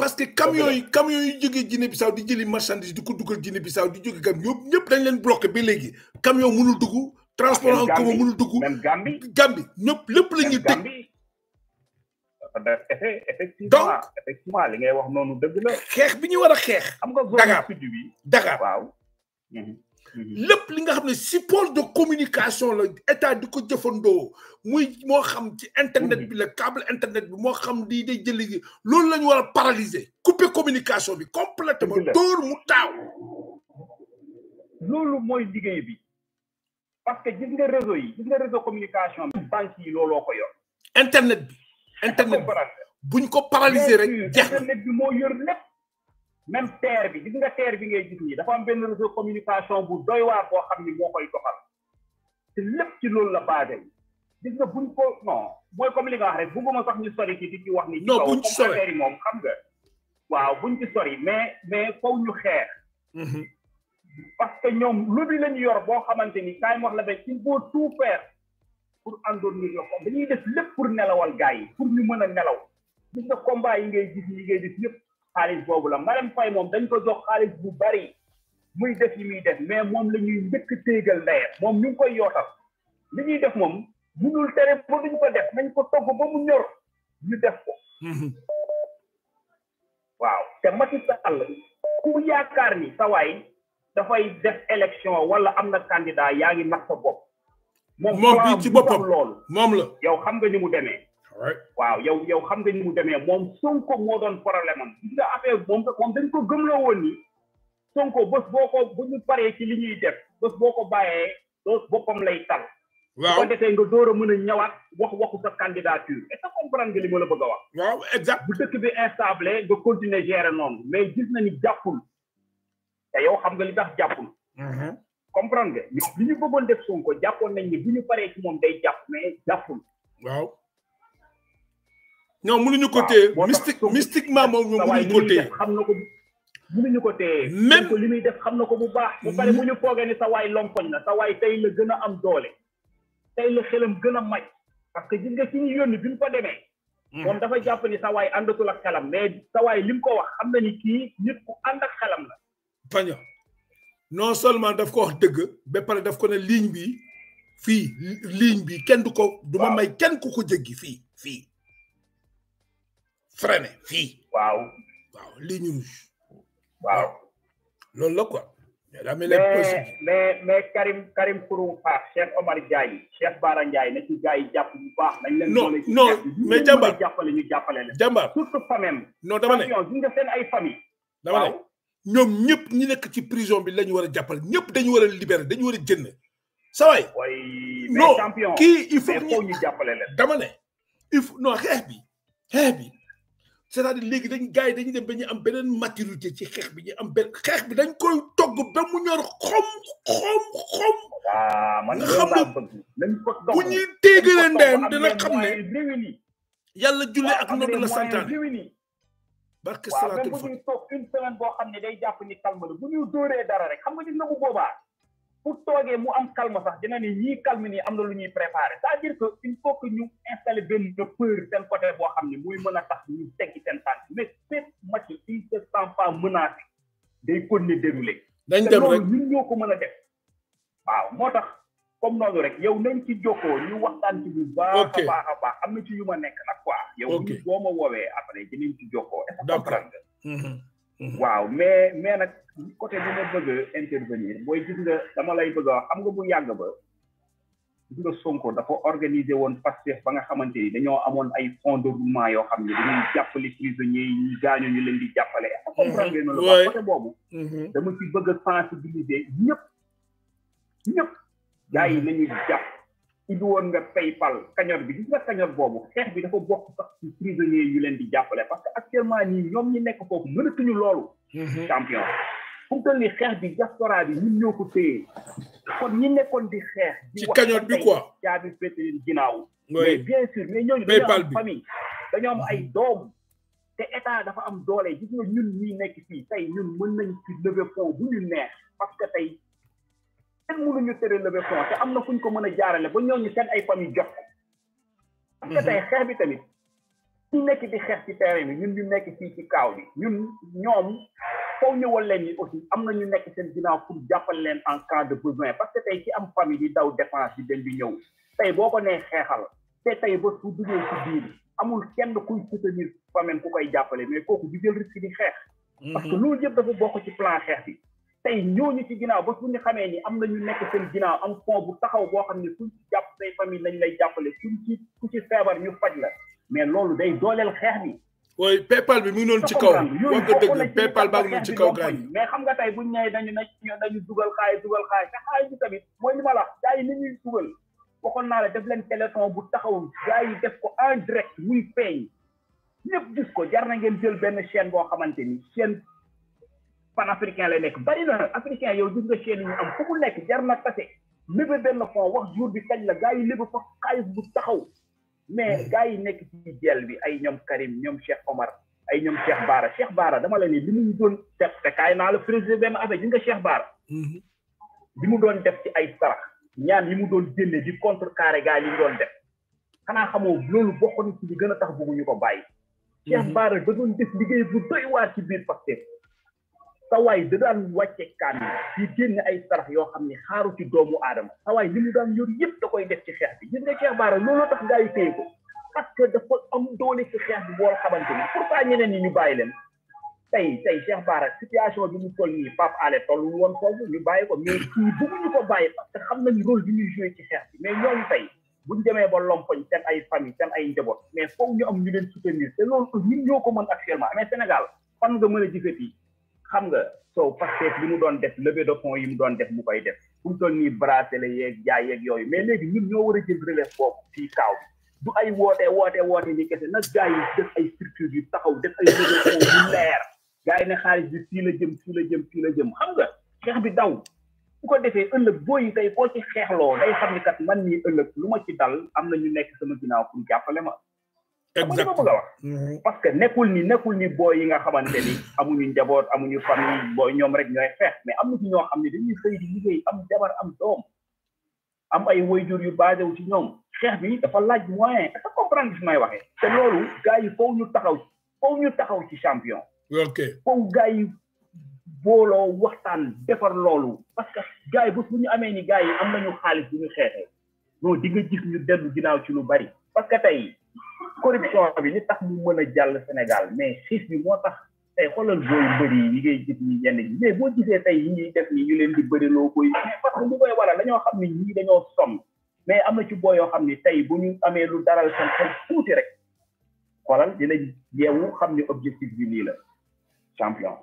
Speaker 1: parce que camions yi camions yi jógee Guinée Bissau di jëli marchandise di ko dugal Guinée Bissau di jóge gam ñëpp ñëpp dañ leen bloqué ba léegi camion mënul dugg transport en commun mënul dugg même Gambie Gambie ñëpp lépp la ñuy tëj effectivement effectivement li ngay wax noonu dëgg xeex bi ñu war a xeex xam nga Dakar Dakar waaw mhm. Mm-hmm. lepp li nga xam support de communication la état di ko jëfandoo muy moo xam ci internet bi le câble internet bi mo xam di day jëli loolu la ñu war a paralyser couper communication bi complètement door mu taw loolu mooy liggéey bi parce que gis nga réseau yi gis nga réseau communication bi banque yi looloo ko yor internet bi internet buñ ko paralyser rek jeex internet bi moo yor lépp même terre bi gis nga terre bi ngay gis nii dafa am benn réseau communication bu doy waar boo xam ni moo koy doxal te lépp ci loolu la basé gis nga buñ ko non mooy comme li nga wax rek bugguma sax ñu sori ci di ci wax ni. non buñ ci sori ci moom xam nga. waaw buñ ci sori mais mais faw ñu xeex. parce que ñoom lu bi la ñu yor boo xamante ni kaay ma wax la benn il faut tout faire pour endormir le corps dañuy def lépp pour nelawal gars yi pour ñu mën a nelaw gis nga combat yi ngay gis yi ngay gis yëpp. xaalis boobu la Marème Faye moom dañ ko jox xaalis bu bari muy def yi muy def mais moom la ñuy njëkk téegal ndeyam moom ñu ngi koy yootal li ñuy def moom munul tere ba ko def nañ ko togg ba mu
Speaker 4: ñor ñu def ko waaw te Macky Sall ku yaakaar ni sawaay dafay def élection wala am na candidat yaa ngi nax sa bopp moom moom loolu moom yow xam nga ni mu demee
Speaker 7: waaw yow yow xam nga ni mu demee moom Sonko moo doon problème am gis nga affaire moom moom dañ ko gëmloo woon ni Sonko bés boo ko bu ñu paree ci li ñuy def bés boo ko bàyyee
Speaker 1: loolu boppam lay tal. waaw bu ko defee nga door a mën a ñëwaat wax waxu sa candidature est-ce que comprendre nga li ma la bëgg a wax. waaw exact bu dëkk bi instable nga continuer gérer noonu mais gis na ni jàppul te yow xam nga li tax jàppul. Mm-hmm. comprend nga li ñu bëggoon def Sonko jàppoon nañ ni ñu paree ci moom day jàpp mais non mënuñu ko téye mystique mystiquement moom ñoom mënuñu ko téye xam ko mënuñu ko téye même li muy def xamna ko bu baax bu bari bu ñu ni sa way lonkoñ la sa way tay la gëna am doole tay la xelam gëna maj parce que gis nga ci ñu yónni bi ko démé hmm. moom dafa japp ni sa way àndatul ak xelam mais sa way lim ko wax xamna ni ki nit ku and ak xelam la baña non seulement daf ko wax dëgg be paré daf ko né ligne bi fi ligne bi kenn du ko duma may kenn ku ko jéggi fi fi freiné fii. waaw. li ligne rouge. waaw. loolu la quoi. la mais
Speaker 4: mais mais Karim Karim Xrum Xax Cheikh Omar Ndiaye Cheikh Bara Ndiaye na ci yi jàpp bu baax. nañ leen non
Speaker 6: non mais jàmbaar jàppale ñu jàppale leen. jàmbaar surtout famille. non dama ne ñu nga ay famille. dama
Speaker 1: ne ñoom ñëpp ñi nekk ci prison bi lañu war a jàppale ñëpp dañu war a libérer dañu war a jënd. saway non kii il faut ñu jàppale leen xeex bi xeex bi. cest à léegi dañ gars yi dañuy dem ba ñu am beneen maturité ci xeex bi ñu am benn xeex bi dañ koy togg ba mu ñor xom xom xom. nga xam ne bu ñuy téegalee ndeyam dina xam ne yàlla julli ak nodd la santaane. barke salaatul fa waaw même bu ñuy une semaine boo xam ne day jàpp ni calme la bu ñuy dóoree dara rek xam nga ni nangu boobaa. pour toogee mu am calme sax dina ni ñii calme nii am na lu ñuy préparé c'est-à-dire que il faut que ñu installé benn peur seen côté boo xam ne muy mën a tax ñu teggi seen tànk mais fépp match il se sent pas menacé day continuer déroulé. dañ dem rek ñun ñoo ko mën a def. waaw moo tax comme noonu rek yow nañ ci jokkoo ñu waxtaan ci bu baax a baax a am na ci yu ma nekk
Speaker 6: nag quoi. yow boo ma woowee après dinañ ci jokkoo. d'accord Mhm. waaw mais mais nag côté bi ma bëgg intervenir mooy gis nga dama lay bëgg xam nga bu yàgg ba gis nga Sonko dafa organiser woon Pastef ba nga xamante ni dañoo amoon ay fonds de roulement yoo xam ne dañuy jàppale prisonniers yi ñuy gaañu ñu leen di jàppale. comprendre mhm. ngeen
Speaker 1: lu boobu. Mhm. dama ci bëgg a sensibiliser ñëpp ñëpp gars yi nañuy jàpp. cagnotte, du woon nga paypal kañor bi gis nga kañor bi dafa bokk sax ci yu parce que actuellement nii ñoom ñi nekk foofu mënatuñu loolu mhm. champion bi diaspora bi ñun ñoo kon ñi
Speaker 8: di ci
Speaker 1: bi quoi mais bien sûr mais ñooñu am famille dañu am ay mhm. doom
Speaker 8: état dafa am gis nga ñun ñi ñun
Speaker 1: nañ ci lever fond bu ñu neex parce que kenn mënuñu prélever fonds te am na fuñ ko mën a jaarale ba ñooñu seen ay famille jox ko parce que tey xeex bi tamit ñu nekk di xeex ci terrain bi ñun ñu nekk fii ci kaaw bi ñun ñoom
Speaker 4: foo ñëwal leen ñi aussi am na ñu nekk seen ginnaaw pour jàppal leen en cas de besoin parce que tey ci am famille yi daw dépense yi dem di ñëw tey boo ko nee xeexal te tey ba su duggee ci biir
Speaker 1: amul kenn kuy soutenir famille ku koy jàppale mais kooku du jël risque di xeex parce que loolu yëpp dafa bokk ci plan xeex bi tey ñooñu ci ginnaaw ba ñu xamee ni am na ñu nekk seen ginnaaw am
Speaker 4: fond bu taxaw boo xam ne kuñ ci jàpp say famille lañ lay jàppale kuñ ci ku ci feebar ñu faj la mais loolu day dooleel xeex bi.
Speaker 1: ooy PayPal bi mu ngi noonu ci kaw. wax nga dëgg PayPal baa ngi noonu mais xam nga tey buñ ñëwee dañu ne dañu dugal xaalis dugal xaalis te xaalis bi tamit mooy li ma la
Speaker 3: wax gars yi dugal waxoon naa la def leen téléphone bu taxaw gars yi def ko en direct muy feeñ ñëpp gis ko jar na ngeen jël benn chaîne boo xamante ni chaîne panafricain lay nekk bari na africain yow gis nga chaîne ñu am fu mu nekk jar na tase lépp benn fois wax jour bi kañ la gars yi lépp fa xaalis bu taxaw mais gars yi nekk
Speaker 1: ci
Speaker 6: jeel bi ay ñoom Karim ñoom Cheikh Omar ay ñoom Cheikh Baara Cheikh Baara dama la ne li mu doon def te kaay naa la président benn affaire gis nga Cheikh Baara li mu doon def ci ay sarax
Speaker 1: ñaan yi mu doon génne di contrecarré gars yi doon def xanaa xamoo loolu bokkoon ci li gën a tax bëgguñu ko bàyyi Cheikh Baara da doon def liggéey bu doy waar ci biir Pastef sawaay da daan wàcce kaan yi di génn ay sarax yoo xam ne xaaru ci doomu aadama
Speaker 4: sawaay li mu daan yor yëpp da koy def ci xeex bi gis nga Cheikh Bara looloo tax gaa yi téye que dafa am doole ci bi boo xamante ni pourquoi ñeneen ñu bàyyi leen tey tey Cheikh Bara situation bi mu toll nii Pape woon foofu ñu bàyyi ko mais kii bëgguñu ko bàyyi parce que xam nañ rôle bi ci xeex bi mais ñoom tey buñ demee ba lompoñ seen ay famille seen ay njaboot mais foog ñu am ñu leen soutenir te loolu ñun ñoo ko mën actuellement mais Sénégal fan nga mën a yi
Speaker 6: xam nga soow Pastef li mu doon def levée de fonds yi mu doon def mu koy def fu mu toll nii bracelet yeeg jaay yee yooyu mais léegi ñun ñoo war a jël relève boobu fii kaaw bi du ay woote woote woote
Speaker 1: ni kese nag gars yi def ay structure yu taxaw def ay levée de fonds yu leer yi ne xaalis bi fii la jëm fii la jëm fii la jëm xam nga xeex bi daw bu ko defee ëllëg booyi tey koo ci xeexloo day xam ni kat man nii ëllëg lu ma ci dal am na ñu nekk sama ginnaaw pour jàppale ma exactement ma bëgg a wax. Mm-hmm. parce que nekkul ni nekkul ni booy yi nga xamante ni amuñu njaboot amuñu famille booy ñoom rek ñooy xeex mais am na ci ñoo xam ne dañuy xëy di liggéey am jabar am doom am ay wayjur yu baajew ci ñoom xeex bi dafa laaj moyen est-ce que comprendre may waxee. te loolu gars yi foofu ñu taxaw foofu ñu taxaw ci champion. ok foofu gars yi booloo waxtaan defar loolu. parce que gars yi bés bu ñu amee ni gars yi am nañu
Speaker 4: xaalis bu ñu xeexee non di nga gis ñu dellu ginnaaw ci lu bari parce que tey. corruption bi li tax mu mën a jàll Sénégal mais xiif bi moo tax tey xoolal booy bëri yi ngay gis ñi yenn ñi mais boo gisee tey yi ñuy def nii ñu leen di bëriloo koy parce que bu koy waral dañoo xam ne
Speaker 1: ñii
Speaker 6: dañoo sonn mais am na ci boo yoo xam ni tey bu ñu amee lu daral seen tuuti rek xoolal dinañ yeewu xam ni objectif bi nii la champion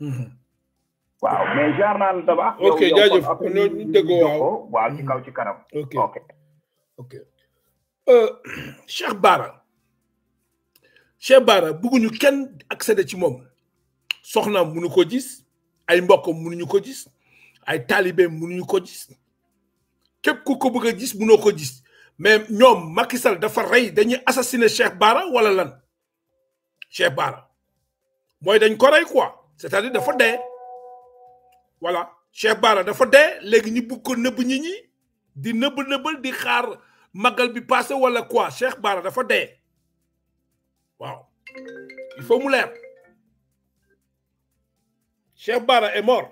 Speaker 6: mhm. waaw mais genre naan da baax ok
Speaker 7: jaajëf ñu
Speaker 1: déggoo waaw ci kaw ci kanam ok ok euh, Cheikh Bara Cheikh Bara bëgguñu kenn accéder ci moom soxnaam mënu ko gis ay mbokkam mënuñu ko gis ay taalibeem ko a ko mais ñoom Macky dafa assassiner Cheikh Bara wala lan Cheikh Bara dañ quoi c'est-à-dire dafa dee voilà Cheikh Bara dafa dee léegi ñu bëgg ko magal bi passé wala quoi Cheikh Bara dafa dé waaw il faut mu leer Cheikh Bara est mort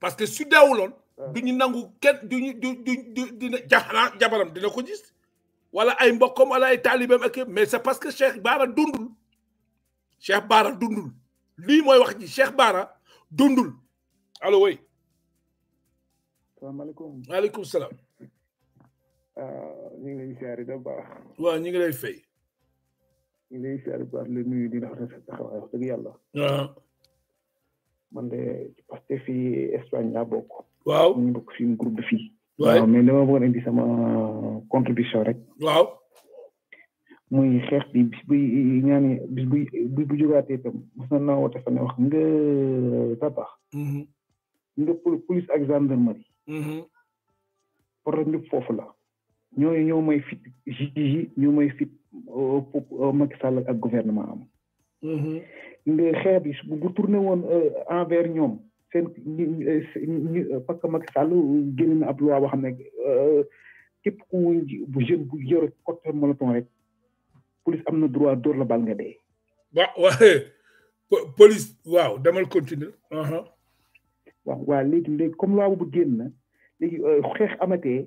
Speaker 1: parce que su deewuloon ah. du ñu nangu kenn du du du du dina jaxanaa jabaram dina ko gis wala ay mbokkam wala ay talibam ak mais c'est parce que Cheikh Bara dundul Cheikh Bara dundul li moy wax ji Cheikh Bara dundul allo way salaamaaleykum waaleykum salam ñu eh, ngi lay siyaare da baax waaw ñu ngi lay fay ñu ngi lay siyaare baax la nuyu di la rafet taxawaay wax dëgg yàlla waaw man de ci paste fi Espagne laa bokk waaw ñu bokk fi groupe fii waaw mais dama bëggoon indi sama
Speaker 4: contribution rek waaw muy xeex bi bis buy ñaani bis buy buy bu jógaatee itam mos na naa woote fa ne wax nga tabax
Speaker 1: nga police ak gendarmerie problème yëpp foofu la ñooñu ñoo may fit ji ñoo may fit euh, euh, Macky Sall ak gouvernement am. mais mm-hmm. xeex bi bu tourné woon euh, envers ñoom seen
Speaker 4: ñi parce que Macky Sall génn na ab loi boo xam ne képp ku bu jeune bu yore côté moloton rek police am na droit dóor la bal nga dee.
Speaker 1: waaw waaw police waaw demal continuer. Uh-huh.
Speaker 3: waaw waaw léegi léegi comme loi boobu génn léegi xeex amatee.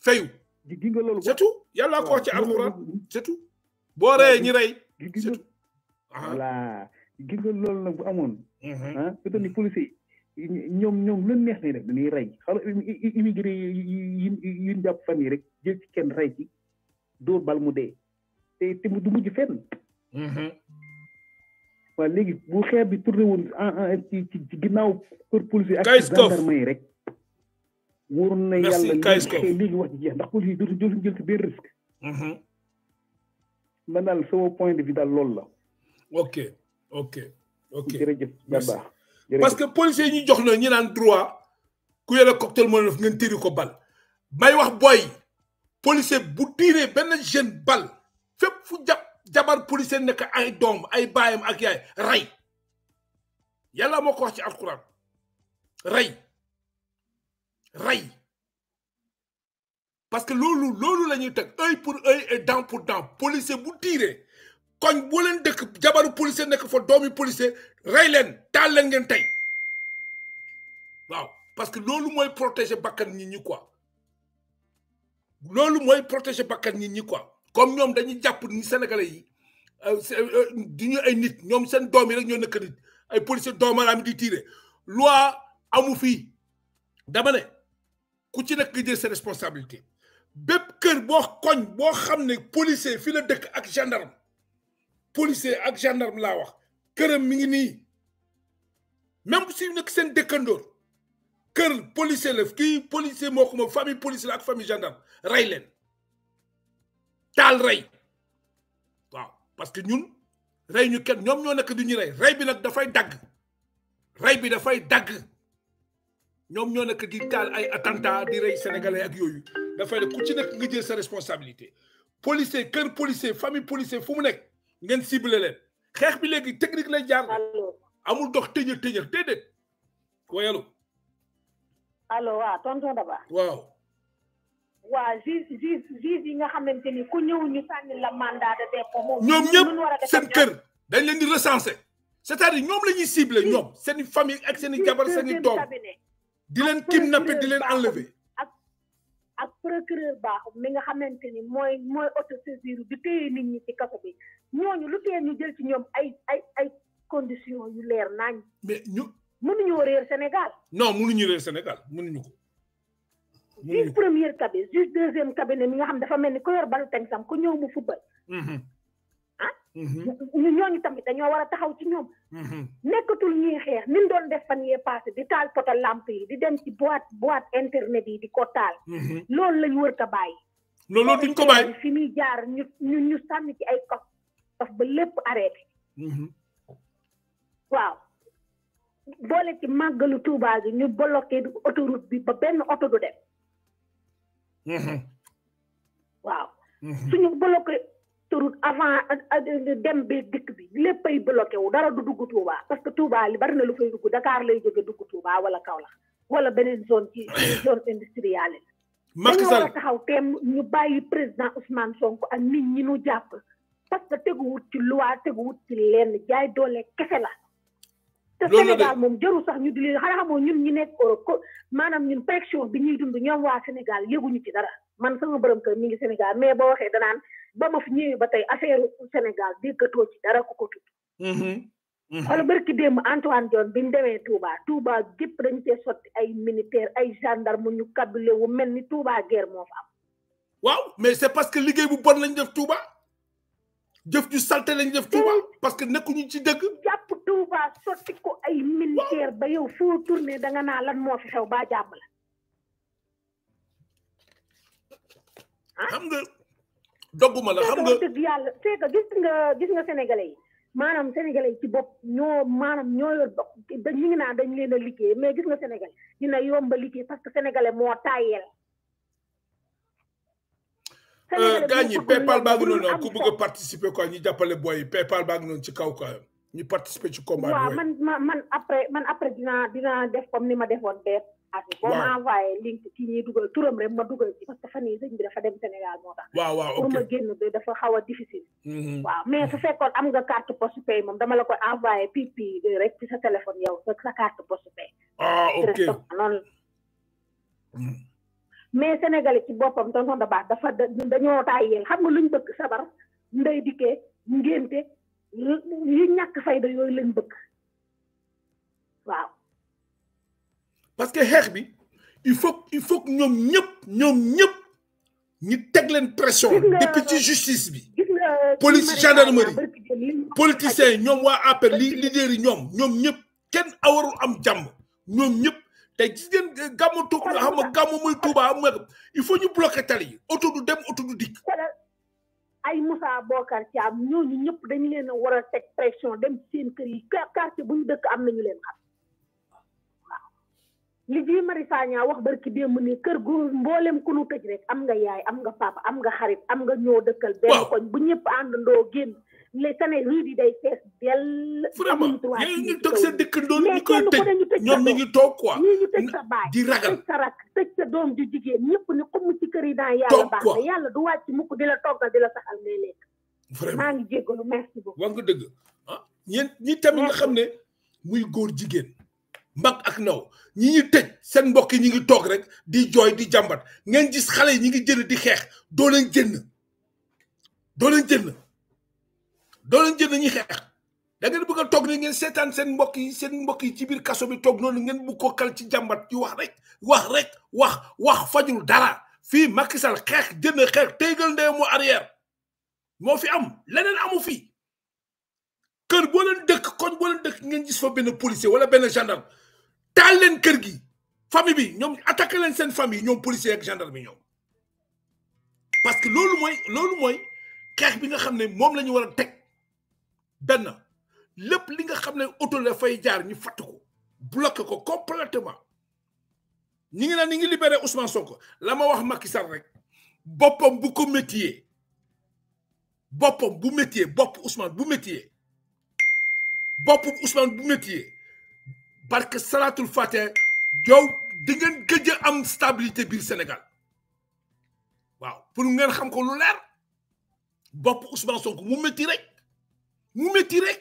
Speaker 1: fayu c'est tout yàllaa ko wax ci alxuraan c'est boo reyee ñi rey c'est tout voilà gis nga loolu nag bu amoon mhm. ah peut-être ni policiers yi
Speaker 4: ñoom ñoom lu neex ni rek dañuy rey xala immigré yi ñu jàpp fan yi rek jël ci kenn rey ci dóor bal mu dee te te du mujj fenn
Speaker 2: mhm.
Speaker 3: waaw léegi bu xeer bi tourné woon ci ci ginnaaw kër
Speaker 4: policier ak rek
Speaker 1: wóor na yàlla li li ñu wax ji jeex ndax police yi dootu dootuñu jël si benn risque. Mhm. loolu la. parce que policiers yi jox na ñu naan droit ku yore cocktail moo def ngeen ko bal may wax booy policier bu tiiree benn jeune bal fépp fu jàpp jabar policier nekk ay doom ay baayam ak yaay rey yàlla moo wax ci alxuraan rey. ray parce que loolu loolu la ñuy œil pour œil et dent pour dent policier bu tiiree koñ boo leen dëkk jabaru policier nek fa doomi policier ray leen taal leen ngeen tey waaw parce que loolu moy protéger bakkan nit ñi quoi loolu moy protéger bakkan nit ñi quoi comme ñom dañuy japp ni sénégalais yi euh, euh, diñu ay nit ñom sen doom rek ñoo nekk nit ay policier am di tiire loi amu fii dama ne ku ci nekk jël sa responsabilité bépp kër boo koñ boo xam policier fi la dëkk ak gendarme policier ak gendarme wax mi ngi même si nekk seen dëkkandoor kër policier la kii policier moo ko famille policier la ak famille gendarme rey leen parce que ñun rey ñu kenn ñoom ñoo nekk des ñu rey rey bi nag dafay dagg rey bi ñom ñoo nekk di tal ay attentat di rey sénégalais ak yoyu da fay ku ci nekk nga jël sa responsabilité policier kër policier famille policier fu mu nekk ngeen ciblé leen xeex bi léegi technique lay jàng amul dox teñe teñe déedéet waaye allo
Speaker 9: allo waaw tonton Daba waaw waaw juge juge juge yi nga xamanteni ku ñëw ñu sanni la mandat de dépôt moom ñoom ñëpp seen kër
Speaker 1: dañ leen di recenser c'est-à-dire ñom lañuy cibler ñom ñoom seen famille ak seen jabar seen doom di leen kidnappé di leen enlever. ak
Speaker 9: ak procureur baaxum mi nga xamante ni mooy mooy o bi téye nit ñi ci kaso bi ñooñu lu tee ñu jël ci ñoom ay ay ay conditions yu leer nañ. mais ñu. mënuñu réer Sénégal.
Speaker 1: non mënuñu réer Sénégal mënuñu ko.
Speaker 9: juge premier cabinet juge deuxième cabinet mi nga xam dafa mel ni yor balu teg sam ku ñëw mu football. Mhm. Mhm. ñu ñooñu tamit dañoo war a taxaw ci ñoom. Mhm. nekkatul ñuy xeex ni doon def fan yee passé di taal poto lamp yi di dem ci boîte boîte internet yi di ko taal. Mhm. loolu lañu wër ko bàyyi. loolu duñ ko bàyyi fi muy jaar ñu ñu ñu ci ay kof ba lépp arrêté. waaw boole ci màggalu Tuubaa gi ñu bloqué autoroute bi ba benn oto du dem. waaw suñu bloqué. autoroute avant dem bi dikk bi léppay bloqué wu dara du dugg Touba parce que Touba li bari na lu fay dugg Dakar lay jóge dugg Touba wala Kaolack wala beneen zone ci zone industrielle yi. Macky Sall dañoo taxaw teem ñu bàyyi président Ousmane Sonko ak nit ñi ñu jàpp parce que teguwut ci loi teguwut ci lenn jaay doole kese la. te Sénégal moom jarul sax ñu di leen xanaa xamoo ñun ñu nekk Europe maanaam ñun pression bi ñuy dund ñoom waa Sénégal yëguñu ci dara man sama borom kër mi ngi Sénégal mais boo waxee danaan ba ma fi ñëwee ba tey affaire Sénégal déggatoo ci dara ku ko tudd.
Speaker 2: xool mm-hmm. mm-hmm.
Speaker 9: barki démb Antoine Diome bi ñu demee Touba Touba gépp dañ cee sotti ay militaire ay gendarme ñu kabile wu mel ni Touba guerre moo am.
Speaker 1: waaw mais c'est parce que liggéey bu bon lañ def Touba jëf ju salte lañ def Touba
Speaker 9: parce que ñu ci dëgg. jàpp Touba sotti ko ay militaire ba yow foo tourné danga naa lan moo fi xew ba jàmm la.
Speaker 1: Ah? xam nga. dogguma
Speaker 9: la xam nga dëgg yàlla c'est que gis nga gis nga sénégalais yi maanam sénégalais yi ci bopp ñoo maanaam ñoo yor bopp dañ naan dañ leen a liggéey mais gis nga sénégal dina yomba liggéey parce que sénégalais moo tàyyeel euh, gaa ñi PayPal baa noonu noonu ku
Speaker 1: a participer quoi ñu jàppale booy yi PayPal baa noonu ci kaw quoi ñu participer ci combat waaw man
Speaker 9: man après man après dinaa dinaa def comme ni ma defoon bee waaw boo ma envoyé link ci ñuy dugal turam rek ma dugal ci parce que bi dafa dem Sénégal moo tax. waaw pour ma génn bi dafa xaw a difficile. Mm-hmm. waaw mais su mm-hmm. fekkoon am nga carte poste pay moom dama la koy envoyé pipi rek ci sa téléphone yow sa carte poste pay. ah mm-hmm. mais sénégalais ci boppam tonton da baax dafa dañoo taayee xam nga luñ bëgg sabar ndey dikkee ngénte yu
Speaker 3: ñàkk fayda yooyu lañ bëgg waaw. parce que Herbie, il faut il faut que nous, nous, nous,
Speaker 1: nous, pression depuis justice politiciens xam muy
Speaker 9: il pression li Guy Marius Sagna wax barki démb ni kër gu mboolem ku nu tëj rek am nga yaay am nga papa am nga xarit am nga ñoo dëkkal. benn koñ bu ñëpp ndoo génn. les années yi day fees dell. amuñu droit vraiment yéen ñu toog seen dëkkandoo ñu koy ñu toog quoi. ñii ñu tëj sa baay di ragal doom ju jigéen ñëpp ni xumm ci kër yi daan yàlla baax na yàlla du wàcc mukk di la toggal di la saxal ngay lekk. maa ngi jéggalu merci
Speaker 1: beaucoup. wax nga dëgg ah ñeent ñi tamit nga xam ne muy góor jigéen mag ak ndaw ñi ñi tej seen mbokk ñi ngi toog rek di jooy di jàmbat ngeen gis xale ñi ngi jënd di xeex doo leen jënd doo leen jënd doo leen jënd ñi xeex da ngeen bëgg a toog ni ngeen seetaan seen mbokk yi seen mbokk yi ci biir kaso bi toog noonu ngeen bu ko kal ci jàmbat yu wax rek wax rek wax wax fajul dara fii Macky xeex jënd xeex teegal mu arrière moo fi am leneen amu fi kër boo leen dëkk koñ boo leen dëkk ngeen gis fa benn policier wala benn gendarme talen leen kër gi famille bi ñom attaqué leen seen famille ñom policier ak gendarme ñom parce que lolu moy lolu moy kex bi nga xamné mom lañu wara tek ben lepp li nga xamné auto la fay jaar ñu fatt ko bloqué ko complètement ñi ngi naan ñi ngi Ousmane Sonko la wax Macky Sall rek bopam bu ko métier bopam bu métier bop Ousmane bu métier bop Ousmane bu métier barke salaatul fatiha yow di ngeen gëj am stabilité biir Sénégal waaw pour ngeen xam ko lu leer bopp Ousmane Sonko mu métti rek mu métti rek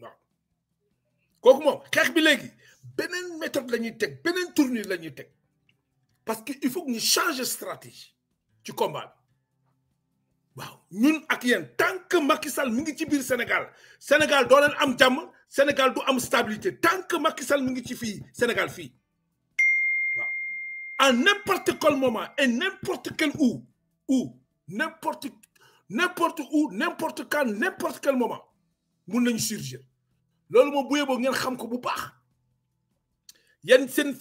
Speaker 1: waaw kooku moom xeex bi léegi beneen méthode lañuy teg beneen tournure lañuy teg parce que il faut que ñu changer stratégie ci combat waaw ñun ak yéen tant que Macky Sall ngi ci biir Sénégal Sénégal dooleen am jàmm Sénégal de am stabilité tant que Macky Sall mu ngi ci Sénégal fii à n'importe quel moment et n'importe quel où où n'importe n'importe où n'importe quand n'importe quel moment nous nañu surgir loolu moom bu yeboo ngeen xam ko bu baax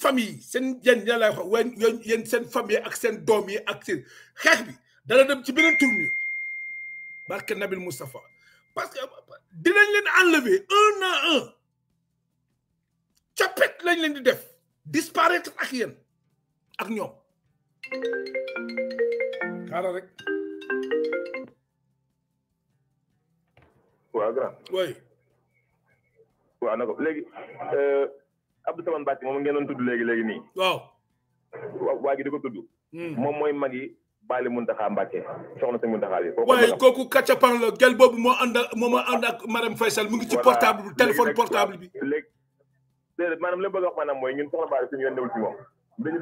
Speaker 1: famille sen yéen yéen wax yéen sen famille ak sen doom yi ak seen xeex bi dana dem ci beneen tourni barke Nabil Moustapha parce que dinañ leen enlever un à un capet lañ leen di def disparaître ak yéen ak ñoom xaaral rek
Speaker 6: waaw grand oui waaw na ko léegi euh, Abdou Samane Bàcc moom ngeen doon tudd léegi léegi nii waaw waa ji di ko tudd hmm. moom mooy mag yi Baali Mountakha Mbacké soxna si Mountakha bi. waaye kooku kàccapan la gel boobu moo ànd ak moo Faysal mu ngi ci portable bi téléphone portable bi. léegi maanaam li ma bëgg a mooy ñun soxna Baali suñu yoon newul ci moom dañu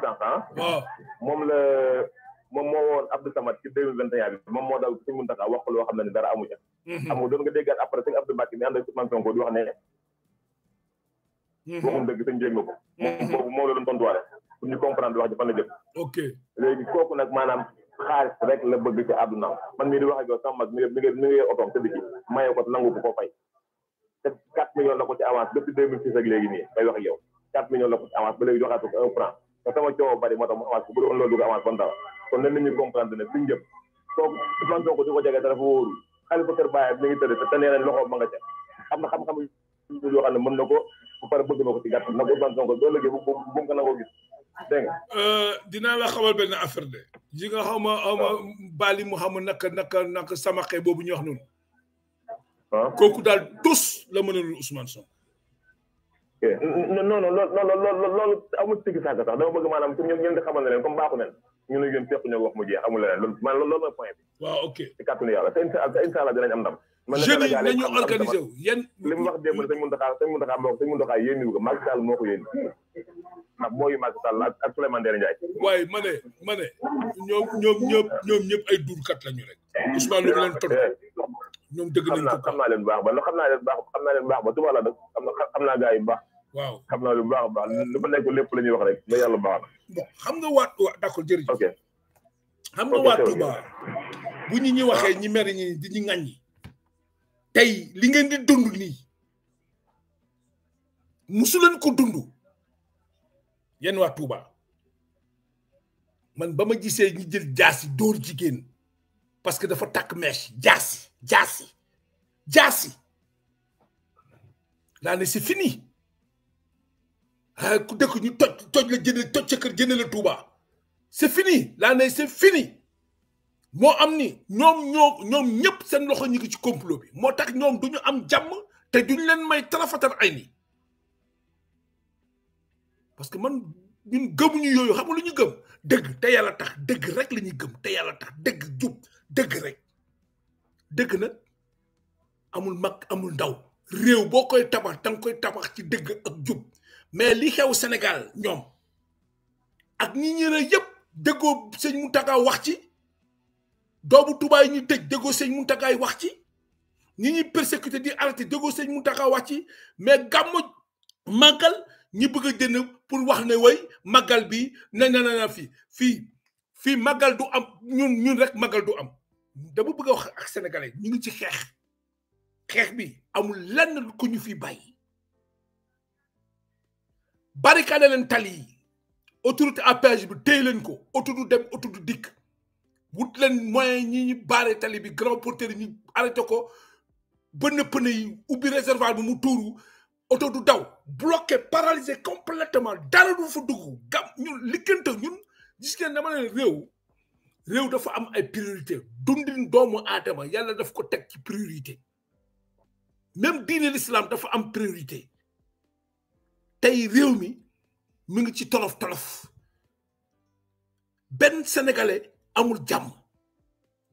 Speaker 6: xam ah. moom la moom moo woon Abdou Samad ci deux mille vingt et un moom moo daal suñu Mountakha wax ko loo xam ne dara amu ca. Mhm. doon nga déggaat après sëñ Abdou Mbacké mi ànd ak Ousmane Sonko di wax ne waxul dëgg sañ jéeg na ko mhm. moom boobu moom la doon tontuwaale pour ñu wax ji fan la jëm ok léegi bëgg ci àdduna man mii di wax ak yow sama mag mi ngi mi ngi otoom tëdd ci maye ko nangu ko koo fay te quatre millions la ko ci avance depuis deux mille six ak léegi nii bay ba léegi joxaatu ko un tëdd te nee nañ loxo ma nga ca am na xam-xam yoo xam mën na ko ba pare bëgg na ko ci gàttal nag Ousmane Sonko doo léegi bu bu mu ko nangoo gis dégg nga.
Speaker 1: Euh, dinaa la xawal benn affaire de. ji nga xaw ma xaw ma Bali mu xam naka naka naka samaxe boobu ñu wax noonu. Ah. kooku daal la mënalul Ousmane Sonko.
Speaker 6: non non loolu loolu loolu amul sigg sax sax dama bëgg maanaam pour ñun ñun di xamal ñun wax mu jeex amul leneen loolu man loolu mooy point bi. waaw ok ci kàttanu yàlla te incha allah dinañ am ndam. jeunes yi nañu organisé wu yan li mu wax démb sañ mun taxaa sañ moo sañ mun taxaa yéeni ko Macky Sall moo ko yéeni ndax booyu Macky Sall ak ak Souleymane Ndéné waaye ma ne ma ne ñoom ñoom ñëpp ñoom ñëpp ay duurkat lañu rek Ousmane lu mu leen tontu ñoom xam naa leen baax ba lo xam naa leen baax xam naa leen baax ba tuba la nag xam naa xam naa gars yi baax waaw xam naa lu baax baax lu ma nekk lépp la ñuy wax rek ba yàlla baax na xam nga waat waa d'accord jërëjëf
Speaker 1: xam nga waat Touba bu ñu ñu waxee ñi mer ñi di ñu ŋàññi tey li ngeen di dund nii musu leen ko dund yéen waa Touba man ba ma gisee ñu jël jaasi dóor jigéen parce que dafa takk mèche jaasi jaasi jaasi daa ne c'est fini ah ku dëkk ñu toj toj la jënd toj sa kër jënd la Touba c'est fini laa ne c'est fini moo am ni ñoom ñoom ñëpp seen loxo ñu ngi ci complot bi moo tax ñoom du ñu am jàmm te duñ leen may tarafatal ay nii parce que man ñun gëmuñu yooyu xam lu ñu gëm dëgg te yàlla tax dëgg rek la ñuy gëm te yàlla tax dëgg jub dëgg rek dëgg na amul mag amul ndaw réew boo koy tabax danga koy tabax ci dëgg ak jub mais li xew senegal ñoom ak ñi ñëre yëpp dëggoo sëñ mu tagaa wax ci doomu Touba yi à tëj sëñ Muntaka. wax ci ñi persécuté di arrêté déggoo sëñ muntaka wax ci mais gàmmu makal ñi bëgg a jënd pour wax ne way magal bi na na na n'y fi fi magal du am ñun ñun rek magal du am dama bëgg a wax ak sénégalais ñu ngi ci xeex xeex bi amul lenn ko ñu fi bàyyi barricade leen tali autorité bi téye ko dem wut leen moyen ñi ñu baare tali bi grand porteur yi ñu arrêté ko ba pëne yi ubbi réservoir bi mu tuuru oto du daw bloqué paralysé complètement dara du fa dugg gam ñun likkante ñun gis ngeen dama leen réew réew dafa am ay priorité dundin doomu aadama yàlla daf ko teg ci priorité même diine l'islam dafa am priorité tey réew mi mu ngi ci tolof tolof benn sénégalais amul jàmm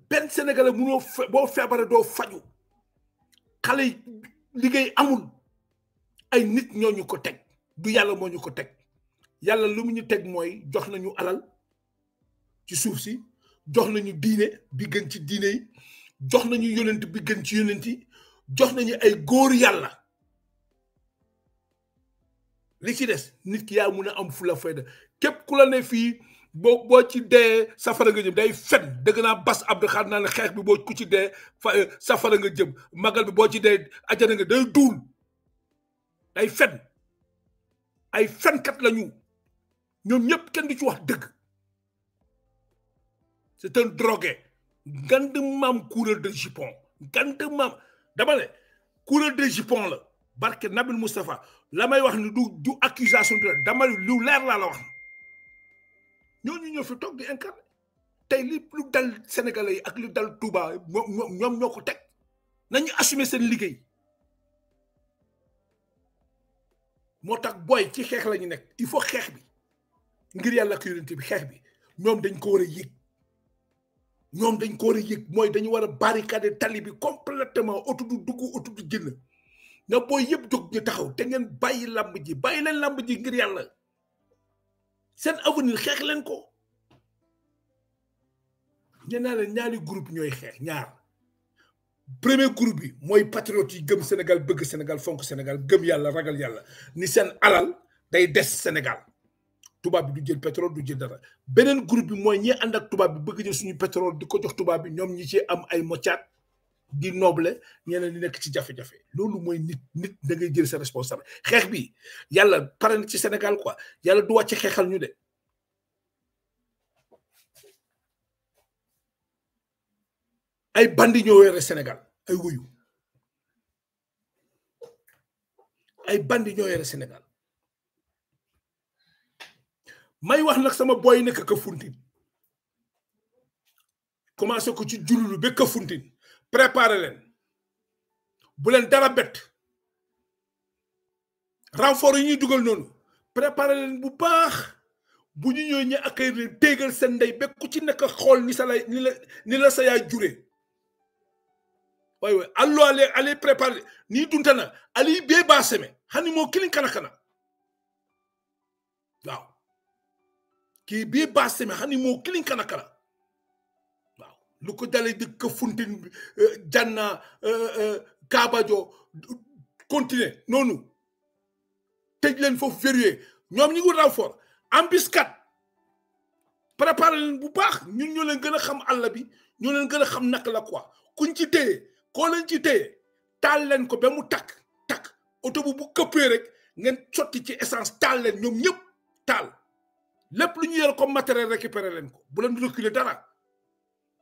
Speaker 1: benn sénégalais munoo fe boo feebaree doo faju xale yi liggéey amul ay nit ñooñu ko teg du yàlla moo ñu ko teg yàlla lu mu ñu teg mooy jox nañu alal ci suuf si jox nañu diine bi gën ci diine yi jox nañu yonent bi gën ci yonent yi jox nañu ay góor yàlla li ci des nit ki yaa mun a am fu la fayda képp ku la ne fii boo boo ci dee safara nga jëm day fen dëgg naa bas abdu xaar naa ne xeex bi boo ku ci dee fa euh, safara nga jëm magal bi boo ci dee ajana nga day duul day fen ay fenkat lañu ñoom ñëpp kenn di ci wax dëgg c'est un drogué ngand mam coureur de jupon ngand maam dama ne coureur de jupon la barke Nabil Moustapha la may wax ni du du accusation de dama lu leer laa la wax ñooñu ñoo fi toog di incarné tey li lu dal Sénégalais yi ak lu dal Touba ñoom ñoo ko teg nañu assumer seen liggéey moo tax booy ci xeex lañu nekk il faut xeex bi ngir yàlla ak yonent bi xeex bi ñoom dañ ko war a yëg ñoom dañ ko war a yëg mooy dañu war a barricade tali bi complètement oto du dugg oto du génn na booy yëpp jog ñu taxaw te ngeen bàyyi làmb ji bàyyi leen làmb ji ngir yàlla seen avenir xeex leen ko nee naa leen ñaari groupe ñooy xeex ñaar premier groupe bi mooy patriote yi gëm Sénégal bëgg Sénégal fonk Sénégal gëm yàlla ragal yàlla ni seen alal day des Sénégal tubaab bi du jël pétrole du jël dara beneen groupe bi mooy ñi ànd ak tubaab bi bëgg jël suñu pétrole di ko jox tubaab bi ñoom ñi ci am ay moccaat di noble ñeneen ñi nekk ci jafe-jafe loolu mooy nit nit da ngay jël sa responsable xeex bi yàlla pare na ci senegal quoi yàlla du wàcc xeexal ñu de. ay bandi ñoo yore Sénégal ay wuyu ay bandi ñoo yore Sénégal may wax nag sama boy nekk ka funtin commencé ko ci jululu ba ka funtin préparé leen bu leen dara bett renfort yi ñuy dugal noonu préparé leen bu baax bu ñu ñëwee ñu accueillir leen déggal seen ndey ba ku ci nekk xool ni sa lay ni la ni la sa yaay juree waaye waaye allo ale ale préparé nii dunta na ali bee baa seme hani moo kilin kana kana waaw kii bee seme hani moo kilin kana lu ko dalee dëkk Fountain euh, Janna euh, euh, kabajo continuer noonu tëj leen foofu verrouillé ñoom ñi ngi renfort embuscade préparé leen bu baax ñun ñoo leen gën a xam àll bi ñoo leen gën a xam nak la quoi kuñ ci téye koo ci téye taal leen ko ba mu takk takk oto bu bu këppee rek ngeen sotti ci essence taal leen ñoom ñëpp taal lépp lu ñu yor comme matériel récupéré leen ko bu leen reculer dara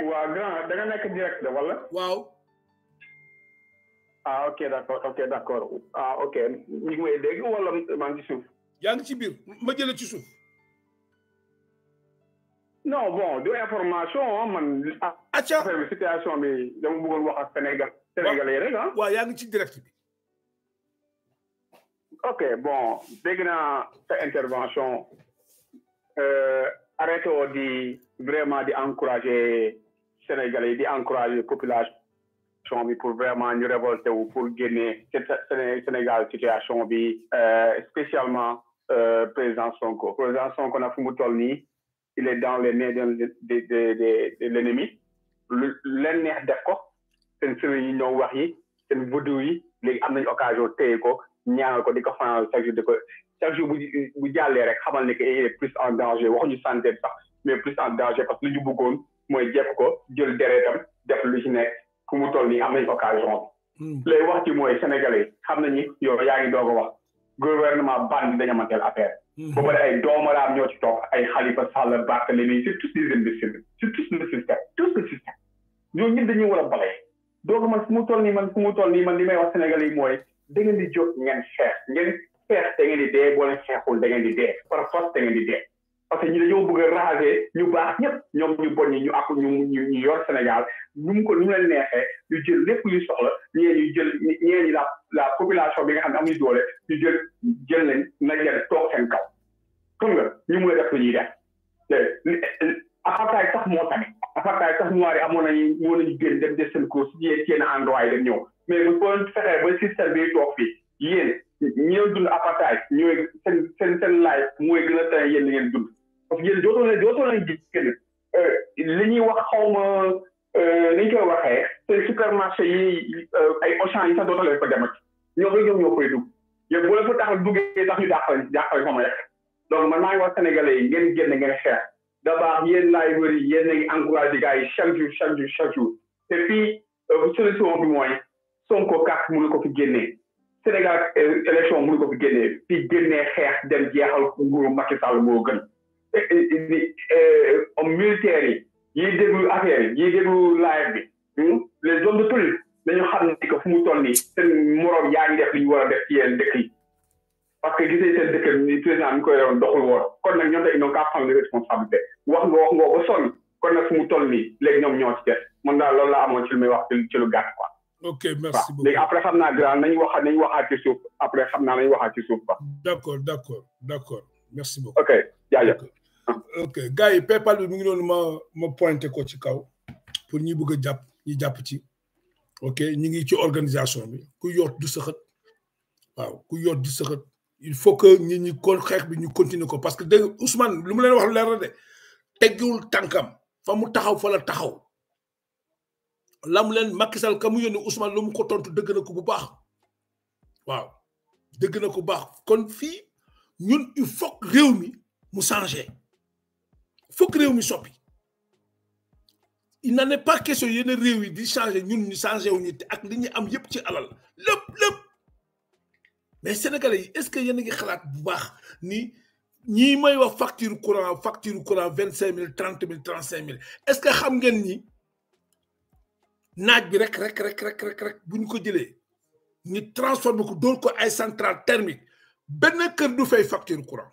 Speaker 1: waaw grand da nga nekk direct wala. waaw. ah ok d' accord ok d' accord ah ok ñu ngi ci suuf. yaa ngi ci biir ma jëlee ci suuf. non bon du information ah, man. acca ah, affaire bi situation bi dama bëggoon wax ak Sénégal sénégalais rek ah. waaw yaa ngi ci direct bi.
Speaker 6: bon dégg naa sa intervention euh, arrêté di vraiment di encourager Sénégalais di encourager population bi pour vraiment ñu révolter wu pour génne Sénégal situation bi euh, spécialement euh, président Sonko président Sonko na fu mu toll nii il est dans les mains de de
Speaker 4: de de l'ennemi lu neex def ko seen sëriñ yi ñoo wax yi seen vodou yi léegi am occasion téye ko ñaanal ko di ko fanal chaque jour di ko chaque jour
Speaker 6: bu bu jàllee rek xamal ni que il est plus en danger waxuñu santé sax mais plus en danger parce que lu ñu bëggoon. mooy jekk ko jël deretam def lu ci ne ku mu toll nii am nañ occasion bi hmm. lay wax ci mooy sénégalais xam nañu yow yaa ngi doog a wax gouvernement bandi dañu amanteel affaire hmm. ba pare ay doomaraam ñoo ci toog ay Khalifa Sall Barthélémy surtout sixième de système
Speaker 1: surtout le système tout le système ñooñu ñëpp dañuy war a balee donc man fu mu toll nii man fu mu
Speaker 4: toll nii man li may wax sénégalais yi mooy da ngeen di jóg ngeen xeex ngeen xeex da ngeen di dee boo leen xeexul da ngeen di dee parce que ñi dañoo bëgg a raser ñu baax ñëpp ñoom ñu
Speaker 6: bon ñu ak ñu ñu yor Sénégal ñu mu ko nu mu leen neexee ñu jël lépp luy soxla ñee
Speaker 1: ñu jël ñee ñi la la population bi nga xam ne amuñu doole ñu jël jël nañ nañ leen
Speaker 6: toog seen kaw xam nga ñu mun a def lu ñuy def te apartheid sax moo tane apartheid sax noir yi amoon nañu moo nañu génn dem def seen course yéen seen endroit yi dem ñëw mais bu ko fexee ba système bi toog fii yéen ñi dund apartheid ñooy seen seen seen life mooy gën a tane yéen li ngeen dund parce que yéen dootoo leen dootoo leen gis euh, li ñuy wax xaw ma li euh, ñu koy waxee te supermarché yi euh, ay Auchan yi sax dootoo leen fa jamati ñoom rek ñoom ñoo koy dugg yéen bu la fa taxaw duggee sax ñu dàqale dàqale sama yàq donc man maa ngi wax sénégalais yi ngeen génn ngeen xeex da baax yéen laay wëri yéen
Speaker 1: a ngi yi chaque jour chaque jour chaque jour te fii solution bi mooy Sonko kàtt ko fi génnee Sénégal élection mënu ko fi génnee fi génnee xeex
Speaker 4: dem jeexal nguuru Macky Sall moo gën Euh, euh, hommes militaires yi yiy déglu affaire yi yiy déglu live bi hmm? les hommes de police dañu xam ni ko fu
Speaker 6: mu toll nii seen moroom yaa ngi def li ñu war a def ci yenn yi parce que gisee e dëkk ni président mi koy yoroon doxul woon kon nag ñoom tey ñoom kaa prendre responsabilité wax nga wax nga ba sonn kon nag fu mu toll nii léegi ñoom ñoo ci des man daal laa amoon ci lu may wax ci lu gàtt quoi.
Speaker 1: ok merci beaucoup
Speaker 6: léegi après xam naa grand nañu wax nañu waxaat ci suuf après xam naa nañu waxaat ci suuf ba.
Speaker 1: d' accord d' accord d' accord merci beaucoup. ok gars il paye pas le ngi noonu ma ma pointé ko ci kaw pour ni bëgg a ni ñi jàpp ci ok ni ngi ci organisation bi ku yoot du sëxët waaw ku yoot du sëxët il faut que ni ni kon xeex bi ni continuer ko parce que dégg Ousmane lu mu leen wax leer na de teggiwul tànkam fa mu taxaw fa la taxaw lam len Macky Sall ka mu Ousmane lu ko tontu dëgg na bu baax waaw dëgg na bu baax kon fi ñun il faut réew mi mu changer faut mi soppi il n'en est pas question de changer, di changer, ñun changer, mais sénégalais est-ce que vous ngi ni facture courant facture courant 30 000, 35 000 est-ce que vous ngeen ni naaj rek rek rek rek rek rek thermique facture courant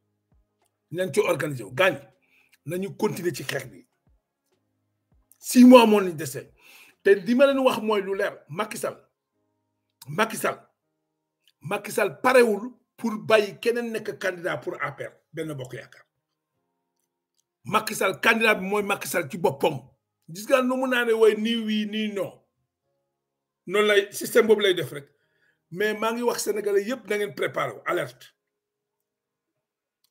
Speaker 1: nañ ci organiser wu gaañ nañu continuer ci xeex bi six mois moo ñu dese te li ma leen wax mooy lu leer Macky Sall Macky Sall Macky parewul pour bàyyi keneen nekk candidat pour APR benn bokk yaakaar Macky Sall bi mooy makisal ci boppam gis nga nu mu naa ne way nii wii nii non noonu lay système boobu lay def rek mais maa ngi wax sénégalais yépp na ngeen préparé wu alerte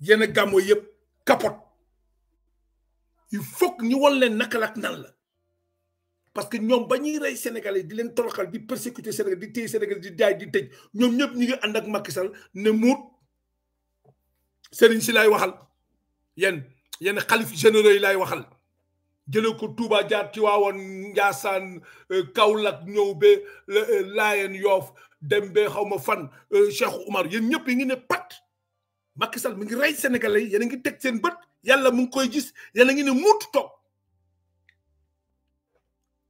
Speaker 1: yenn gàmmo yëpp capote il faut que ñu won leen naka la nan la parce que ñoom ba ñuy rey Sénégalais di leen toroxal di persécuter Sénégal di téye Sénégal di jaay di tëj ñoom ñëpp ñu ngi ànd ak Macky Sall ne muut Serigne si laay waxal yenn yenn xalif généraux yi laay waxal jëlee ko Touba jaar Tiwaawoon Njaasaan euh, Kaolack ñëw ba euh, Laayeen Yoof dem ba xaw ma fan euh, Cheikh Oumar yéen ñëpp yi ngi ne pat Macky Sall mi ngi rey sénégale yi yéen a ngi teg seen bët yàlla mu ngi koy gis yéen a ngi ne muut toog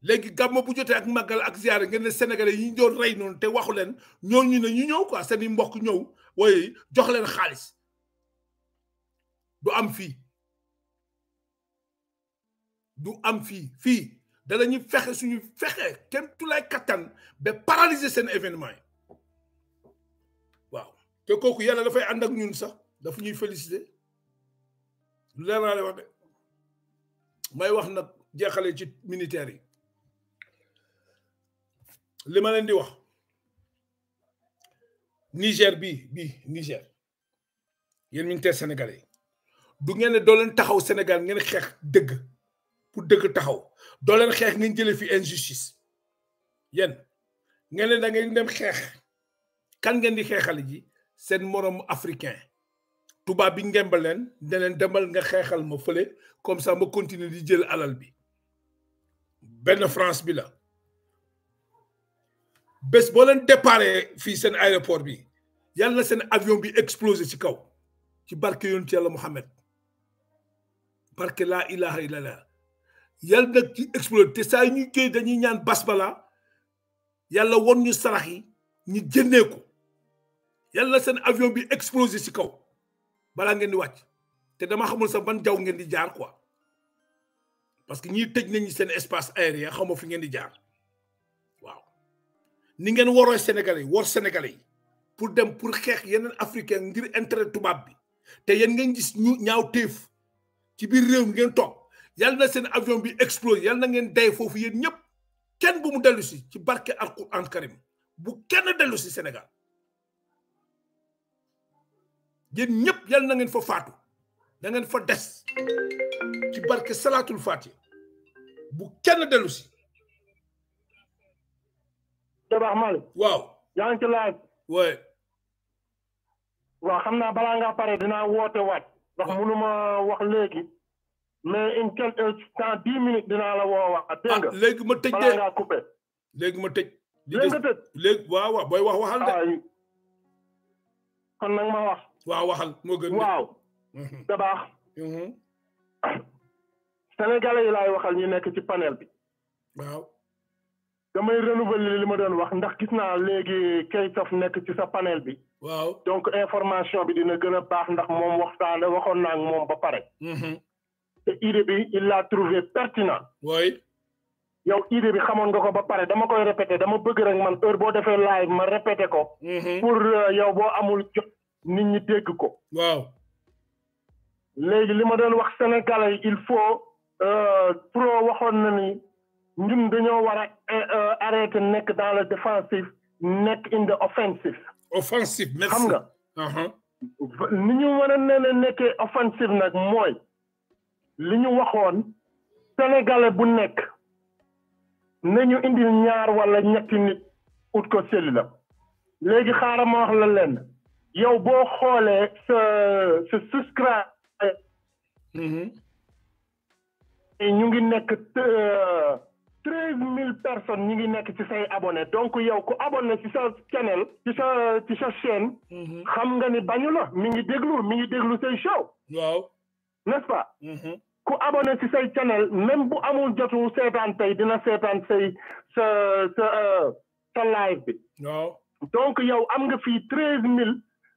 Speaker 1: léegi gàmmo bu jotee ak màggal ak ziyaare ngeen ne Sénégalais yi ñu doon rey noonu te waxu leen ñu ne ñu ñëw quoi seeni i mbokk ñëw waaye jox leen xaalis du am fii du am fii fii danañu fexe suñu fexe kenn tulaay kattan ba paralyser seen événement yi. te koku yàlla da fay ànd ak ñun sax daf ñuy féliciter lu leer naa wax de may wax nak jéxalé ci militaire yi li ma leen di wax Niger bi bi Niger yéen min té sénégalais du ngeen do leen taxaw Sénégal ngeen xex deug pour deug taxaw do leen xex ngeen jëlee fi injustice yéen ngeen da ngeen dem xex kan ngeen di xeexale ji. seen morom africain tuba bi ngembal leen ne leen demal nga xeexal ma fële comme ça ma continuer di jël alal bi benn France bi la bés boo leen dépare seen aéroport bi yalla seen avion bi explosé ci kaw ci barke yonent yalla Muhammad barke la ilaha illallah yalla nak ci explosé te saa yi ñuy dañuy ñaan basbala yalla won ñu sarahi ñu jëndee ko yalla sen avion bi explosé ci kaw bala ngeen di wacc te dama xamul sa ban jaw ngeen di jaar quoi parce que ñi tëj nañ sen espace aérien xamu fi ngeen di jaar waaw ni ngeen woro sénégalais wor sénégalais pour dem pour xex yenen africain ngir intérêt tubab bi te yéen ngeen gis ñu ñaaw téef ci biir réew ngeen toog yalla na seen avion bi explosé yalla na ngeen day fofu yeen ñep kenn bu mu dellu si ci barke alcorane karim bu kenn dellu si sénégal yéen ñëpp yal na ngeen fa faatu da ngeen fa des ci barke salaatul faati bu kenn dellu si. Dabakh Malick. waaw yaa ngi ci laaj. oui.
Speaker 5: xam naa balaa ngaa pare dinaa woote waat ndax mënuma wax léegi. mais une quelques temps dix minutes dinaa la woo wax. dégg ah, nga léegi ma tëj de
Speaker 1: léegi ma tëj. léegi waaw waaw booy wax waxal de. kon nag ma wax. waaw waxal moo gën waaw da mhm. baax mhm.
Speaker 5: sénégalais yi laay waxal ñu nekk ci panel bi waaw damay renouveler li ma doon wax ndax gis naa léegi Kaytaf nekk ci sa panel bi waaw donc information bi dina gën a baax ndax moom waxtaane waxoon naa ak moom ba pare mhm. te idée bi il l'a trouvé pertinent oui yow bi xamoon nga ko ba pare dama koy répété dama bëgg rek man heure boo defee live ma répété ko pour euh, yow boo amul jot nit ñi dégg ko. waaw. léegi li ma doon wax sénégalais il faut euh, pro waxoon na ni ñun dañoo war a euh, arrêté nekk dans le défensif nekk in the offensive. offensive merci xam nga. Uh-huh. ni ñu war a nee offensive nag mooy li ñu waxoon sénégalais bu nekk nañu indi ñaar wala ñetti nit ut ko cellule léegi wax la lenn. yow boo xoolee sa sa subscribe mhm. ñu ngi nekk euh, treize personnes say abonné donc yow ku abonné ci channel ci sa ci sa chaîne mhm. xam nga ni bañu mi ngi déglu mi ngi déglu show n'est-ce pas mhm. abonné ci say channel même live donc am nga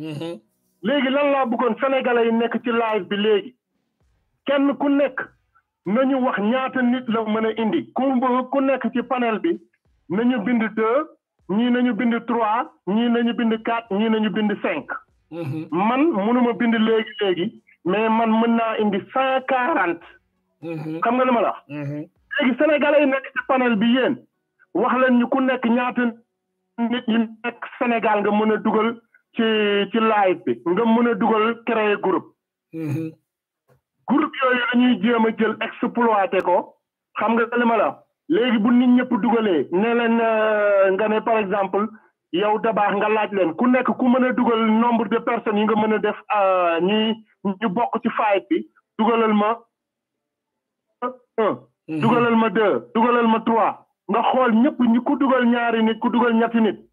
Speaker 5: Mm-hmm. léegi lan laa bëggoon sénégalais yi nekk ci live bi léegi kenn ku nekk nañu wax ñaata nit la mën a indi ku ku nekk ci panel bi nañu bind deux ñii nañu bind trois ñii nañu bind quatre ñii nañu bind cinq mm-hmm. man mënuma bind léegi léegi mais man mën naa indi cent quarante mm-hmm. xam nga li ma la
Speaker 2: léegi
Speaker 5: sénégalais yi nekk ci panel bi yéen wax leen ñu ku nekk ñaata nit yu nekk Sénégal nga mën a dugal ci ci bi nga mën a dugal créer groupe mm-hmm. groupe yooyu la ñuy jéem a jël exploité ko xam nga li ma la léegi bu nit ñëpp dugalee ne leen euh, nga ne par exemple yow da baax nga laaj leen ku nekk ku mën a dugal nombre de personnes yi nga mën a def euh, ñuy ñu bokk ci fight bi dugalal ma un mm-hmm. dugalal ma deux dugalal ma trois nga xool ñëpp ñu ku dugal ñaari nit ku dugal ñetti nit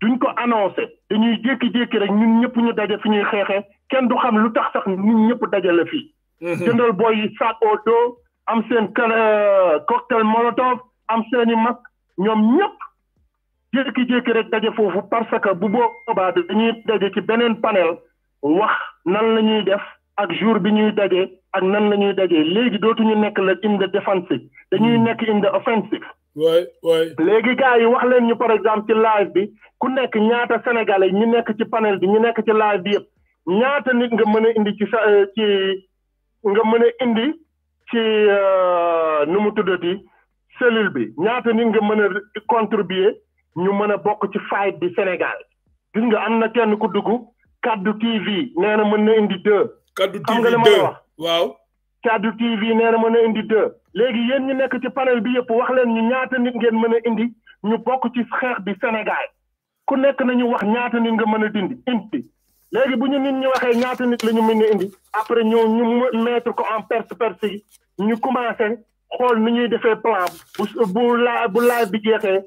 Speaker 5: duñ ko annoncé dañuy jékki-jékki rek ñun ñëpp ñu daje fi ñuy xeexee kenn du xam lu tax sax ñun ñëpp daje la fii. Mhm. jëndal booy yi sac au dos am seen euh, cocktail molotov am seen i masque ñoom ñëpp jékki-jékki rek daje foofu parce que bu boobaa dañuy daje ci beneen panel wax nan la ñuy def ak jour bi ñuy dajee ak nan la ñuy daje léegi dootuñu nekk la in the defensive dañuy mhm. nekk in the offensive. waay léegi gars yi wax leen ñu par exemple ci live bi ku nekk ñaata sénégalais ñu nekk ci panel bi ñu nekk ci live bi yëpp ñaata nit nga mën a indi ci sa euh, ci nga mën a indi ci euh, nu mu tuddati cellule bi ñaata nit nga mën a contribuer ñu mën a bokk ci fight bi Sénégal gis nga am na kenn ku dugg kaddu TV nee na mën na indi deux. kaddu TV deux xam nee na mën na indi deux. léegi yéen ñu nekk ci panel bi yëpp wax leen ñu ñaata nit ngeen mën a indi ñu bokk ci xeex bi Sénégal ku nekk nañu wax ñaata nit nga mën a dindi indi léegi bu ñu nit ñi waxee ñaata nit lañu ñu mën a indi après ñoo ñu mettre ko en perse perse gi ñu commencé xool ni ñuy defee plan bu bu bu live bi jeexee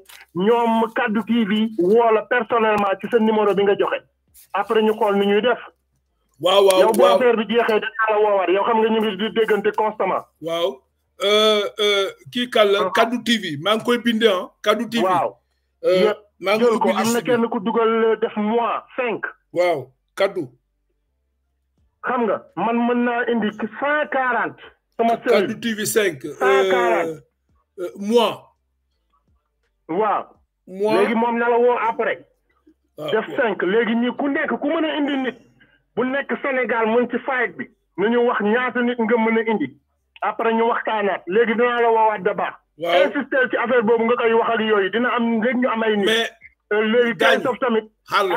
Speaker 5: ñoom kaddu kii bi woola personnellement ci sa numéro bi nga joxe après ñu xool ni ñuy
Speaker 1: def. waaw waaw waaw yow bu affaire bi jeexee danaa la woowaat yow xam nga ñu ngi di déggante constamment. waaw. Euh, euh, kii kàll ah. kaddu TV maa ngi koy bindee ah. kaddu TV waaw. Euh, maa ko am na kenn ku dugal def mois cinq. waaw kaddu.
Speaker 5: xam nga man mën naa indi cent quarante. sama sëriñ kaddu TV cinq. cent quarante mois. waaw. mois léegi moom na la après. Ah, def cinq léegi ñi ku nekk ku mën a indi nit. bu nekk Sénégal mën ci fayet bi. nu ñu wax ñaata nit nga mën a indi. après ñu waxtaanaat léegi dinaa la woowaat de baax. waaw insister ci affaire boobu nga koy waxal dina am
Speaker 1: léegi ñu am ay. mais euh, léegi kay sof tamit.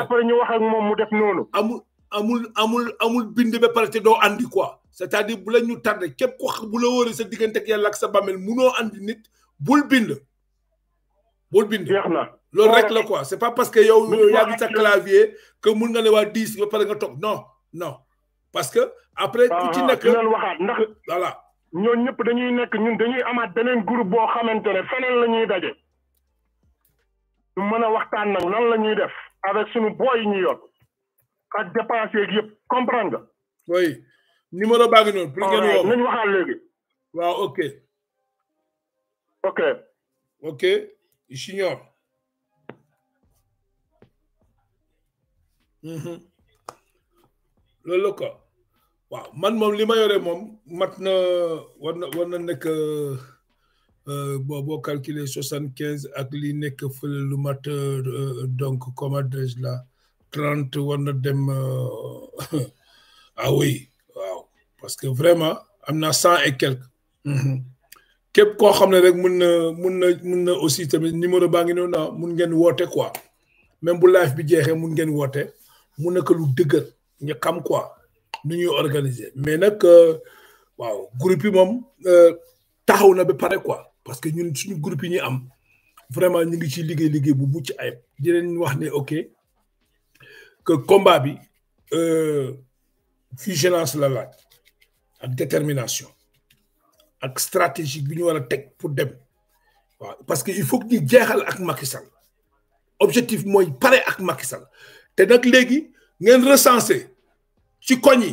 Speaker 1: après ñu wax moom mu def noonu. amul amul amul amul bind ba pare te doo andi quoi. c'est-à-dire bu la ñu tardé képp ku xam bu la wóoree sa diggante ak yàlla ak sa bàmmeel munoo andi nit bul bind. bul bind na loolu rek la quoi c'est pas parce que yow yaa ngi sa clavier que mu nga ne waa dix ba pare nga toog non parce que. après ah, waxaat ndax voilà. ñoo
Speaker 5: ñëpp dañuy nekk ñun dañuy amaat beneen groupe boo xamante ne feneen la ñuy daje ñu mën a waxtaan nag lan la ñuy def avec suñu boy yi ñu yor ak dépense
Speaker 1: yeeg yëpp comprendre nga. oui numéro baa ngi noonu. pour ngeen woo nañu waxaat léegi. waaw ok. ok. ok junior. Mhm. loolu la ko. waaw man mom li ma yore moom mat na war na war euh, bo calculer 75 ak li nek feul lu mat euh, donc comme adresse là 30 wonna na dem euh, ah oui waaw parce que vraiment amna 100 et quelques mhm. képp koo xam ne rek mun na mun na mun na aussi tamit numéro baa ngi noonu ah, mun ngeen woote quoi même bu live bi jexé mun ngeen woote mu nekk lu dëgër ñu xam quoi nu organiser mais nag euh, waaw groupe yi moom euh, taxaw na ba pare quoi parce que ñun suñu groupe yi am vraiment ñu ngi ci liggéey liggéey bu mucc ayib di leen wax ne ok que combat bi vigilance euh, la laaj ak détermination ak stratégie bi ñu war a pour dem waaw parce que il faut que ñu jeexal ak Macky Sall objectif mooy pare ak Macky Sall te nag léegi ngeen recenser ci cogni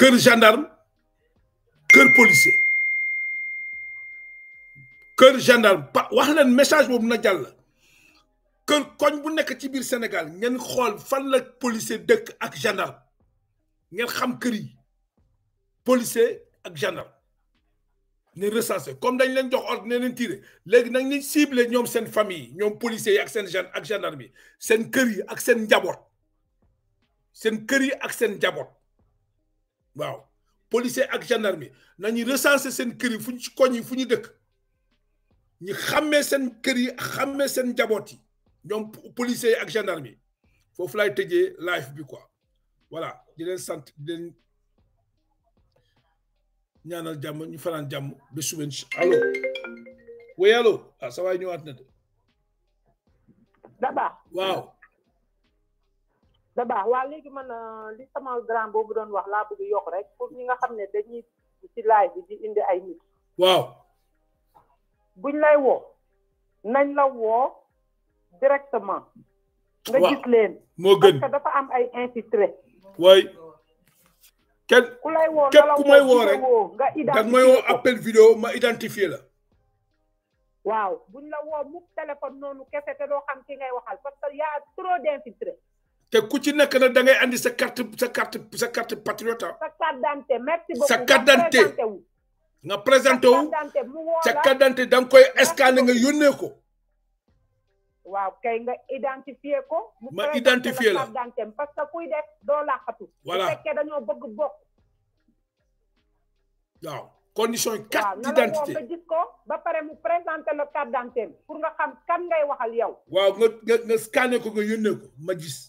Speaker 1: yi gendarme kër policier kër gendarme wax leen message boobu na jàll kër koñ bu nekk ci biir Sénégal ngeen xool fan la policier dëkk ak gendarme ngeen xam kër yi policier ak gendarme ne recensé comme dañ leen jox ordre ne leen tiré léegi nag ni ciblé ñoom seen famille ñoom policier yi ak seen gen ak gendarme yi seen kër yi ak seen njaboot seen kër yi ak seen njaboot waaw policier ak gendarme yi nañu seen kër yi fu ñu ci koñ yi fu ñu dëkk ñu xàmmee seen kër yi xàmmee seen njaboot yi ñoom policier ak gendarme yi foofu laay tëjee live bi quoi voilà di leen sant di leen ñaanal jàmm ñu fanaan jàmm ba suba allo oui allo ah sa na de.
Speaker 8: waaw. da baax waa léegi man euh, li sama grand boobu doon wax laa bëgg yokk rek pour ni nga xam ne dañuy ci live bi di indi ay nit. waaw. buñ lay woo. nañ la woo directement. nga gis leen. moo gën parce que dafa am ay infiltré.
Speaker 1: waay. kenn
Speaker 8: ku lay woo rek nga identifié may woo
Speaker 1: appel vidéo la.
Speaker 8: waaw buñ la woo mu téléphone noonu kese te doo xam ki ngay waxal parce que y' a trop d'
Speaker 1: te ku ci nekk nag da indi sa carte sa carte sa carte patriote sa
Speaker 8: carte d'identité merci beaucoup sa carte d'identité
Speaker 1: nga présenté wu sa carte d'identité da nga koy scanner nga yónnee ko.
Speaker 8: waaw kay nga identifier ma identifier la parce que kuy def doo laqatu. voilà bu fekkee bëgg bokk.
Speaker 1: waaw condition yi carte d'identité
Speaker 8: ko ba pare mu présenté la carte d'identité pour nga xam kan ngay waxal yow.
Speaker 1: waaw nga nga nga scanner ko nga yónnee ko ma gis.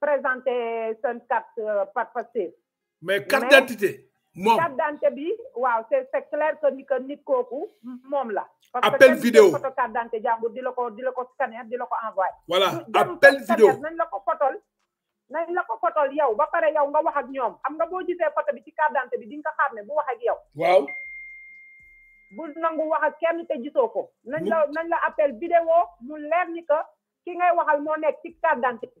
Speaker 8: présenter seen carte euh, par facile. mais carte d'identité moom carte d'identité bi waaw c'est c'est clair que ni que nit kooku moom la. appel vidéo parce que photo carte d'identité di la ko di la ko scanner di la ko envoyer. voilà appel vidéo nañ la ko fotol nañ la ko fotol yow ba pare yow nga wax ak ñoom xam nga boo gisee photo bi ci carte d'identité bi di nga xam ne bu wax ak yow. waaw. bu nangu wax ak kenn te gisoo ko. nañ la nañ la appel vidéo mu leer ni que ki ngay waxal moo nekk ci carte d'identité